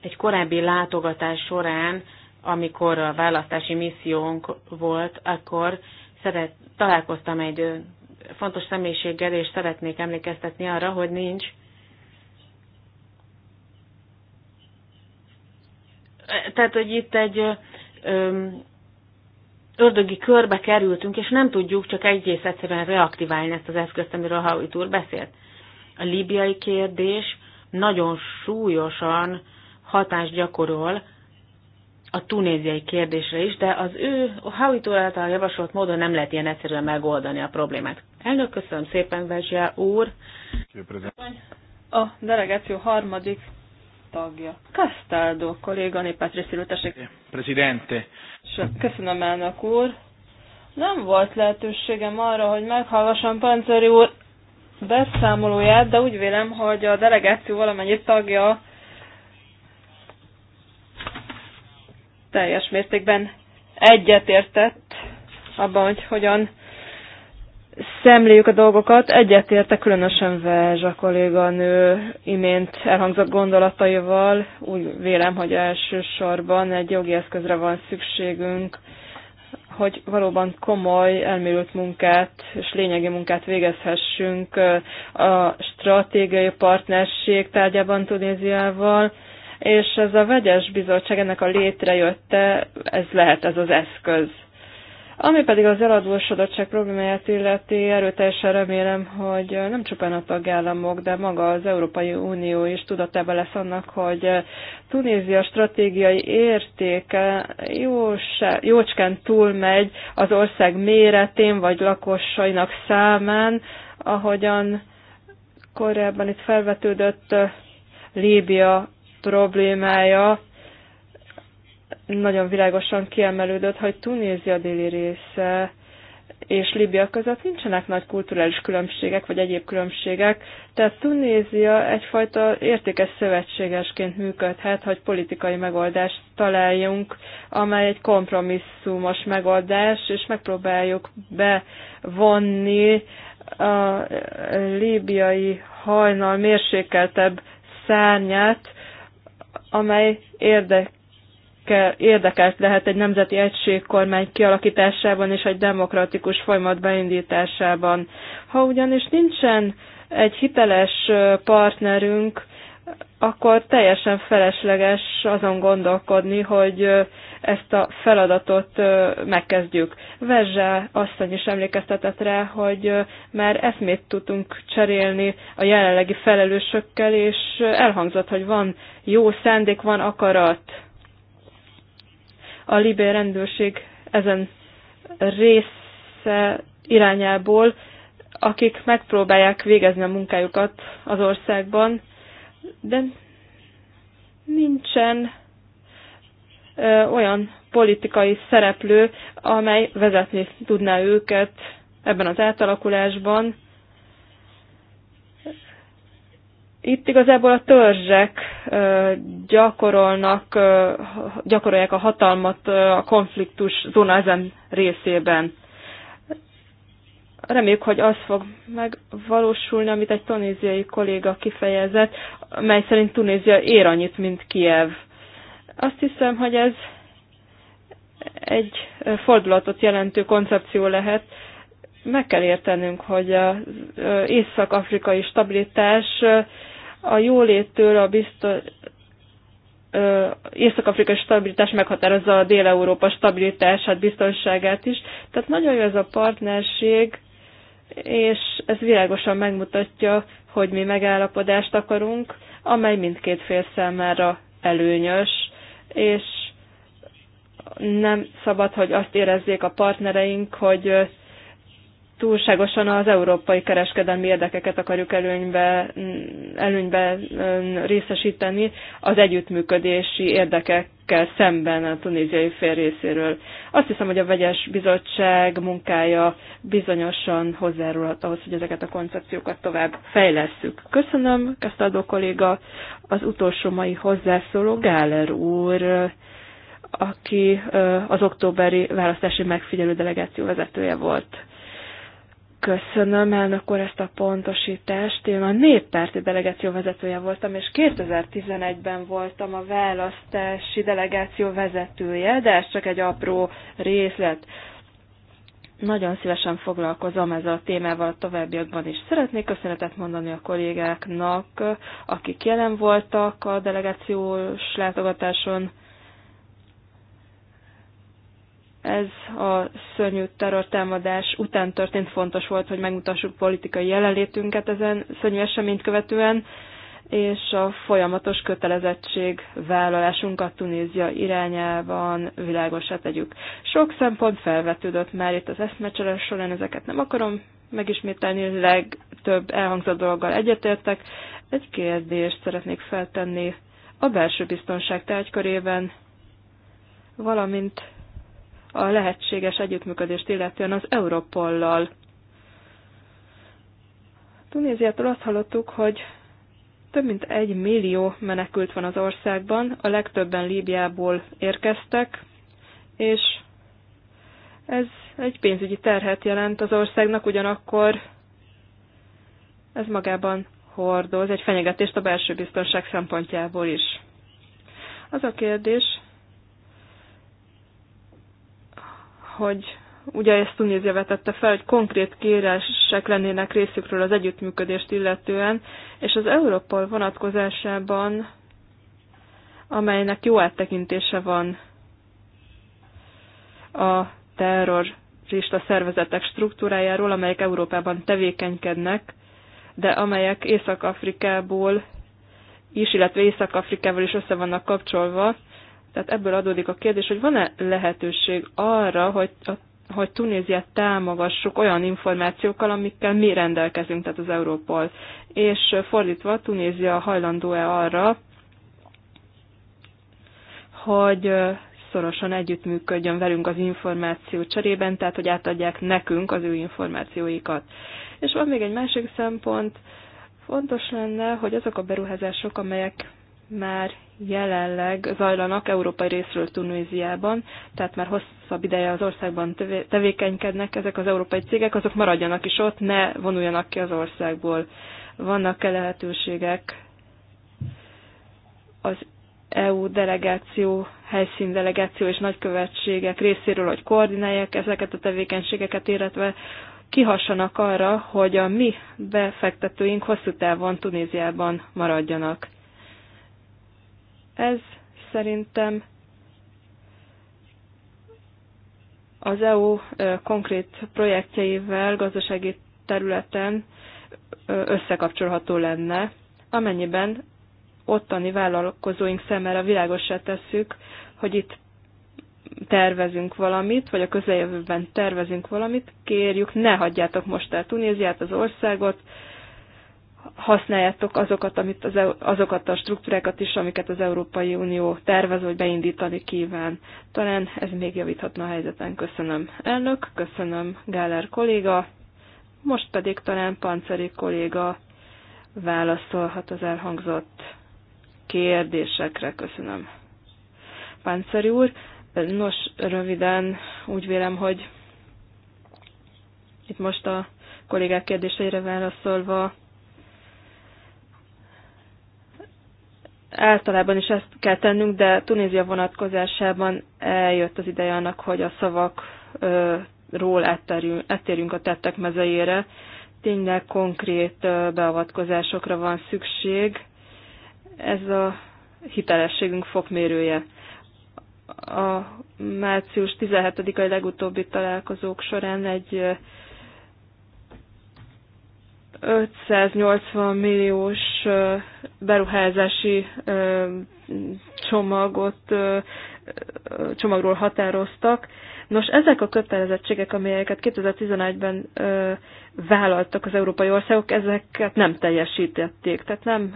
egy korábbi látogatás során, amikor a választási missziónk volt, akkor szeret, találkoztam egy fontos személyiséggel, és szeretnék emlékeztetni arra, hogy nincs tehát, hogy itt egy ördögi körbe kerültünk, és nem tudjuk csak egyrészt egyszerűen reaktiválni ezt az eszközt, amiről Hauit úr beszélt. A líbiai kérdés nagyon súlyosan hatást gyakorol a tunéziai kérdésre is, de az ő a Hauit úr által javasolt módon nem lehet ilyen egyszerűen megoldani a problémát. Elnök, köszönöm szépen, Vezsia úr! A delegáció harmadik tagja. Castaldo kolléganő, Patricio, tessék. Presidente. Köszönöm, elnök úr. Nem volt lehetőségem arra, hogy meghallgassam Panceri úr beszámolóját, de úgy vélem, hogy a delegáció valamennyi tagja teljes mértékben egyetértett abban, hogy hogyan szemléljük a dolgokat, egyetérte különösen Verzsa kolléganő imént elhangzott gondolataival. Úgy vélem, hogy elsősorban egy jogi eszközre van szükségünk, hogy valóban komoly, elmérült munkát és lényegi munkát végezhessünk a stratégiai partnerség tárgyában Tunéziával, és ez a vegyes bizottság ennek a létrejötte, ez lehet ez az eszköz. Ami pedig az eladósodottság problémáját illeti, erőteljesen remélem, hogy nem csupán a tagállamok, de maga az Európai Unió is tudatában lesz annak, hogy Tunézia stratégiai értéke jósá, jócskán túlmegy az ország méretén vagy lakosainak számán, ahogyan korábban itt felvetődött Líbia problémája, nagyon világosan kiemelődött, hogy Tunézia déli része és Libia között nincsenek nagy kulturális különbségek, vagy egyéb különbségek, tehát Tunézia egyfajta értékes szövetségesként működhet, hogy politikai megoldást találjunk, amely egy kompromisszumos megoldás, és megpróbáljuk bevonni a líbiai hajnal mérsékeltebb szárnyát, amely érdek érdekel, eh, érdekelt lehet egy nemzeti egységkormány kialakításában és egy demokratikus folyamat beindításában. Ha ugyanis nincsen egy hiteles eh, partnerünk, akkor teljesen felesleges azon gondolkodni, hogy eh, ezt a feladatot megkezdjük. Verzse asszony is emlékeztetett rá, hogy már eszmét tudtunk cserélni a jelenlegi felelősökkel, és elhangzott, hogy van jó szándék, van akarat a libé rendőrség ezen része irányából, akik megpróbálják végezni a munkájukat az országban, de nincsen ö, olyan politikai szereplő, amely vezetni tudná őket ebben az átalakulásban, Itt igazából a törzsek gyakorolnak, gyakorolják a hatalmat a konfliktus zóna ezen részében. Reméljük, hogy az fog megvalósulni, amit egy tunéziai kolléga kifejezett, mely szerint Tunézia ér annyit, mint Kiev. Azt hiszem, hogy ez egy fordulatot jelentő koncepció lehet. Meg kell értenünk, hogy az észak-afrikai stabilitás a jóléttől a biztos, észak-afrikai stabilitás meghatározza a Dél-Európa stabilitását, biztonságát is. Tehát nagyon jó ez a partnerség, és ez világosan megmutatja, hogy mi megállapodást akarunk, amely mindkét fél számára előnyös, és nem szabad, hogy azt érezzék a partnereink, hogy túlságosan az európai kereskedelmi érdekeket akarjuk előnybe, előnybe részesíteni az együttműködési érdekekkel szemben a tunéziai fél részéről. Azt hiszem, hogy a vegyes bizottság munkája bizonyosan hozzárulhat ahhoz, hogy ezeket a koncepciókat tovább fejlesszük. Köszönöm, Kasztadó kolléga, az utolsó mai hozzászóló Gáler úr aki az októberi választási megfigyelő delegáció vezetője volt. Köszönöm, elnök úr, ezt a pontosítást. Én a néppárti delegáció vezetője voltam, és 2011-ben voltam a választási delegáció vezetője, de ez csak egy apró részlet. Nagyon szívesen foglalkozom ezzel a témával a továbbiakban is. Szeretnék köszönetet mondani a kollégáknak, akik jelen voltak a delegációs látogatáson. Ez a szörnyű terrortámadás után történt fontos volt, hogy megmutassuk politikai jelenlétünket ezen szörnyű eseményt követően, és a folyamatos kötelezettség vállalásunkat Tunézia irányában világosra tegyük. Sok szempont felvetődött már itt az eszmecsere során, ezeket nem akarom megismételni, legtöbb elhangzott dologgal egyetértek. Egy kérdést szeretnék feltenni a belső biztonság tárgykörében, valamint a lehetséges együttműködést illetően az Europollal. Tunéziától azt hallottuk, hogy több mint egy millió menekült van az országban, a legtöbben Líbiából érkeztek, és ez egy pénzügyi terhet jelent az országnak, ugyanakkor ez magában hordoz egy fenyegetést a belső biztonság szempontjából is. Az a kérdés, hogy ugye ezt Tunézia vetette fel, hogy konkrét kérések lennének részükről az együttműködést illetően, és az Európol vonatkozásában, amelynek jó áttekintése van a terrorista szervezetek struktúrájáról, amelyek Európában tevékenykednek, de amelyek Észak-Afrikából is, illetve Észak-Afrikával is össze vannak kapcsolva, tehát ebből adódik a kérdés, hogy van-e lehetőség arra, hogy a hogy Tunéziát támogassuk olyan információkkal, amikkel mi rendelkezünk, tehát az Európol. És fordítva, Tunézia hajlandó-e arra, hogy szorosan együttműködjön velünk az információ cserében, tehát hogy átadják nekünk az ő információikat. És van még egy másik szempont, fontos lenne, hogy azok a beruházások, amelyek már jelenleg zajlanak európai részről Tunéziában, tehát már hosszabb ideje az országban tevékenykednek ezek az európai cégek, azok maradjanak is ott, ne vonuljanak ki az országból. Vannak-e lehetőségek az EU delegáció, helyszín delegáció és nagykövetségek részéről, hogy koordinálják ezeket a tevékenységeket, illetve kihassanak arra, hogy a mi befektetőink hosszú távon Tunéziában maradjanak. Ez szerintem az EU konkrét projektjeivel gazdasági területen összekapcsolható lenne, amennyiben ottani vállalkozóink szemére világosra tesszük, hogy itt tervezünk valamit, vagy a közeljövőben tervezünk valamit, kérjük, ne hagyjátok most el Tunéziát, az országot, használjátok azokat, amit az, azokat a struktúrákat is, amiket az Európai Unió tervez, hogy beindítani kíván. Talán ez még javíthatna a helyzeten. Köszönöm elnök, köszönöm Gáler kolléga, most pedig talán Panceri kolléga válaszolhat az elhangzott kérdésekre. Köszönöm. Panceri úr, nos, röviden úgy vélem, hogy itt most a kollégák kérdéseire válaszolva általában is ezt kell tennünk, de Tunézia vonatkozásában eljött az ideje annak, hogy a szavakról eltérjünk a tettek mezejére. Tényleg konkrét beavatkozásokra van szükség. Ez a hitelességünk fokmérője. A március 17-ai legutóbbi találkozók során egy 580 milliós beruházási csomagot, csomagról határoztak. Nos, ezek a kötelezettségek, amelyeket 2011-ben vállaltak az európai országok, ezeket nem teljesítették. Tehát nem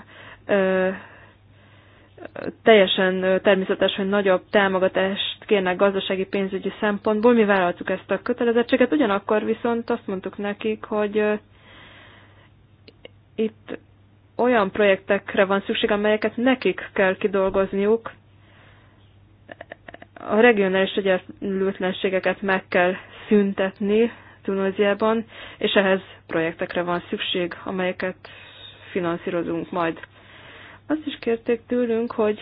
teljesen természetes, hogy nagyobb támogatást kérnek gazdasági pénzügyi szempontból. Mi vállaltuk ezt a kötelezettséget, ugyanakkor viszont azt mondtuk nekik, hogy itt olyan projektekre van szükség, amelyeket nekik kell kidolgozniuk. A regionális egyenlőtlenségeket meg kell szüntetni Tunóziában, és ehhez projektekre van szükség, amelyeket finanszírozunk majd. Azt is kérték tőlünk, hogy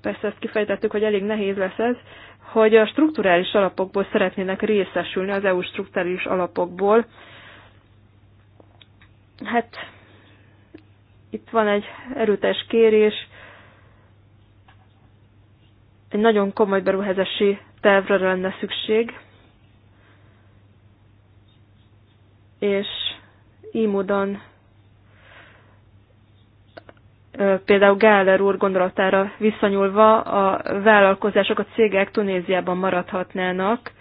persze ezt kifejtettük, hogy elég nehéz lesz ez, hogy a strukturális alapokból szeretnének részesülni, az EU strukturális alapokból, Hát itt van egy erőtes kérés, egy nagyon komoly beruházási tervre lenne szükség, és így módon például Gáler úr gondolatára visszanyúlva a vállalkozások, a cégek Tunéziában maradhatnának,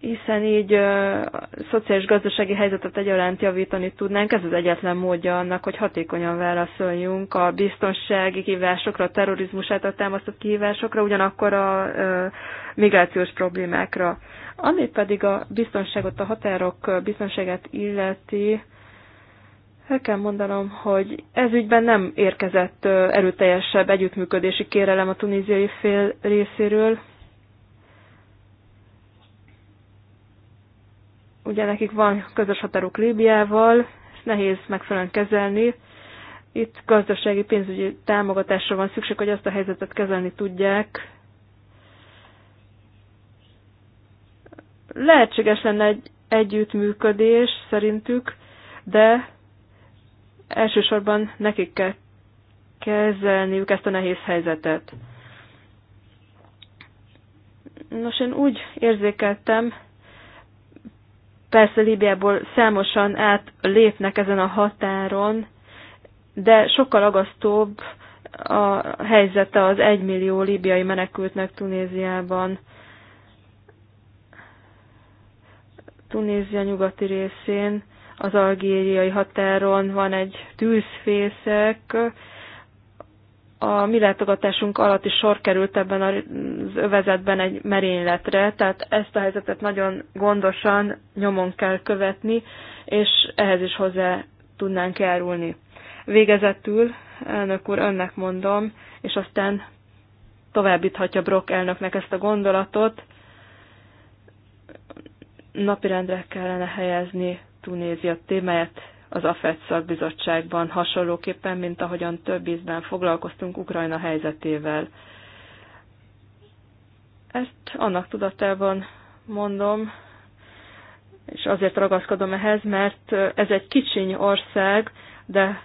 hiszen így a szociális-gazdasági helyzetet egyaránt javítani tudnánk. Ez az egyetlen módja annak, hogy hatékonyan válaszoljunk a biztonsági kihívásokra, a terrorizmus által támasztott kihívásokra, ugyanakkor a migrációs problémákra. Ami pedig a biztonságot, a határok biztonságát illeti, el kell mondanom, hogy ez ügyben nem érkezett erőteljesebb együttműködési kérelem a tunéziai fél részéről, ugye nekik van közös határuk Líbiával, és nehéz megfelelően kezelni. Itt gazdasági pénzügyi támogatásra van szükség, hogy ezt a helyzetet kezelni tudják. Lehetséges lenne egy együttműködés szerintük, de elsősorban nekik kell kezelniük ezt a nehéz helyzetet. Nos, én úgy érzékeltem, Persze Líbiából számosan átlépnek ezen a határon, de sokkal agasztóbb a helyzete az egymillió líbiai menekültnek Tunéziában. Tunézia nyugati részén, az algériai határon van egy tűzfészek, a mi látogatásunk alatt is sor került ebben az övezetben egy merényletre, tehát ezt a helyzetet nagyon gondosan nyomon kell követni, és ehhez is hozzá tudnánk járulni. Végezetül, elnök úr, önnek mondom, és aztán továbbíthatja Brock elnöknek ezt a gondolatot, napirendre kellene helyezni Tunézia témáját, az AFET szakbizottságban, hasonlóképpen, mint ahogyan több ízben foglalkoztunk Ukrajna helyzetével. Ezt annak tudatában mondom, és azért ragaszkodom ehhez, mert ez egy kicsiny ország, de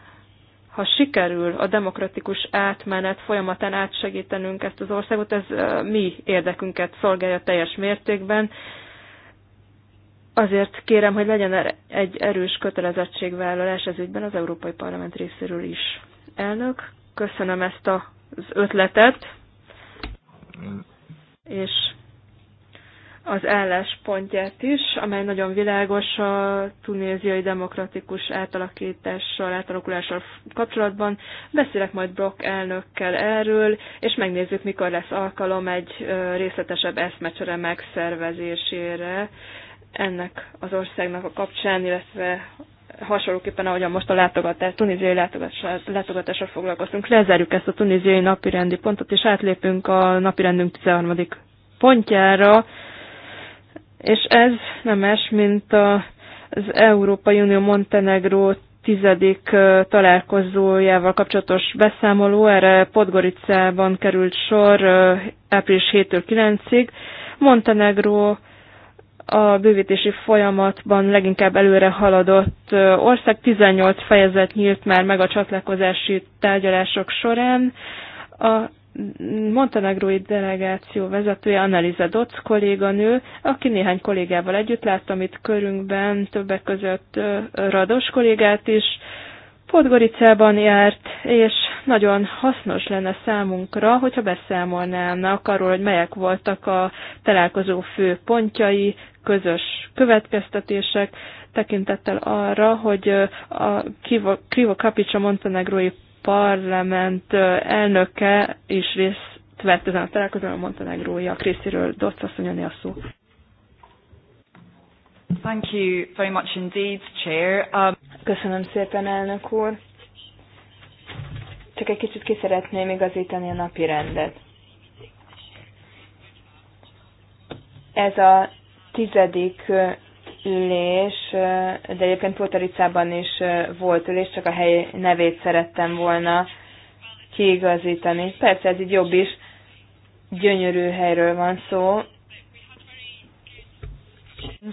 ha sikerül a demokratikus átmenet folyamatán átsegítenünk ezt az országot, ez mi érdekünket szolgálja teljes mértékben, Azért kérem, hogy legyen er- egy erős kötelezettségvállalás ez ügyben az Európai Parlament részéről is. Elnök, köszönöm ezt az ötletet, és az álláspontját is, amely nagyon világos a tunéziai demokratikus átalakítással, átalakulással kapcsolatban. Beszélek majd Brock elnökkel erről, és megnézzük, mikor lesz alkalom egy részletesebb eszmecsere megszervezésére ennek az országnak a kapcsán, illetve hasonlóképpen, ahogyan most a látogatás, tunéziai látogatás, látogatásra foglalkoztunk, lezárjuk ezt a tunéziai napirendi pontot, és átlépünk a napirendünk 13. pontjára, és ez nem más, mint a, az Európai Unió Montenegró tizedik találkozójával kapcsolatos beszámoló, erre Podgoricában került sor április 7-től 9-ig. Montenegró a bővítési folyamatban leginkább előre haladott ország. 18 fejezet nyílt már meg a csatlakozási tárgyalások során. A montenegrói delegáció vezetője Annelize Doc kolléganő, aki néhány kollégával együtt láttam itt körünkben, többek között Rados kollégát is, Podgoricában járt, és nagyon hasznos lenne számunkra, hogyha beszámolnának arról, hogy melyek voltak a találkozó fő pontjai, közös következtetések, tekintettel arra, hogy a Krivo, Krivo Kapica montenegrói parlament elnöke is részt vett ezen a találkozón a montenegrói, a Krisziről, asszony a szó. Thank you very much indeed, Chair. Um... Köszönöm szépen, elnök úr. Csak egy kicsit ki szeretném igazítani a napi rendet. Ez a tizedik ülés, de egyébként Potaricában is volt ülés, csak a hely nevét szerettem volna kiigazítani. Persze ez így jobb is, gyönyörű helyről van szó,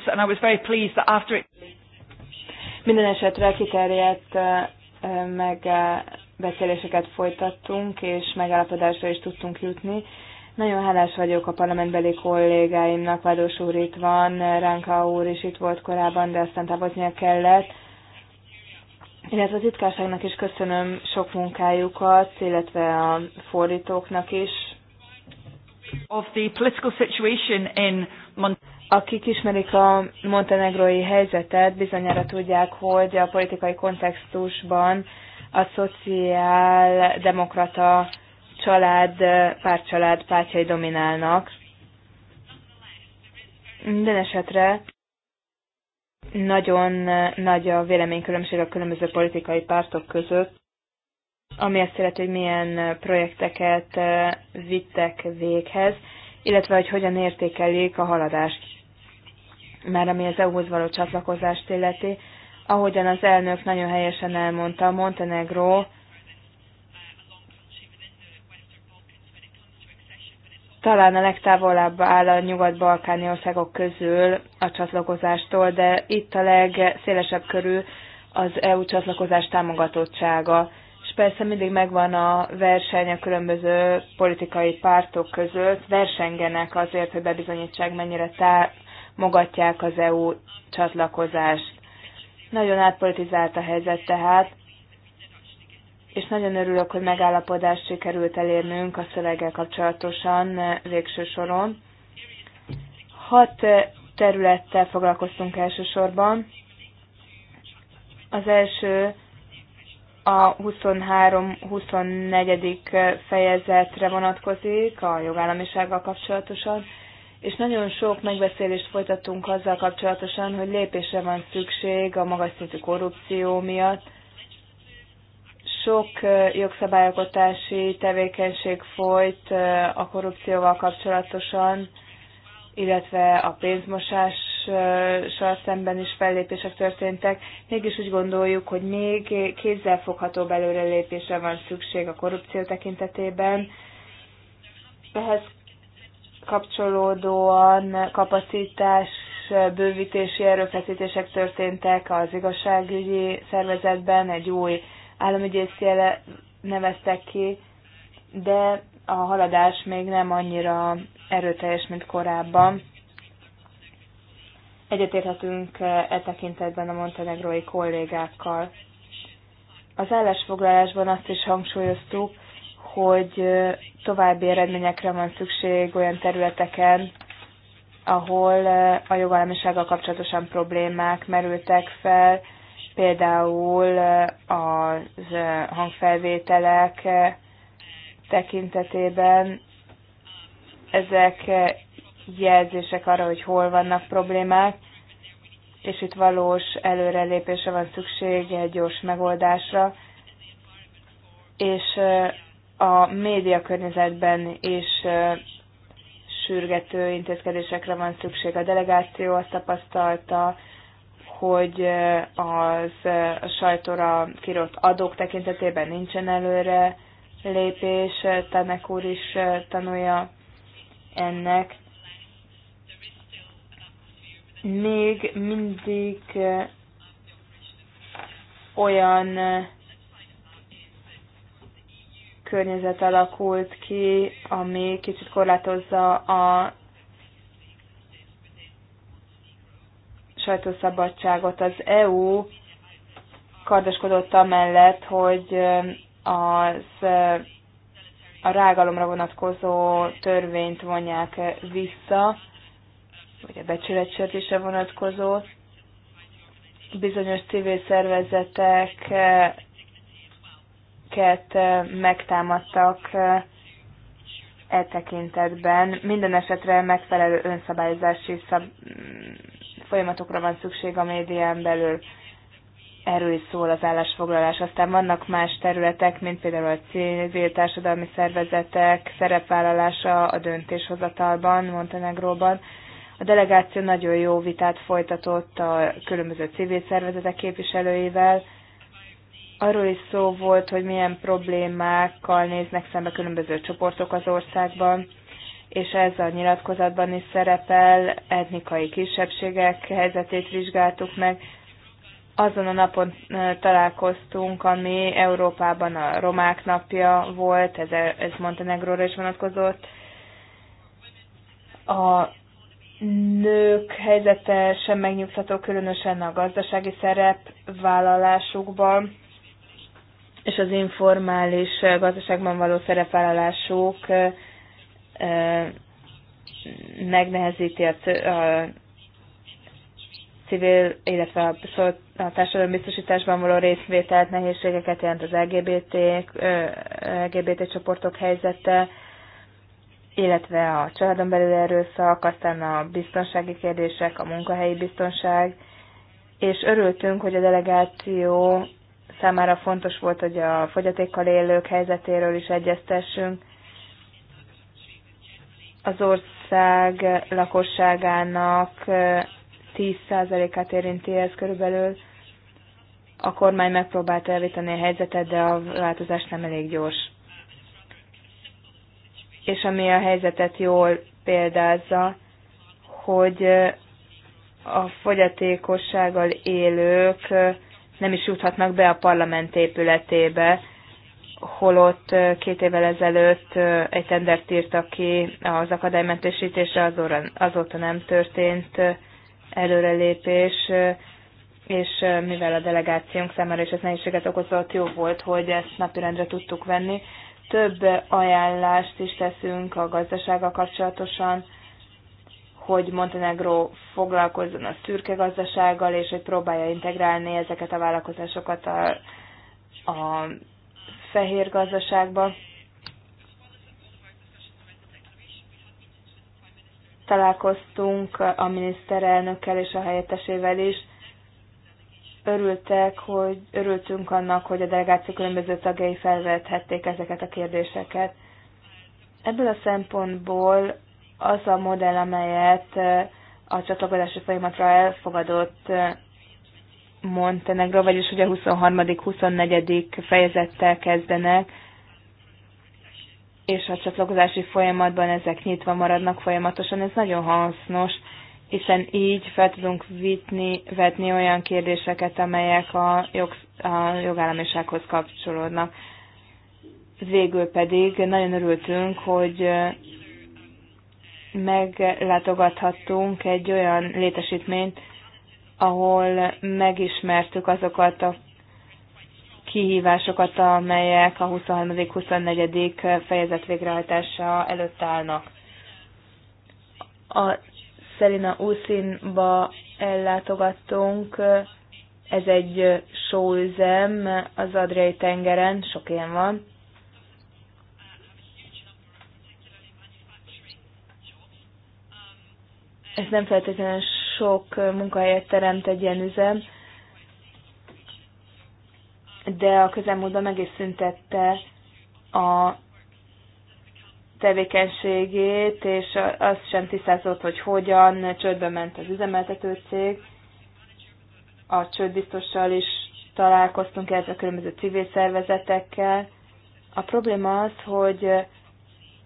And I was very pleased that after it... Minden esetre kiterjedt meg beszéléseket folytattunk, és megállapodásra is tudtunk jutni. Nagyon hálás vagyok a parlamentbeli kollégáimnak, Vádos úr itt van, Ránka úr is itt volt korábban, de aztán távoznia kellett. Illetve a titkárságnak is köszönöm sok munkájukat, illetve a fordítóknak is. Of the political situation in Mont- akik ismerik a montenegrói helyzetet, bizonyára tudják, hogy a politikai kontextusban a szociáldemokrata család, pártcsalád pártjai dominálnak. Minden esetre nagyon nagy a véleménykülönbség a különböző politikai pártok között, ami azt jelenti, hogy milyen projekteket vittek véghez, illetve hogy hogyan értékelik a haladást már ami az EU-hoz való csatlakozást illeti. Ahogyan az elnök nagyon helyesen elmondta, Montenegro talán a legtávolabb áll a nyugat-balkáni országok közül a csatlakozástól, de itt a legszélesebb körül az EU csatlakozás támogatottsága. És persze mindig megvan a verseny a különböző politikai pártok között, versengenek azért, hogy bebizonyítsák, mennyire tá- mogatják az EU csatlakozást. Nagyon átpolitizált a helyzet tehát, és nagyon örülök, hogy megállapodást sikerült elérnünk a szöveggel kapcsolatosan eh, végső soron. Hat eh, területtel foglalkoztunk elsősorban. Az első a 23-24. Eh, fejezetre vonatkozik, a jogállamisággal kapcsolatosan és nagyon sok megbeszélést folytattunk azzal kapcsolatosan, hogy lépésre van szükség a magas szintű korrupció miatt. Sok jogszabályokotási tevékenység folyt a korrupcióval kapcsolatosan, illetve a pénzmosással szemben is fellépések történtek. Mégis úgy gondoljuk, hogy még kézzelfoghatóbb előrelépésre van szükség a korrupció tekintetében. Ehhez kapcsolódóan kapacitás bővítési erőfeszítések történtek az igazságügyi szervezetben, egy új államügyész neveztek ki, de a haladás még nem annyira erőteljes, mint korábban. Egyetérhetünk e tekintetben a montenegrói kollégákkal. Az állásfoglalásban azt is hangsúlyoztuk, hogy további eredményekre van szükség olyan területeken, ahol a jogállamisággal kapcsolatosan problémák merültek fel, például az hangfelvételek tekintetében ezek jelzések arra, hogy hol vannak problémák, és itt valós előrelépése van szükség egy gyors megoldásra, és a média környezetben is sürgető intézkedésekre van szükség. A delegáció azt tapasztalta, hogy az, a sajtóra kirott adók tekintetében nincsen előre lépés, Tanek úr is tanulja ennek. Még mindig olyan környezet alakult ki, ami kicsit korlátozza a sajtószabadságot. Az EU kardoskodott amellett, hogy az a rágalomra vonatkozó törvényt vonják vissza, vagy a becsületsértése vonatkozó. Bizonyos civil szervezetek akiket megtámadtak e tekintetben. Minden esetre megfelelő önszabályozási szab- folyamatokra van szükség a médián belül. Erről is szól az állásfoglalás. Aztán vannak más területek, mint például a civil társadalmi szervezetek szerepvállalása a döntéshozatalban, Montenegróban. A delegáció nagyon jó vitát folytatott a különböző civil szervezetek képviselőivel, Arról is szó volt, hogy milyen problémákkal néznek szembe különböző csoportok az országban, és ez a nyilatkozatban is szerepel, etnikai kisebbségek helyzetét vizsgáltuk meg. Azon a napon találkoztunk, ami Európában a romák napja volt, ez, ez Montenegróra is vonatkozott. A nők helyzete sem megnyugtató, különösen a gazdasági szerep vállalásukban és az informális gazdaságban való szerepvállalások megnehezíti a, civil, illetve a, társadalom társadalmi biztosításban való részvételt, nehézségeket jelent az LGBT, LGBT csoportok helyzete, illetve a családon belül erőszak, aztán a biztonsági kérdések, a munkahelyi biztonság, és örültünk, hogy a delegáció számára fontos volt, hogy a fogyatékkal élők helyzetéről is egyeztessünk. Az ország lakosságának 10%-át eh, érinti ez körülbelül. A kormány megpróbált elvíteni a helyzetet, de a változás nem elég gyors. És ami a helyzetet jól példázza, hogy eh, a fogyatékossággal élők eh, nem is juthatnak be a parlament épületébe, holott két évvel ezelőtt egy tendert írtak ki az akadálymentesítésre, azóta nem történt előrelépés, és mivel a delegációnk számára is ez nehézséget okozott, jó volt, hogy ezt napirendre tudtuk venni. Több ajánlást is teszünk a gazdasággal kapcsolatosan, hogy Montenegro foglalkozzon a szürke gazdasággal, és hogy próbálja integrálni ezeket a vállalkozásokat a, a fehér gazdaságba. Találkoztunk a miniszterelnökkel és a helyettesével is. Örültek, hogy örültünk annak, hogy a delegáció különböző tagjai felvethették ezeket a kérdéseket. Ebből a szempontból az a modell, amelyet a csatlakozási folyamatra elfogadott Montenegro, vagyis ugye 23.-24. fejezettel kezdenek, és a csatlakozási folyamatban ezek nyitva maradnak folyamatosan, ez nagyon hasznos, hiszen így fel tudunk vitni, vetni olyan kérdéseket, amelyek a, jog, a jogállamisághoz kapcsolódnak. Végül pedig nagyon örültünk, hogy meglátogathattunk egy olyan létesítményt, ahol megismertük azokat a kihívásokat, amelyek a 23.-24. fejezet végrehajtása előtt állnak. A Szelina Úszínba ellátogattunk, ez egy sóüzem az Adriai tengeren, sok ilyen van, ez nem feltétlenül sok munkahelyet teremt egy ilyen üzem, de a közelmúltban meg is szüntette a tevékenységét, és azt sem tisztázott, hogy hogyan, csődbe ment az üzemeltető cég. A csődbiztossal is találkoztunk, a különböző civil szervezetekkel. A probléma az, hogy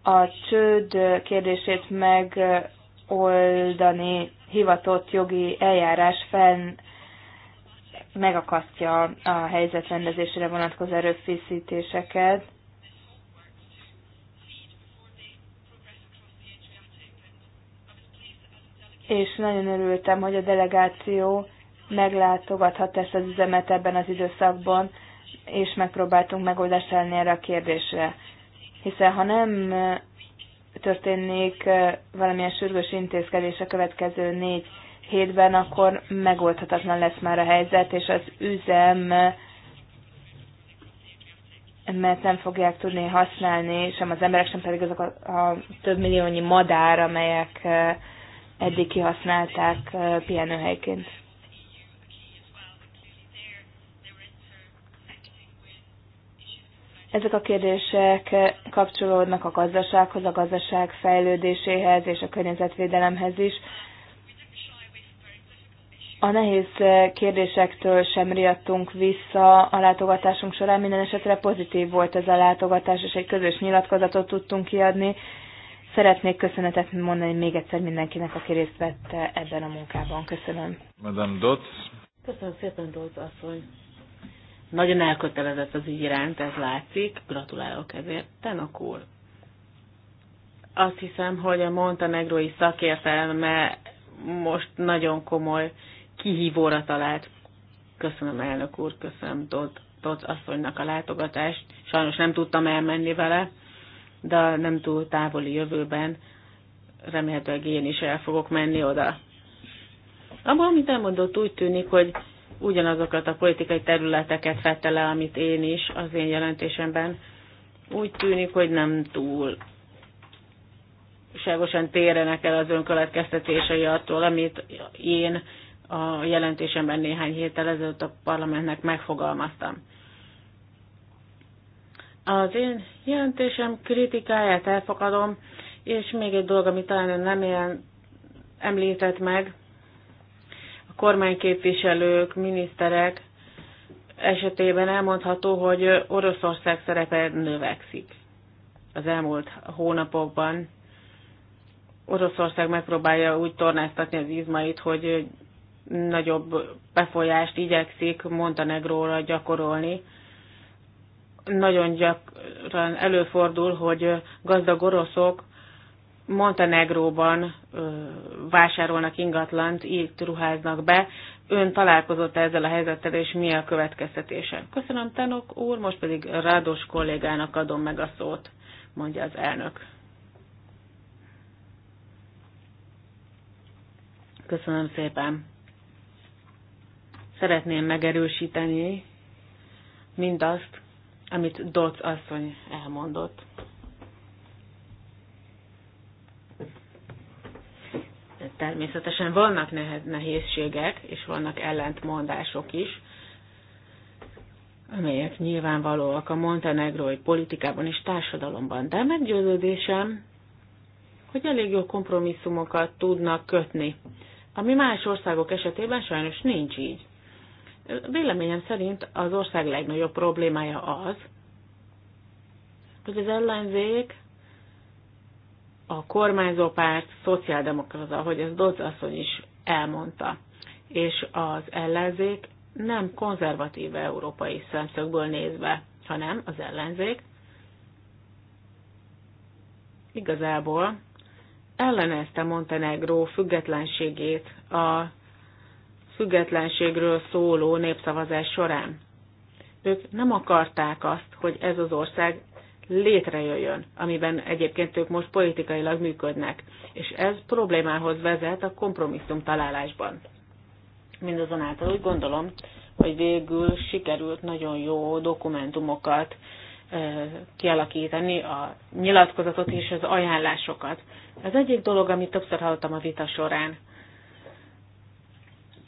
a csőd kérdését meg oldani hivatott jogi eljárás fenn megakasztja a helyzetrendezésre vonatkozó erőfészítéseket. És nagyon örültem, hogy a delegáció meglátogathat ezt az üzemet ebben az időszakban, és megpróbáltunk megoldást elni erre a kérdésre. Hiszen ha nem történik valamilyen sürgős intézkedés a következő négy hétben, akkor megoldhatatlan lesz már a helyzet, és az üzem mert nem fogják tudni használni, sem az emberek, sem pedig azok a, a több milliónyi madár, amelyek eddig kihasználták pihenőhelyként. Ezek a kérdések kapcsolódnak a gazdasághoz, a gazdaság fejlődéséhez és a környezetvédelemhez is. A nehéz kérdésektől sem riadtunk vissza a látogatásunk során, minden esetre pozitív volt ez a látogatás, és egy közös nyilatkozatot tudtunk kiadni. Szeretnék köszönetet mondani még egyszer mindenkinek, aki részt vett ebben a munkában. Köszönöm. Madame Dotz. Köszönöm szépen, Dotz asszony. Nagyon elkötelezett az ügy iránt, ez látszik. Gratulálok ezért, Tenok úr. Azt hiszem, hogy a montenegrói szakértelme most nagyon komoly kihívóra talált. Köszönöm, elnök úr, köszönöm Dodd, Dodd asszonynak a látogatást. Sajnos nem tudtam elmenni vele, de nem túl távoli jövőben remélhetőleg én is el fogok menni oda. Abban, amit elmondott, úgy tűnik, hogy ugyanazokat a politikai területeket fette le, amit én is az én jelentésemben. Úgy tűnik, hogy nem túl ságosan térenek el az önkövetkeztetései attól, amit én a jelentésemben néhány héttel ezelőtt a parlamentnek megfogalmaztam. Az én jelentésem kritikáját elfogadom, és még egy dolog, amit talán ön nem ilyen említett meg, a kormányképviselők, miniszterek esetében elmondható, hogy Oroszország szerepe növekszik az elmúlt hónapokban. Oroszország megpróbálja úgy tornáztatni az izmait, hogy nagyobb befolyást igyekszik Montenegróra gyakorolni. Nagyon gyakran előfordul, hogy gazdag oroszok Montenegróban vásárolnak ingatlant, itt ruháznak be. Ön találkozott ezzel a helyzettel, és mi a következtetése? Köszönöm, Tenok úr, most pedig Rádos kollégának adom meg a szót, mondja az elnök. Köszönöm szépen. Szeretném megerősíteni mindazt, amit Doc asszony elmondott Természetesen vannak nehézségek, és vannak ellentmondások is, amelyek nyilvánvalóak a montenegrói politikában és társadalomban, de meggyőződésem, hogy elég jó kompromisszumokat tudnak kötni, ami más országok esetében sajnos nincs így. Véleményem szerint az ország legnagyobb problémája az, hogy az ellenzék a kormányzó párt szociáldemokrata, hogy ez Dodz asszony is elmondta, és az ellenzék nem konzervatív európai szemszögből nézve, hanem az ellenzék igazából ellenezte Montenegró függetlenségét a függetlenségről szóló népszavazás során. Ők nem akarták azt, hogy ez az ország létrejöjjön, amiben egyébként ők most politikailag működnek. És ez problémához vezet a kompromisszum találásban. Mindazonáltal úgy gondolom, hogy végül sikerült nagyon jó dokumentumokat kialakítani, a nyilatkozatot és az ajánlásokat. Ez egyik dolog, amit többször hallottam a vita során,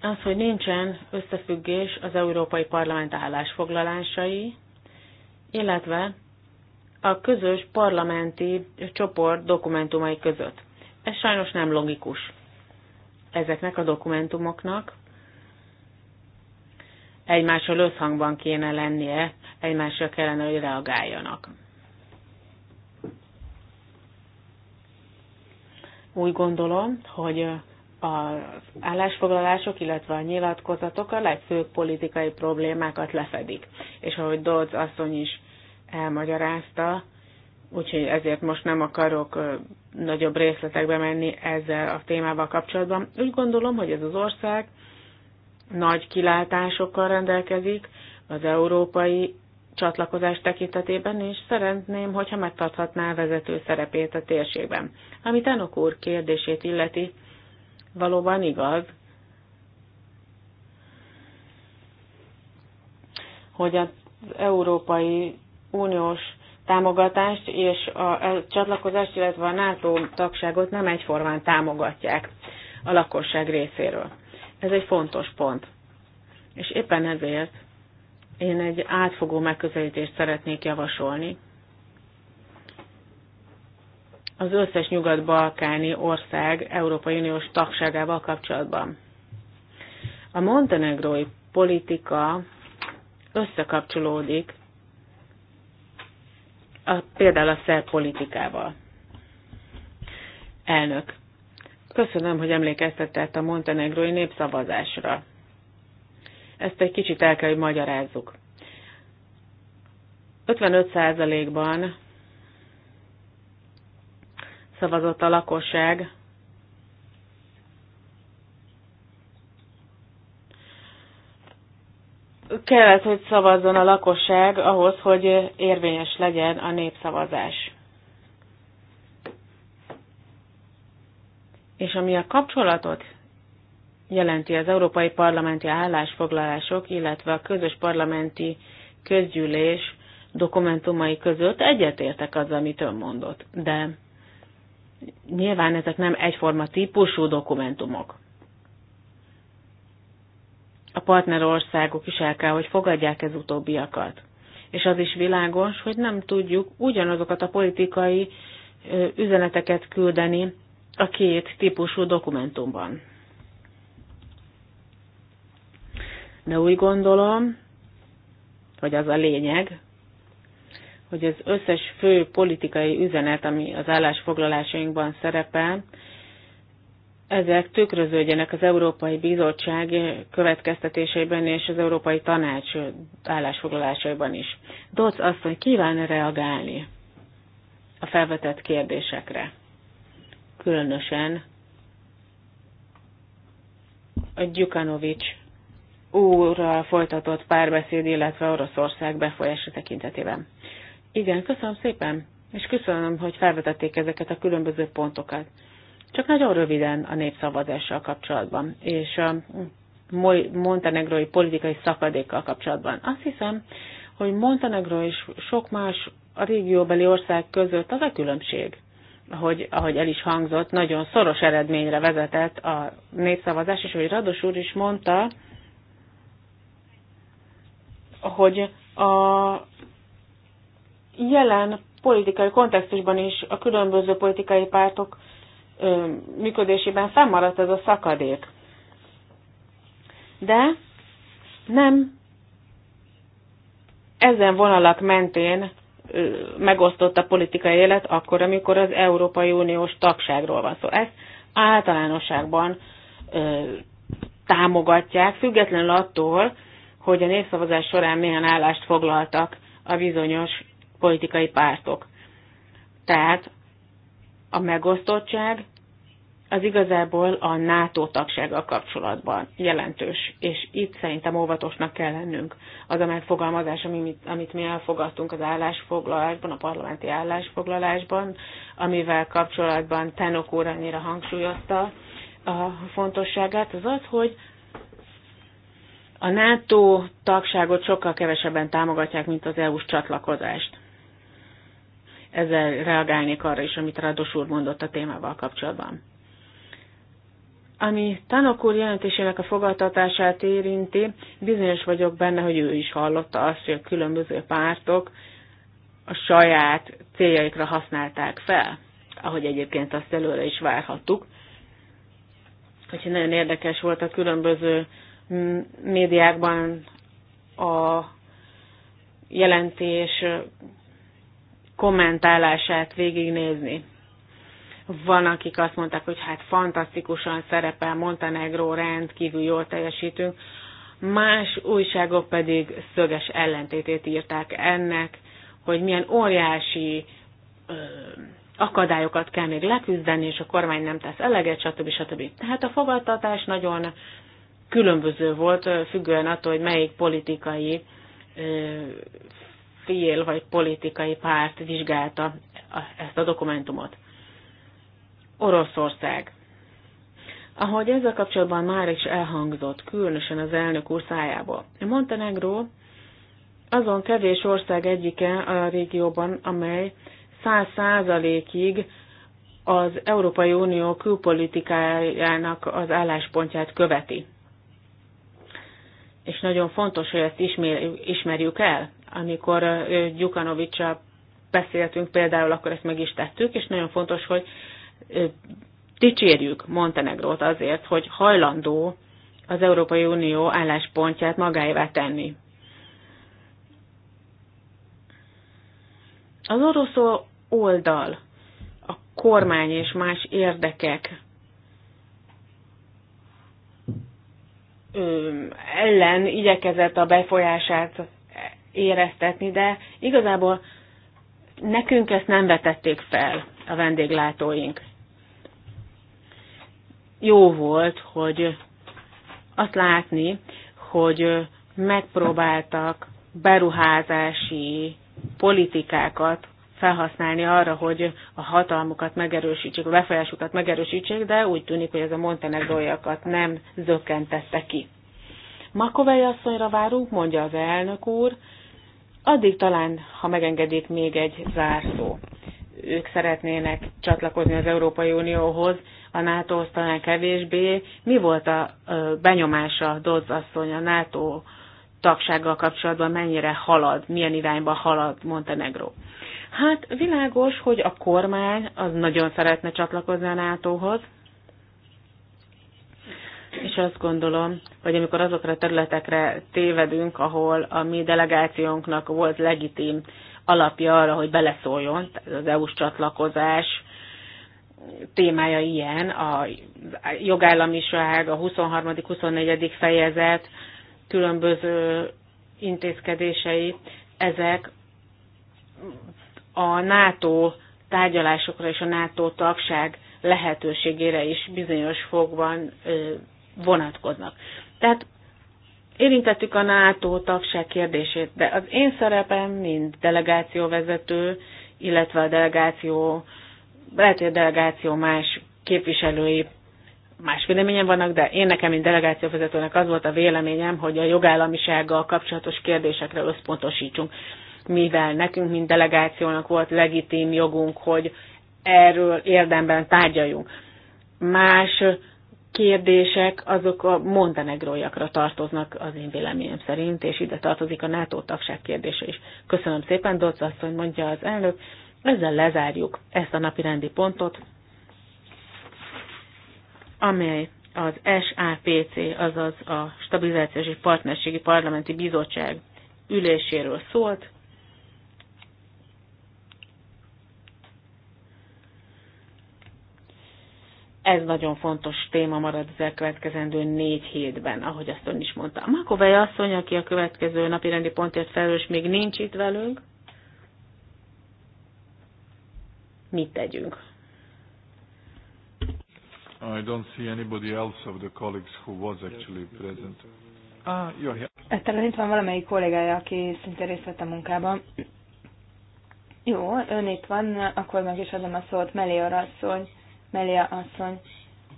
az, hogy nincsen összefüggés az Európai Parlament állásfoglalásai, illetve a közös parlamenti csoport dokumentumai között. Ez sajnos nem logikus. Ezeknek a dokumentumoknak egymással összhangban kéne lennie, egymással kellene, hogy reagáljanak. Úgy gondolom, hogy az állásfoglalások, illetve a nyilatkozatok a legfőbb politikai problémákat lefedik. És ahogy Dodds asszony is elmagyarázta, úgyhogy ezért most nem akarok nagyobb részletekbe menni ezzel a témával kapcsolatban. Úgy gondolom, hogy ez az ország nagy kilátásokkal rendelkezik az európai csatlakozás tekintetében, és szeretném, hogyha megtarthatná vezető szerepét a térségben. Ami Tenok úr kérdését illeti, valóban igaz, hogy az európai uniós támogatást és a, a csatlakozást, illetve a NATO tagságot nem egyformán támogatják a lakosság részéről. Ez egy fontos pont. És éppen ezért én egy átfogó megközelítést szeretnék javasolni. Az összes nyugat-balkáni ország Európai Uniós tagságával kapcsolatban. A montenegrói politika összekapcsolódik a, például a politikával. Elnök, köszönöm, hogy emlékeztetett a montenegrói népszavazásra. Ezt egy kicsit el kell, hogy magyarázzuk. 55%-ban szavazott a lakosság kellett, hogy szavazzon a lakosság ahhoz, hogy érvényes legyen a népszavazás. És ami a kapcsolatot jelenti az európai parlamenti állásfoglalások, illetve a közös parlamenti közgyűlés dokumentumai között egyetértek azzal, amit ön mondott. De nyilván ezek nem egyforma típusú dokumentumok a partnerországok is el kell, hogy fogadják ez utóbbiakat. És az is világos, hogy nem tudjuk ugyanazokat a politikai üzeneteket küldeni a két típusú dokumentumban. De úgy gondolom, hogy az a lényeg, hogy az összes fő politikai üzenet, ami az állásfoglalásainkban szerepel, ezek tükröződjenek az Európai Bizottság következtetéseiben és az Európai Tanács állásfoglalásaiban is. Doc asszony kíván reagálni a felvetett kérdésekre, különösen a Gyukanovics úrral folytatott párbeszéd, illetve Oroszország befolyása tekintetében. Igen, köszönöm szépen, és köszönöm, hogy felvetették ezeket a különböző pontokat. Csak nagyon röviden a népszavazással kapcsolatban, és a montenegrói politikai szakadékkal kapcsolatban. Azt hiszem, hogy Montenegro és sok más a régióbeli ország között az a különbség, hogy, ahogy el is hangzott, nagyon szoros eredményre vezetett a népszavazás, és hogy Rados úr is mondta, hogy a jelen politikai kontextusban is a különböző politikai pártok működésében fennmaradt ez a szakadék. De nem ezen vonalak mentén megosztott a politikai élet akkor, amikor az Európai Uniós tagságról van szó. ezt általánosságban ö, támogatják, függetlenül attól, hogy a népszavazás során milyen állást foglaltak a bizonyos politikai pártok. Tehát a megosztottság az igazából a NATO tagsággal kapcsolatban jelentős, és itt szerintem óvatosnak kell lennünk. Az a megfogalmazás, amit, amit mi elfogadtunk az állásfoglalásban, a parlamenti állásfoglalásban, amivel kapcsolatban Tenok úr annyira hangsúlyozta a fontosságát, az az, hogy a NATO tagságot sokkal kevesebben támogatják, mint az EU-s csatlakozást ezzel reagálnék arra is, amit Rados úr mondott a témával kapcsolatban. Ami Tanok úr jelentésének a fogadtatását érinti, bizonyos vagyok benne, hogy ő is hallotta azt, hogy a különböző pártok a saját céljaikra használták fel, ahogy egyébként azt előre is várhattuk. Úgyhogy nagyon érdekes volt a különböző médiákban a jelentés kommentálását végignézni. Van, akik azt mondták, hogy hát fantasztikusan szerepel Montenegro, rendkívül jól teljesítünk, más újságok pedig szöges ellentétét írták ennek, hogy milyen óriási ö, akadályokat kell még leküzdeni, és a kormány nem tesz eleget, stb. stb. Tehát a fogadtatás nagyon különböző volt, függően attól, hogy melyik politikai fél vagy politikai párt vizsgálta ezt a dokumentumot. Oroszország. Ahogy ezzel kapcsolatban már is elhangzott, különösen az elnök úr szájából. Montenegro azon kevés ország egyike a régióban, amely száz százalékig az Európai Unió külpolitikájának az álláspontját követi. És nagyon fontos, hogy ezt ismerjük el. Amikor Gyukanovicsal beszéltünk például, akkor ezt meg is tettük, és nagyon fontos, hogy dicsérjük Montenegrót azért, hogy hajlandó az Európai Unió álláspontját magáévá tenni. Az orosz oldal, a kormány és más érdekek ellen igyekezett a befolyását éreztetni, de igazából nekünk ezt nem vetették fel a vendéglátóink. Jó volt, hogy azt látni, hogy megpróbáltak beruházási politikákat felhasználni arra, hogy a hatalmukat megerősítsék, a befolyásukat megerősítsék, de úgy tűnik, hogy ez a montenegróiakat nem zökkentette ki. Makovei asszonyra várunk, mondja az elnök úr, Addig talán, ha megengedik, még egy zárszó. Ők szeretnének csatlakozni az Európai Unióhoz, a nato talán kevésbé. Mi volt a benyomása Dodds asszony a NATO tagsággal kapcsolatban, mennyire halad, milyen irányba halad Montenegro? Hát világos, hogy a kormány az nagyon szeretne csatlakozni a NATO-hoz, is azt gondolom, hogy amikor azokra a területekre tévedünk, ahol a mi delegációnknak volt legitim alapja arra, hogy beleszóljon, az EU-s csatlakozás témája ilyen, a jogállamiság, a 23.-24. fejezet, különböző intézkedései, ezek a NATO tárgyalásokra és a NATO tagság lehetőségére is bizonyos fogban vonatkoznak. Tehát érintettük a NATO tagság kérdését, de az én szerepem, mint delegációvezető, illetve a delegáció, lehet, hogy a delegáció más képviselői más véleményen vannak, de én nekem, mint delegációvezetőnek az volt a véleményem, hogy a jogállamisággal kapcsolatos kérdésekre összpontosítsunk, mivel nekünk, mint delegációnak volt legitim jogunk, hogy erről érdemben tárgyaljunk. Más kérdések azok a montenegróiakra tartoznak az én véleményem szerint, és ide tartozik a NATO tagság kérdése is. Köszönöm szépen, Dodds asszony, mondja az elnök. Ezzel lezárjuk ezt a napi rendi pontot, amely az SAPC, azaz a Stabilizációs és Partnerségi Parlamenti Bizottság üléséről szólt. Ez nagyon fontos téma marad az elkövetkezendő négy hétben, ahogy azt ön is mondta. A Makovely asszony, aki a következő napi rendi pontért felelős, még nincs itt velünk. Mit tegyünk? I don't see anybody else of the colleagues who was actually present. Ah, jó, jó. itt van valamelyik kollégája, aki szinte részt vett a munkában. Jó, ön itt van, akkor meg is adom a szót Melior asszony. Melia asszony,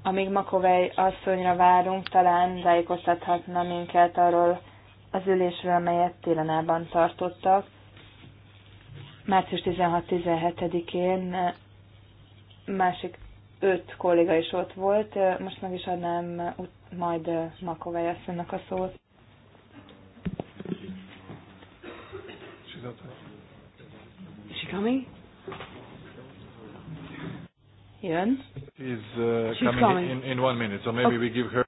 amíg Makovej asszonyra várunk, talán tájékoztathatna minket arról az ülésről, amelyet Télenában tartottak. Március 16-17-én eh, másik öt kolléga is ott volt, eh, most meg is adnám eh, majd Makovej asszonynak a szót. Is she coming? jön. Is, uh, coming coming in, in one minute, so maybe okay. we give her...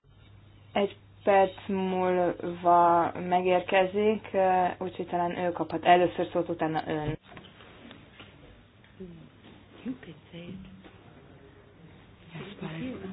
Egy perc múlva megérkezik, uh, úgyhogy talán ő kaphat először szót, utána ön. You can say it. Yes, but...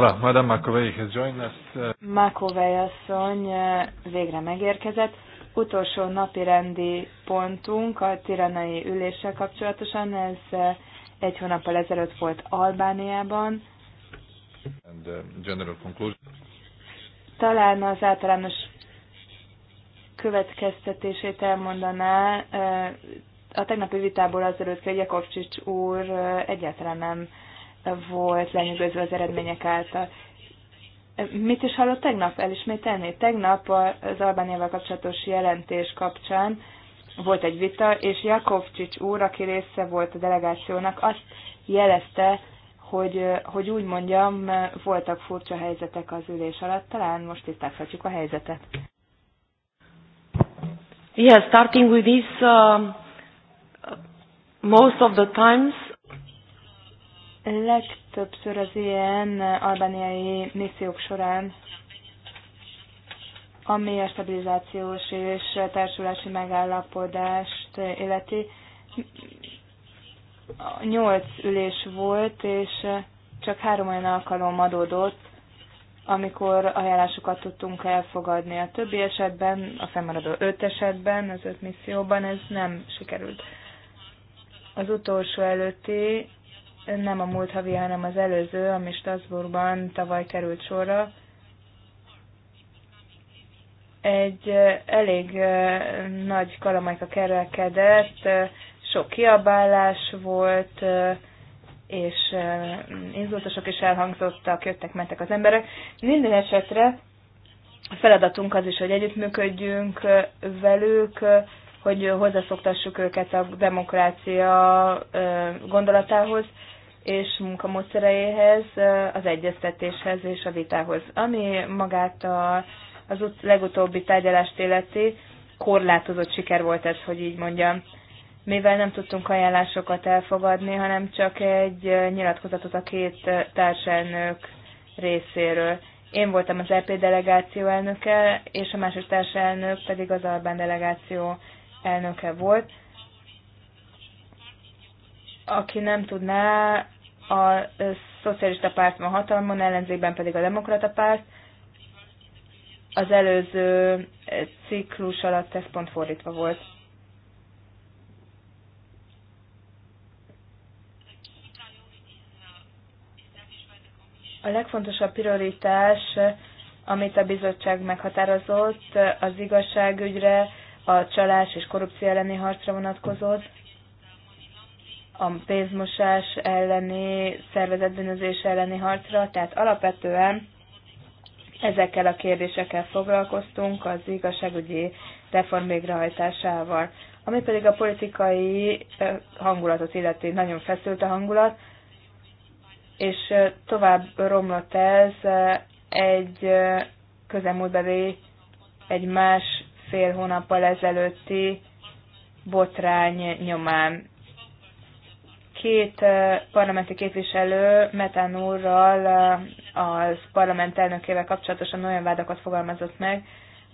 Voilà, Madame McAvey has joined us. Uh, McAvey asszony uh, végre megérkezett. Utolsó napi rendi pontunk a tiranai üléssel kapcsolatosan, ez uh, egy hónappal ezelőtt volt Albániában. And, uh, general conclusion. Talán az általános következtetését elmondaná. A tegnapi vitából az előtt hogy Jakovcsics úr egyáltalán nem volt lenyűgöző az eredmények által. Mit is hallott tegnap? Elismételni? Tegnap az Albániával kapcsolatos jelentés kapcsán volt egy vita, és Jakovcsics úr, aki része volt a delegációnak, azt jelezte, hogy, hogy úgy mondjam, voltak furcsa helyzetek az ülés alatt, talán most tisztázhatjuk a helyzetet. Yeah, starting with this, uh, most of the times Legtöbbször az ilyen albániai missziók során, ami a stabilizációs és társulási megállapodást illeti, nyolc ülés volt, és csak három olyan alkalom adódott, amikor ajánlásokat tudtunk elfogadni. A többi esetben, a fennmaradó öt esetben, az öt misszióban ez nem sikerült. Az utolsó előtti nem a múlt havi, hanem az előző, ami Strasbourgban tavaly került sorra, egy elég nagy kalamajka kerekedett, sok kiabálás volt, és inzultosok is elhangzottak, jöttek, mentek az emberek. Minden esetre a feladatunk az is, hogy együttműködjünk velük, hogy hozzászoktassuk őket a demokrácia gondolatához, és munkamódszereihez, az egyeztetéshez és a vitához. Ami magát a, az ut- legutóbbi tárgyalást életi, korlátozott siker volt ez, hogy így mondjam. Mivel nem tudtunk ajánlásokat elfogadni, hanem csak egy nyilatkozatot a két társelnök részéről. Én voltam az EP delegáció elnöke, és a másik társelnök pedig az Albán delegáció elnöke volt aki nem tudná, a szocialista párt van hatalmon, ellenzékben pedig a demokrata párt. Az előző ciklus alatt ez pont fordítva volt. A legfontosabb prioritás, amit a bizottság meghatározott, az igazságügyre, a csalás és korrupció elleni harcra vonatkozott a pénzmosás elleni, szervezetbűnözés elleni harcra, tehát alapvetően ezekkel a kérdésekkel foglalkoztunk az igazságügyi reform végrehajtásával. Ami pedig a politikai hangulatot illeti, nagyon feszült a hangulat, és tovább romlott ez egy közelmúltbeli, egy más fél hónappal ezelőtti botrány nyomán két eh, parlamenti képviselő Metán úrral eh, az parlament elnökével kapcsolatosan olyan vádakat fogalmazott meg,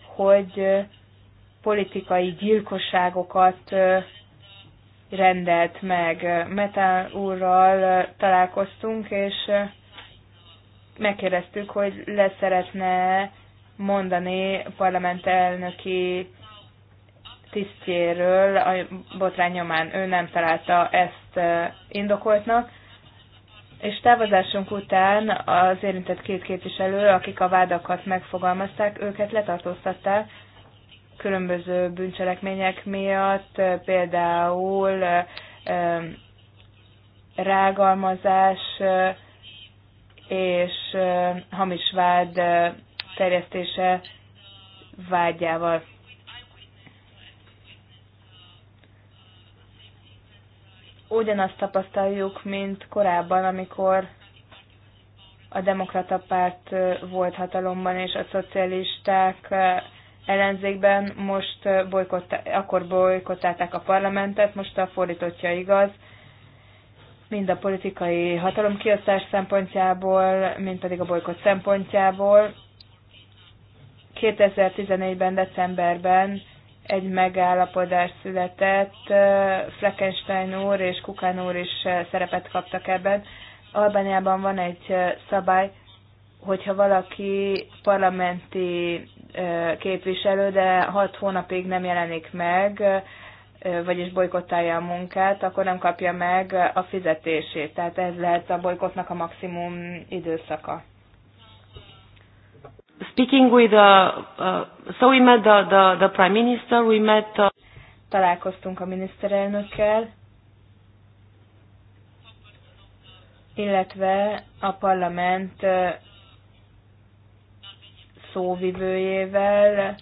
hogy eh, politikai gyilkosságokat rendelt meg. Metán úrral találkoztunk, és megkérdeztük, hogy leszeretne mondani parlament elnöki tisztjéről a botrány nyomán. Ő nem találta ezt ezt indokoltnak, és távozásunk után az érintett két képviselő, akik a vádakat megfogalmazták, őket letartóztatták különböző bűncselekmények miatt, például rágalmazás és hamis vád terjesztése vágyával. ugyanazt tapasztaljuk, mint korábban, amikor a demokrata párt volt hatalomban, és a szocialisták ellenzékben most bolykott, akkor bolykottálták a parlamentet, most a fordítottja igaz, mind a politikai hatalomkiosztás szempontjából, mind pedig a bolykott szempontjából. 2014-ben, decemberben egy megállapodás született, Fleckenstein úr és Kukán úr is szerepet kaptak ebben. Albániában van egy szabály, hogyha valaki parlamenti képviselő, de hat hónapig nem jelenik meg, vagyis bolykottálja a munkát, akkor nem kapja meg a fizetését. Tehát ez lehet a bolykotnak a maximum időszaka speaking with the, uh, uh, so we met the, the, the prime minister, we met uh, találkoztunk a miniszterelnökkel, illetve a parlament uh, szóvivőjével,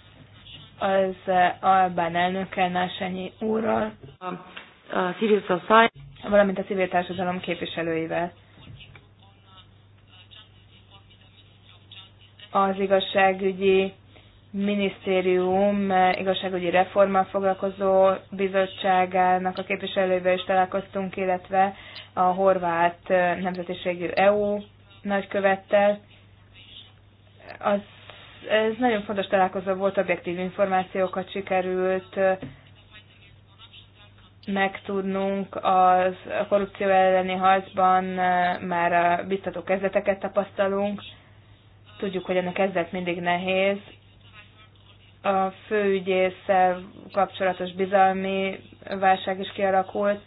az uh, Albán elnökkel, Násanyi úrral, a um, civil society, valamint a civil társadalom képviselőivel. az igazságügyi minisztérium igazságügyi reformmal foglalkozó bizottságának a képviselővel is találkoztunk, illetve a horvát nemzetiségű EU nagykövettel. Az, ez nagyon fontos találkozó volt, objektív információkat sikerült megtudnunk az a korrupció elleni harcban már a biztató kezdeteket tapasztalunk, Tudjuk, hogy ennek kezdet mindig nehéz. A főügyészsel kapcsolatos bizalmi válság is kialakult.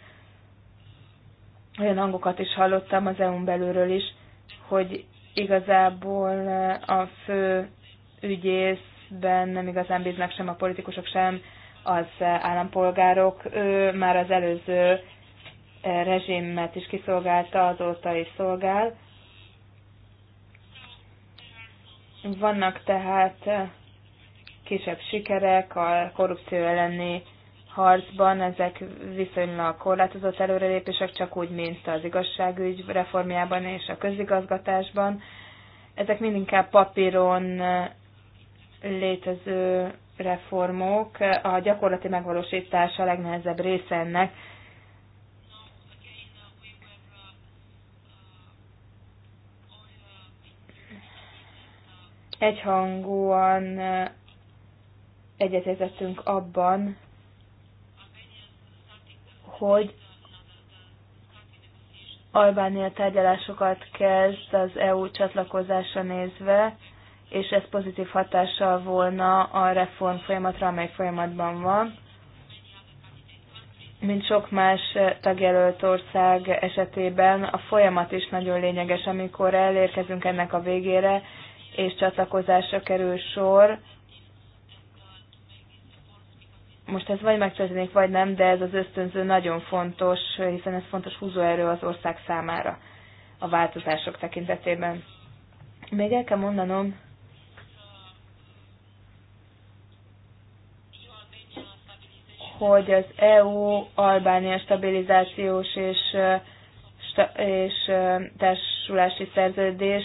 Olyan hangokat is hallottam az EU-n belülről is, hogy igazából a fő ügyészben nem igazán bíznak sem a politikusok, sem az állampolgárok. Ő már az előző rezsimet is kiszolgálta, azóta is szolgál. Vannak tehát kisebb sikerek a korrupció elleni harcban, ezek viszonylag korlátozott előrelépések, csak úgy, mint az igazságügy reformjában és a közigazgatásban. Ezek inkább papíron létező reformok, a gyakorlati megvalósítása a legnehezebb része ennek, egyhangúan egyetértettünk abban, hogy Albánia tárgyalásokat kezd az EU csatlakozása nézve, és ez pozitív hatással volna a reform folyamatra, amely folyamatban van. Mint sok más tagjelölt ország esetében, a folyamat is nagyon lényeges, amikor elérkezünk ennek a végére, és csatlakozásra kerül sor. Most ez vagy megtörténik, vagy nem, de ez az ösztönző nagyon fontos, hiszen ez fontos húzóerő az ország számára a változások tekintetében. Még el kell mondanom, hogy az EU Albánia stabilizációs és, és társulási szerződés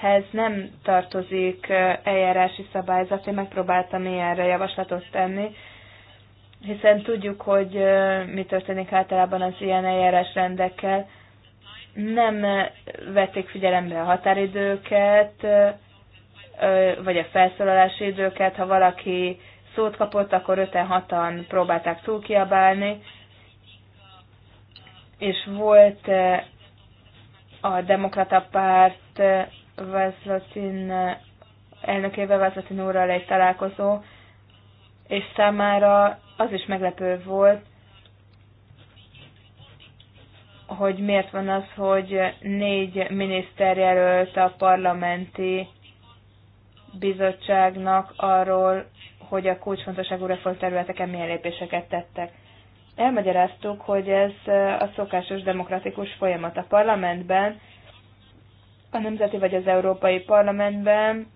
hez nem tartozik eljárási szabályzat. Én megpróbáltam ilyenre javaslatot tenni, hiszen tudjuk, hogy mi történik általában az ilyen eljárásrendekkel. rendekkel. Nem vették figyelembe a határidőket, vagy a felszólalási időket. Ha valaki szót kapott, akkor öten hatan próbálták túlkiabálni, és volt a demokrata párt Vázlatin elnökével, Vázlatin úrral egy találkozó, és számára az is meglepő volt, hogy miért van az, hogy négy miniszter jelölt a parlamenti bizottságnak arról, hogy a kulcsfontosságú reformterületeken milyen lépéseket tettek. Elmagyaráztuk, hogy ez a szokásos demokratikus folyamat a parlamentben, a nemzeti vagy az európai parlamentben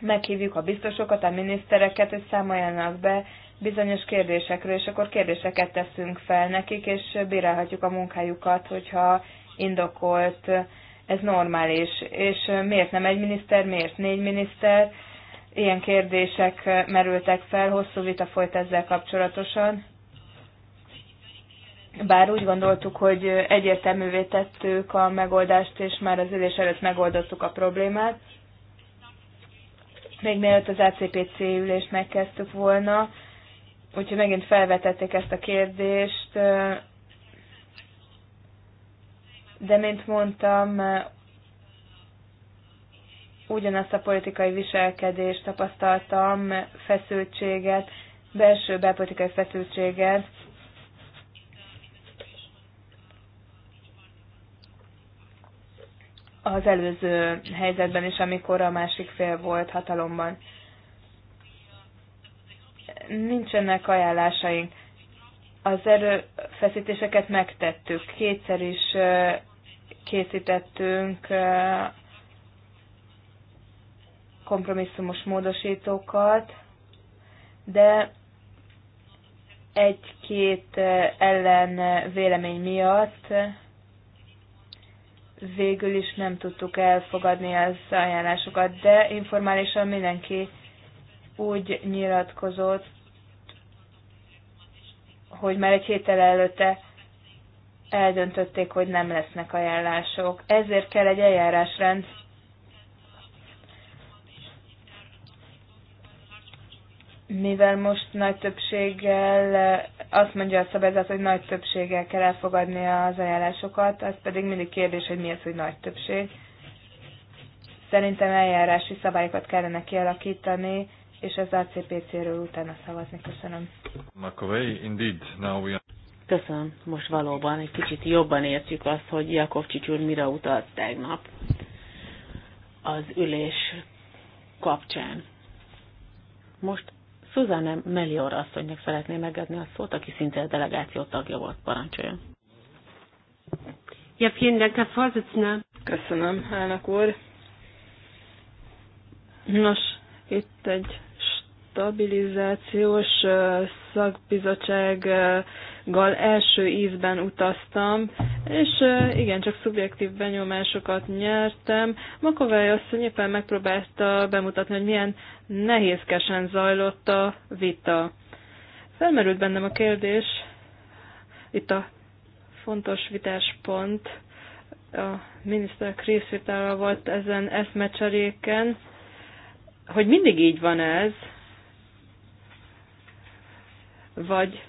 meghívjuk a biztosokat, a minisztereket, hogy számoljanak be bizonyos kérdésekről, és akkor kérdéseket teszünk fel nekik, és bírálhatjuk a munkájukat, hogyha indokolt, ez normális. És miért nem egy miniszter, miért négy miniszter? Ilyen kérdések merültek fel, hosszú vita folyt ezzel kapcsolatosan bár úgy gondoltuk, hogy egyértelművé tettük a megoldást, és már az ülés előtt megoldottuk a problémát. Még mielőtt az ACPC ülést megkezdtük volna, úgyhogy megint felvetették ezt a kérdést. De, mint mondtam, ugyanazt a politikai viselkedést tapasztaltam, feszültséget, belső belpolitikai feszültséget, az előző helyzetben is, amikor a másik fél volt hatalomban. Nincsenek ajánlásaink. Az erőfeszítéseket megtettük. Kétszer is készítettünk kompromisszumos módosítókat, de egy-két ellen vélemény miatt végül is nem tudtuk elfogadni az ajánlásokat, de informálisan mindenki úgy nyilatkozott, hogy már egy héttel előtte eldöntötték, hogy nem lesznek ajánlások. Ezért kell egy eljárásrend. Mivel most nagy többséggel azt mondja a szabályzat, hogy nagy többséggel kell elfogadni az ajánlásokat, az pedig mindig kérdés, hogy mi az, hogy nagy többség. Szerintem eljárási szabályokat kellene kialakítani, és az ACPC-ről utána szavazni. Köszönöm. McAvey, indeed, now we are... Köszönöm. Most valóban egy kicsit jobban értjük azt, hogy Jakov Csicsúr mire utalt tegnap az ülés kapcsán. Most Szuzanne Melior asszonynak szeretném megadni a szót, aki szinte a delegáció tagja volt, parancsolja. Ja, vielen Dank, Herr Vorsitzender. Köszönöm, elnök úr. Nos, itt egy stabilizációs szakbizottság gal első ízben utaztam, és igen, csak szubjektív benyomásokat nyertem. Makovály asszony éppen megpróbálta bemutatni, hogy milyen nehézkesen zajlott a vita. Felmerült bennem a kérdés, itt a fontos vitáspont, a miniszter részvétele volt ezen eszmecseréken, hogy mindig így van ez, vagy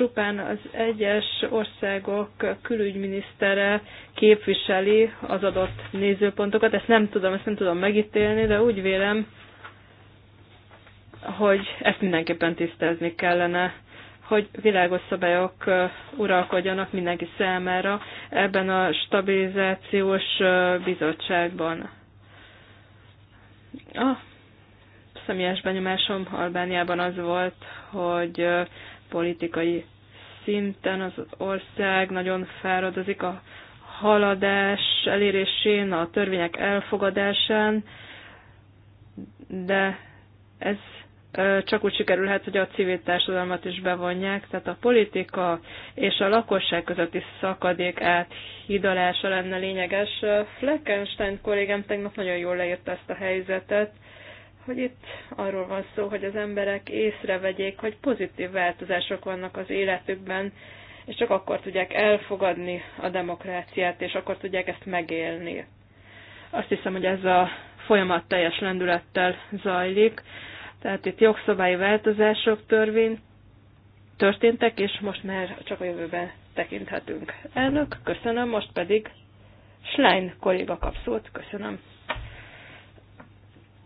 csupán az egyes országok külügyminisztere képviseli az adott nézőpontokat. Ezt nem tudom, ezt nem tudom megítélni, de úgy vélem, hogy ezt mindenképpen tisztázni kellene, hogy világos szabályok uralkodjanak mindenki számára ebben a stabilizációs bizottságban. A személyes benyomásom Albániában az volt, hogy politikai szinten az ország nagyon fáradozik a haladás elérésén, a törvények elfogadásán, de ez csak úgy sikerülhet, hogy a civil társadalmat is bevonják, tehát a politika és a lakosság közötti szakadék áthidalása lenne lényeges. Fleckenstein kollégám tegnap nagyon jól leírta ezt a helyzetet, hogy itt arról van szó, hogy az emberek észrevegyék, hogy pozitív változások vannak az életükben, és csak akkor tudják elfogadni a demokráciát, és akkor tudják ezt megélni. Azt hiszem, hogy ez a folyamat teljes lendülettel zajlik. Tehát itt jogszabályi változások törvény történtek, és most már csak a jövőben tekinthetünk. Elnök, köszönöm, most pedig Schlein kolléga kap szót, köszönöm.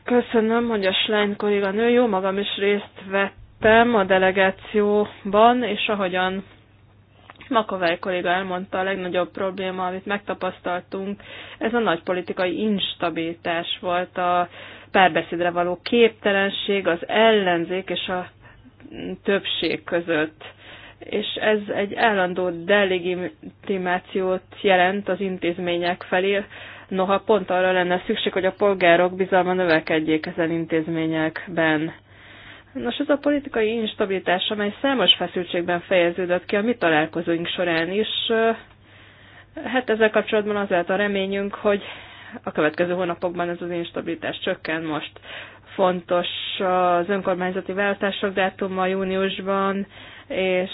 Köszönöm, hogy a Schlein nő jó magam is részt vettem a delegációban, és ahogyan Makovej kolléga elmondta, a legnagyobb probléma, amit megtapasztaltunk, ez a nagy politikai instabilitás volt, a párbeszédre való képtelenség, az ellenzék és a többség között. És ez egy állandó delegitimációt jelent az intézmények felé, Noha pont arra lenne szükség, hogy a polgárok bizalma növekedjék ezen intézményekben. Nos, ez a politikai instabilitás, amely számos feszültségben fejeződött ki a mi találkozóink során is, hát ezzel kapcsolatban az lehet a reményünk, hogy a következő hónapokban ez az instabilitás csökken most. Fontos az önkormányzati választások dátuma júniusban, és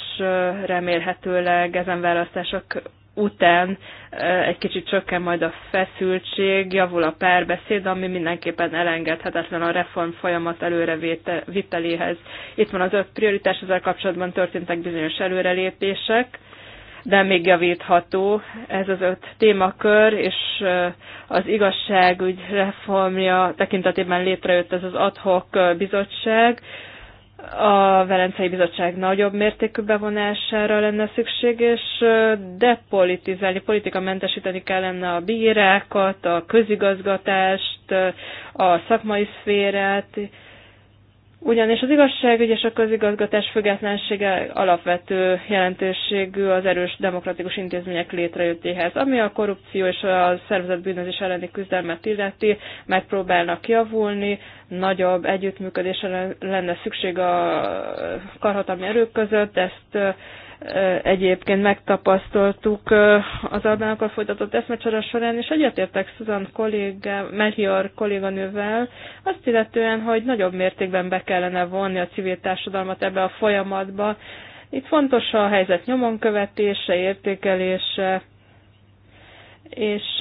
remélhetőleg ezen választások után egy kicsit csökken majd a feszültség, javul a párbeszéd, ami mindenképpen elengedhetetlen a reform folyamat előreviteléhez. Itt van az öt prioritás, ezzel kapcsolatban történtek bizonyos előrelépések, de még javítható ez az öt témakör, és az igazságügy reformja tekintetében létrejött ez az adhok bizottság, a Velencei Bizottság nagyobb mértékű bevonására lenne szükség, és depolitizálni, politikamentesíteni kellene a bírákat, a közigazgatást, a szakmai szférát, ugyanis az igazságügy és a közigazgatás függetlensége alapvető jelentőségű az erős demokratikus intézmények létrejöttéhez. Ami a korrupció és a szervezet bűnözés elleni küzdelmet illeti, megpróbálnak javulni, nagyobb együttműködésre lenne szükség a karhatalmi erők között, ezt egyébként megtapasztaltuk az Albánokkal folytatott eszmecsora során, és egyetértek Susan kollégá, Melchior kolléganővel, azt illetően, hogy nagyobb mértékben be kellene vonni a civil társadalmat ebbe a folyamatba. Itt fontos a helyzet nyomon követése, értékelése, és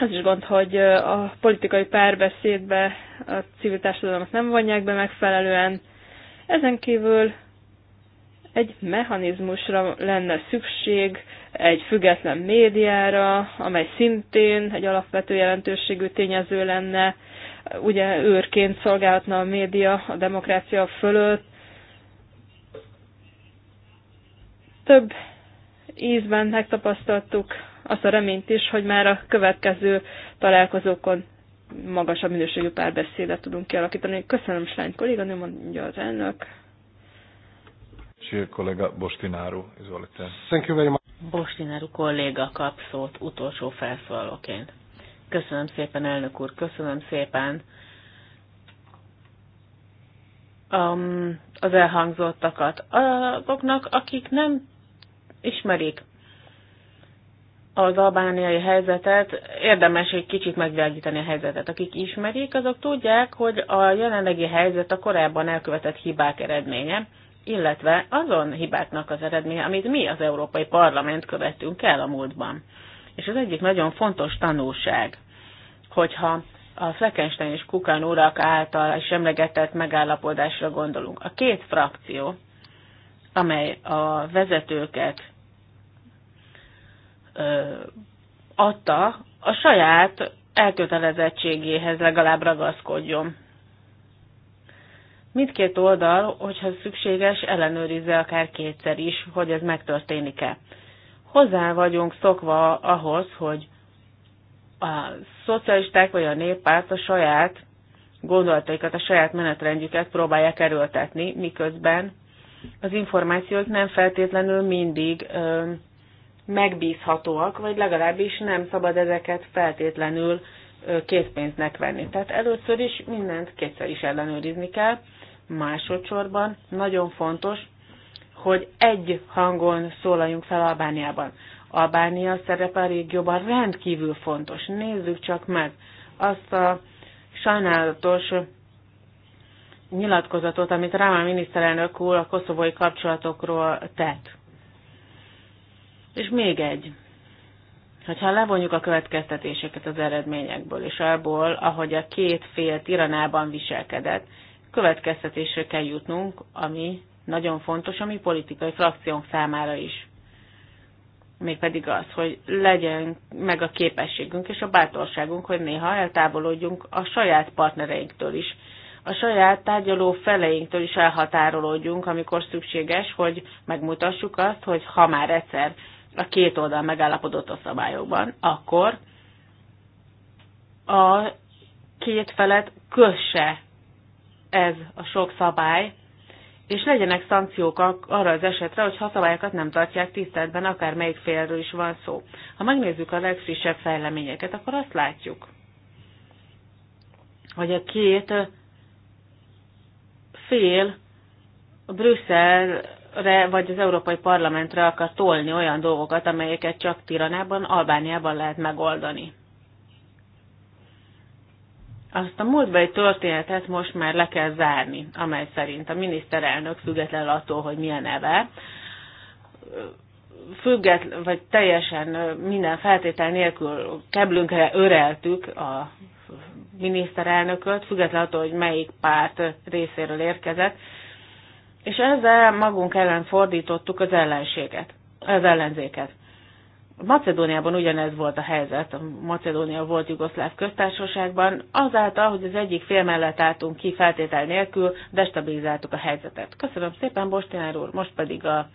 az is gond, hogy a politikai párbeszédbe a civil társadalmat nem vonják be megfelelően. Ezen kívül egy mechanizmusra lenne szükség, egy független médiára, amely szintén egy alapvető jelentőségű tényező lenne, ugye őrként szolgálhatna a média a demokrácia fölött. Több ízben megtapasztaltuk azt a reményt is, hogy már a következő találkozókon magasabb minőségű párbeszédet tudunk kialakítani. Köszönöm, Slány kolléganő, mondja az elnök. Sőr kollega Bostináru, izvolite. Thank you very much. Bostináru kolléga kap szót utolsó felszólalóként. Köszönöm szépen, elnök úr, köszönöm szépen. Um, az elhangzottakat. Azoknak, akik nem ismerik az albániai helyzetet, érdemes egy kicsit megvilágítani a helyzetet. Akik ismerik, azok tudják, hogy a jelenlegi helyzet a korábban elkövetett hibák eredménye, illetve azon hibáknak az eredménye, amit mi az Európai Parlament követtünk el a múltban. És az egyik nagyon fontos tanulság, hogyha a Fleckenstein és Kukán urak által is emlegetett megállapodásra gondolunk. A két frakció, amely a vezetőket ö, adta, a saját elkötelezettségéhez legalább ragaszkodjon. Mindkét oldal, hogyha szükséges, ellenőrizze akár kétszer is, hogy ez megtörténik-e. Hozzá vagyunk szokva ahhoz, hogy a szocialisták vagy a néppárt a saját gondolataikat, a saját menetrendjüket próbálják erőltetni, miközben az információk nem feltétlenül mindig ö, megbízhatóak, vagy legalábbis nem szabad ezeket feltétlenül ö, készpénznek venni. Tehát először is mindent kétszer is ellenőrizni kell, Másodszorban nagyon fontos, hogy egy hangon szólaljunk fel Albániában. Albánia szerepe a régióban rendkívül fontos. Nézzük csak meg azt a sajnálatos nyilatkozatot, amit Rámán miniszterelnök úr a koszovói kapcsolatokról tett. És még egy. Hogyha levonjuk a következtetéseket az eredményekből, és abból, ahogy a két fél tiranában viselkedett, következtetésre kell jutnunk, ami nagyon fontos a mi politikai frakciónk számára is. Mégpedig az, hogy legyen meg a képességünk és a bátorságunk, hogy néha eltávolodjunk a saját partnereinktől is. A saját tárgyaló feleinktől is elhatárolódjunk, amikor szükséges, hogy megmutassuk azt, hogy ha már egyszer a két oldal megállapodott a szabályokban, akkor a két felet kösse ez a sok szabály, és legyenek szankciók arra az esetre, hogy ha szabályokat nem tartják tiszteletben, akár melyik félről is van szó. Ha megnézzük a legfrissebb fejleményeket, akkor azt látjuk, hogy a két fél Brüsszelre vagy az Európai Parlamentre akar tolni olyan dolgokat, amelyeket csak Tiranában, Albániában lehet megoldani azt a múltbeli történetet most már le kell zárni, amely szerint a miniszterelnök független attól, hogy milyen neve, független, vagy teljesen minden feltétel nélkül keblünkre öreltük a miniszterelnököt, független attól, hogy melyik párt részéről érkezett, és ezzel magunk ellen fordítottuk az ellenséget, az ellenzéket. Macedóniában ugyanez volt a helyzet, a Macedónia volt Jugoszláv köztársaságban, azáltal, hogy az egyik fél mellett álltunk ki feltétel nélkül, destabilizáltuk a helyzetet. Köszönöm szépen, Bostinár úr, most pedig a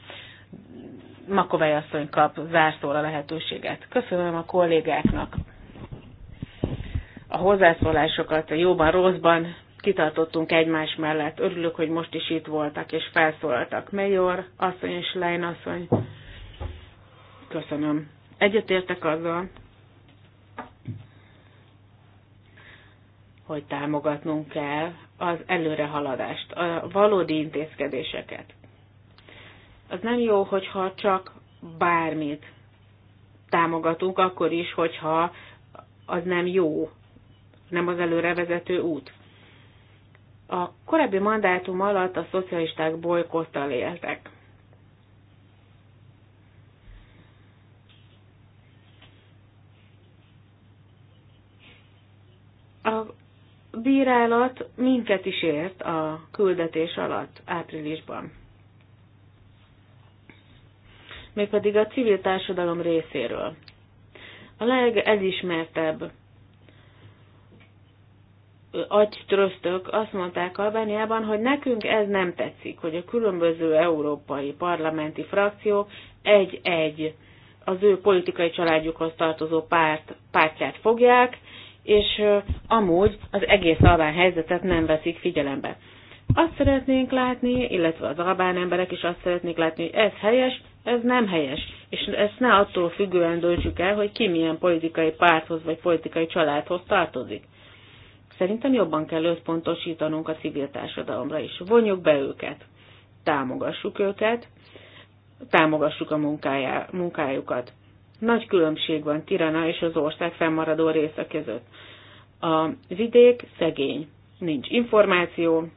Makovely asszony kap zárszóra lehetőséget. Köszönöm a kollégáknak a hozzászólásokat, a jóban, rosszban kitartottunk egymás mellett. Örülök, hogy most is itt voltak és felszólaltak. Major, asszony és Lein asszony. Köszönöm. Egyetértek azzal, hogy támogatnunk kell az előrehaladást, a valódi intézkedéseket. Az nem jó, hogyha csak bármit támogatunk, akkor is, hogyha az nem jó, nem az előrevezető út. A korábbi mandátum alatt a szocialisták bolykottal éltek. A bírálat minket is ért a küldetés alatt áprilisban. Mégpedig a civil társadalom részéről. A legelismertebb agytröztök azt mondták Albániában, hogy nekünk ez nem tetszik, hogy a különböző európai parlamenti frakciók egy-egy az ő politikai családjukhoz tartozó párt, pártját fogják, és amúgy az egész albán helyzetet nem veszik figyelembe. Azt szeretnénk látni, illetve az albán emberek is azt szeretnék látni, hogy ez helyes, ez nem helyes. És ezt ne attól függően döntsük el, hogy ki milyen politikai párthoz vagy politikai családhoz tartozik. Szerintem jobban kell összpontosítanunk a civil társadalomra is. Vonjuk be őket, támogassuk őket, támogassuk a munkájá, munkájukat. Nagy különbség van Tirana és az ország fennmaradó része között. A vidék szegény, nincs információ,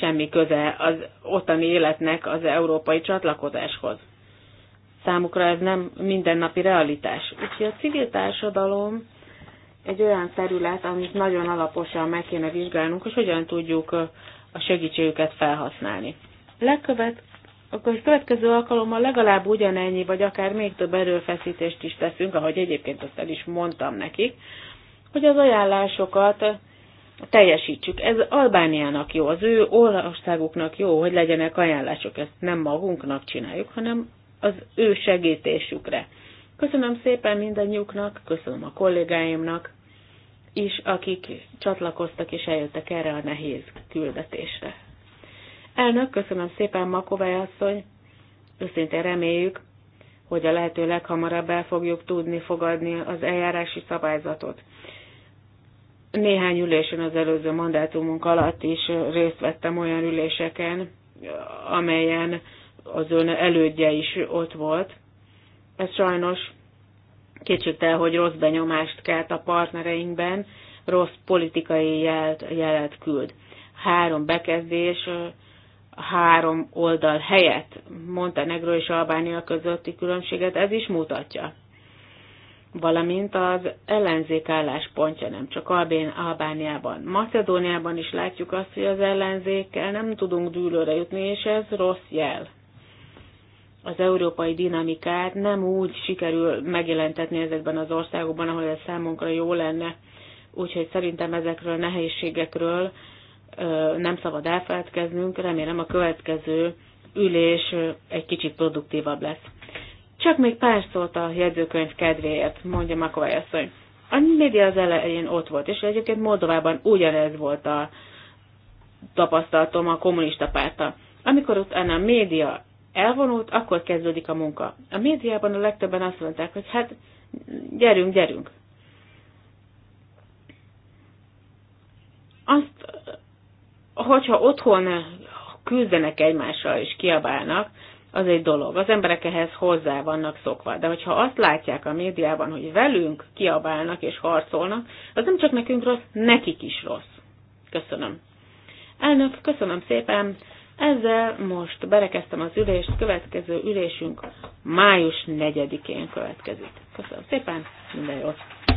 semmi köze az ottani életnek az európai csatlakozáshoz. Számukra ez nem mindennapi realitás. Úgyhogy a civil társadalom egy olyan terület, amit nagyon alaposan meg kéne vizsgálnunk, és hogyan tudjuk a segítségüket felhasználni. Legkövet, akkor a következő alkalommal legalább ugyanennyi, vagy akár még több erőfeszítést is teszünk, ahogy egyébként azt el is mondtam nekik, hogy az ajánlásokat teljesítsük. Ez Albániának jó, az ő országuknak jó, hogy legyenek ajánlások, ezt nem magunknak csináljuk, hanem az ő segítésükre. Köszönöm szépen mindannyiuknak, köszönöm a kollégáimnak is, akik csatlakoztak és eljöttek erre a nehéz küldetésre. Elnök, köszönöm szépen, Makovály asszony. Őszintén reméljük, hogy a lehető leghamarabb el fogjuk tudni fogadni az eljárási szabályzatot. Néhány ülésen az előző mandátumunk alatt is részt vettem olyan üléseken, amelyen az ön elődje is ott volt. Ez sajnos kicsit el, hogy rossz benyomást kelt a partnereinkben, rossz politikai jelet, jelet küld. Három bekezdés három oldal helyett Montenegro és Albánia közötti különbséget ez is mutatja. Valamint az ellenzék álláspontja nem csak Albén, Albániában, Macedóniában is látjuk azt, hogy az ellenzékkel nem tudunk dűlőre jutni, és ez rossz jel. Az európai dinamikát nem úgy sikerül megjelentetni ezekben az országokban, ahol ez számunkra jó lenne. Úgyhogy szerintem ezekről a nehézségekről nem szabad elfeledkeznünk, remélem a következő ülés egy kicsit produktívabb lesz. Csak még pár szót a jegyzőkönyv kedvéért, mondja Makovály asszony. A média az elején ott volt, és egyébként Moldovában ugyanez volt a tapasztalatom a kommunista párta. Amikor utána a média elvonult, akkor kezdődik a munka. A médiában a legtöbben azt mondták, hogy hát gyerünk, gyerünk. Azt hogyha otthon küzdenek egymással és kiabálnak, az egy dolog. Az emberek ehhez hozzá vannak szokva. De hogyha azt látják a médiában, hogy velünk kiabálnak és harcolnak, az nem csak nekünk rossz, nekik is rossz. Köszönöm. Elnök, köszönöm szépen. Ezzel most berekeztem az ülést, következő ülésünk május 4-én következik. Köszönöm szépen, minden jót!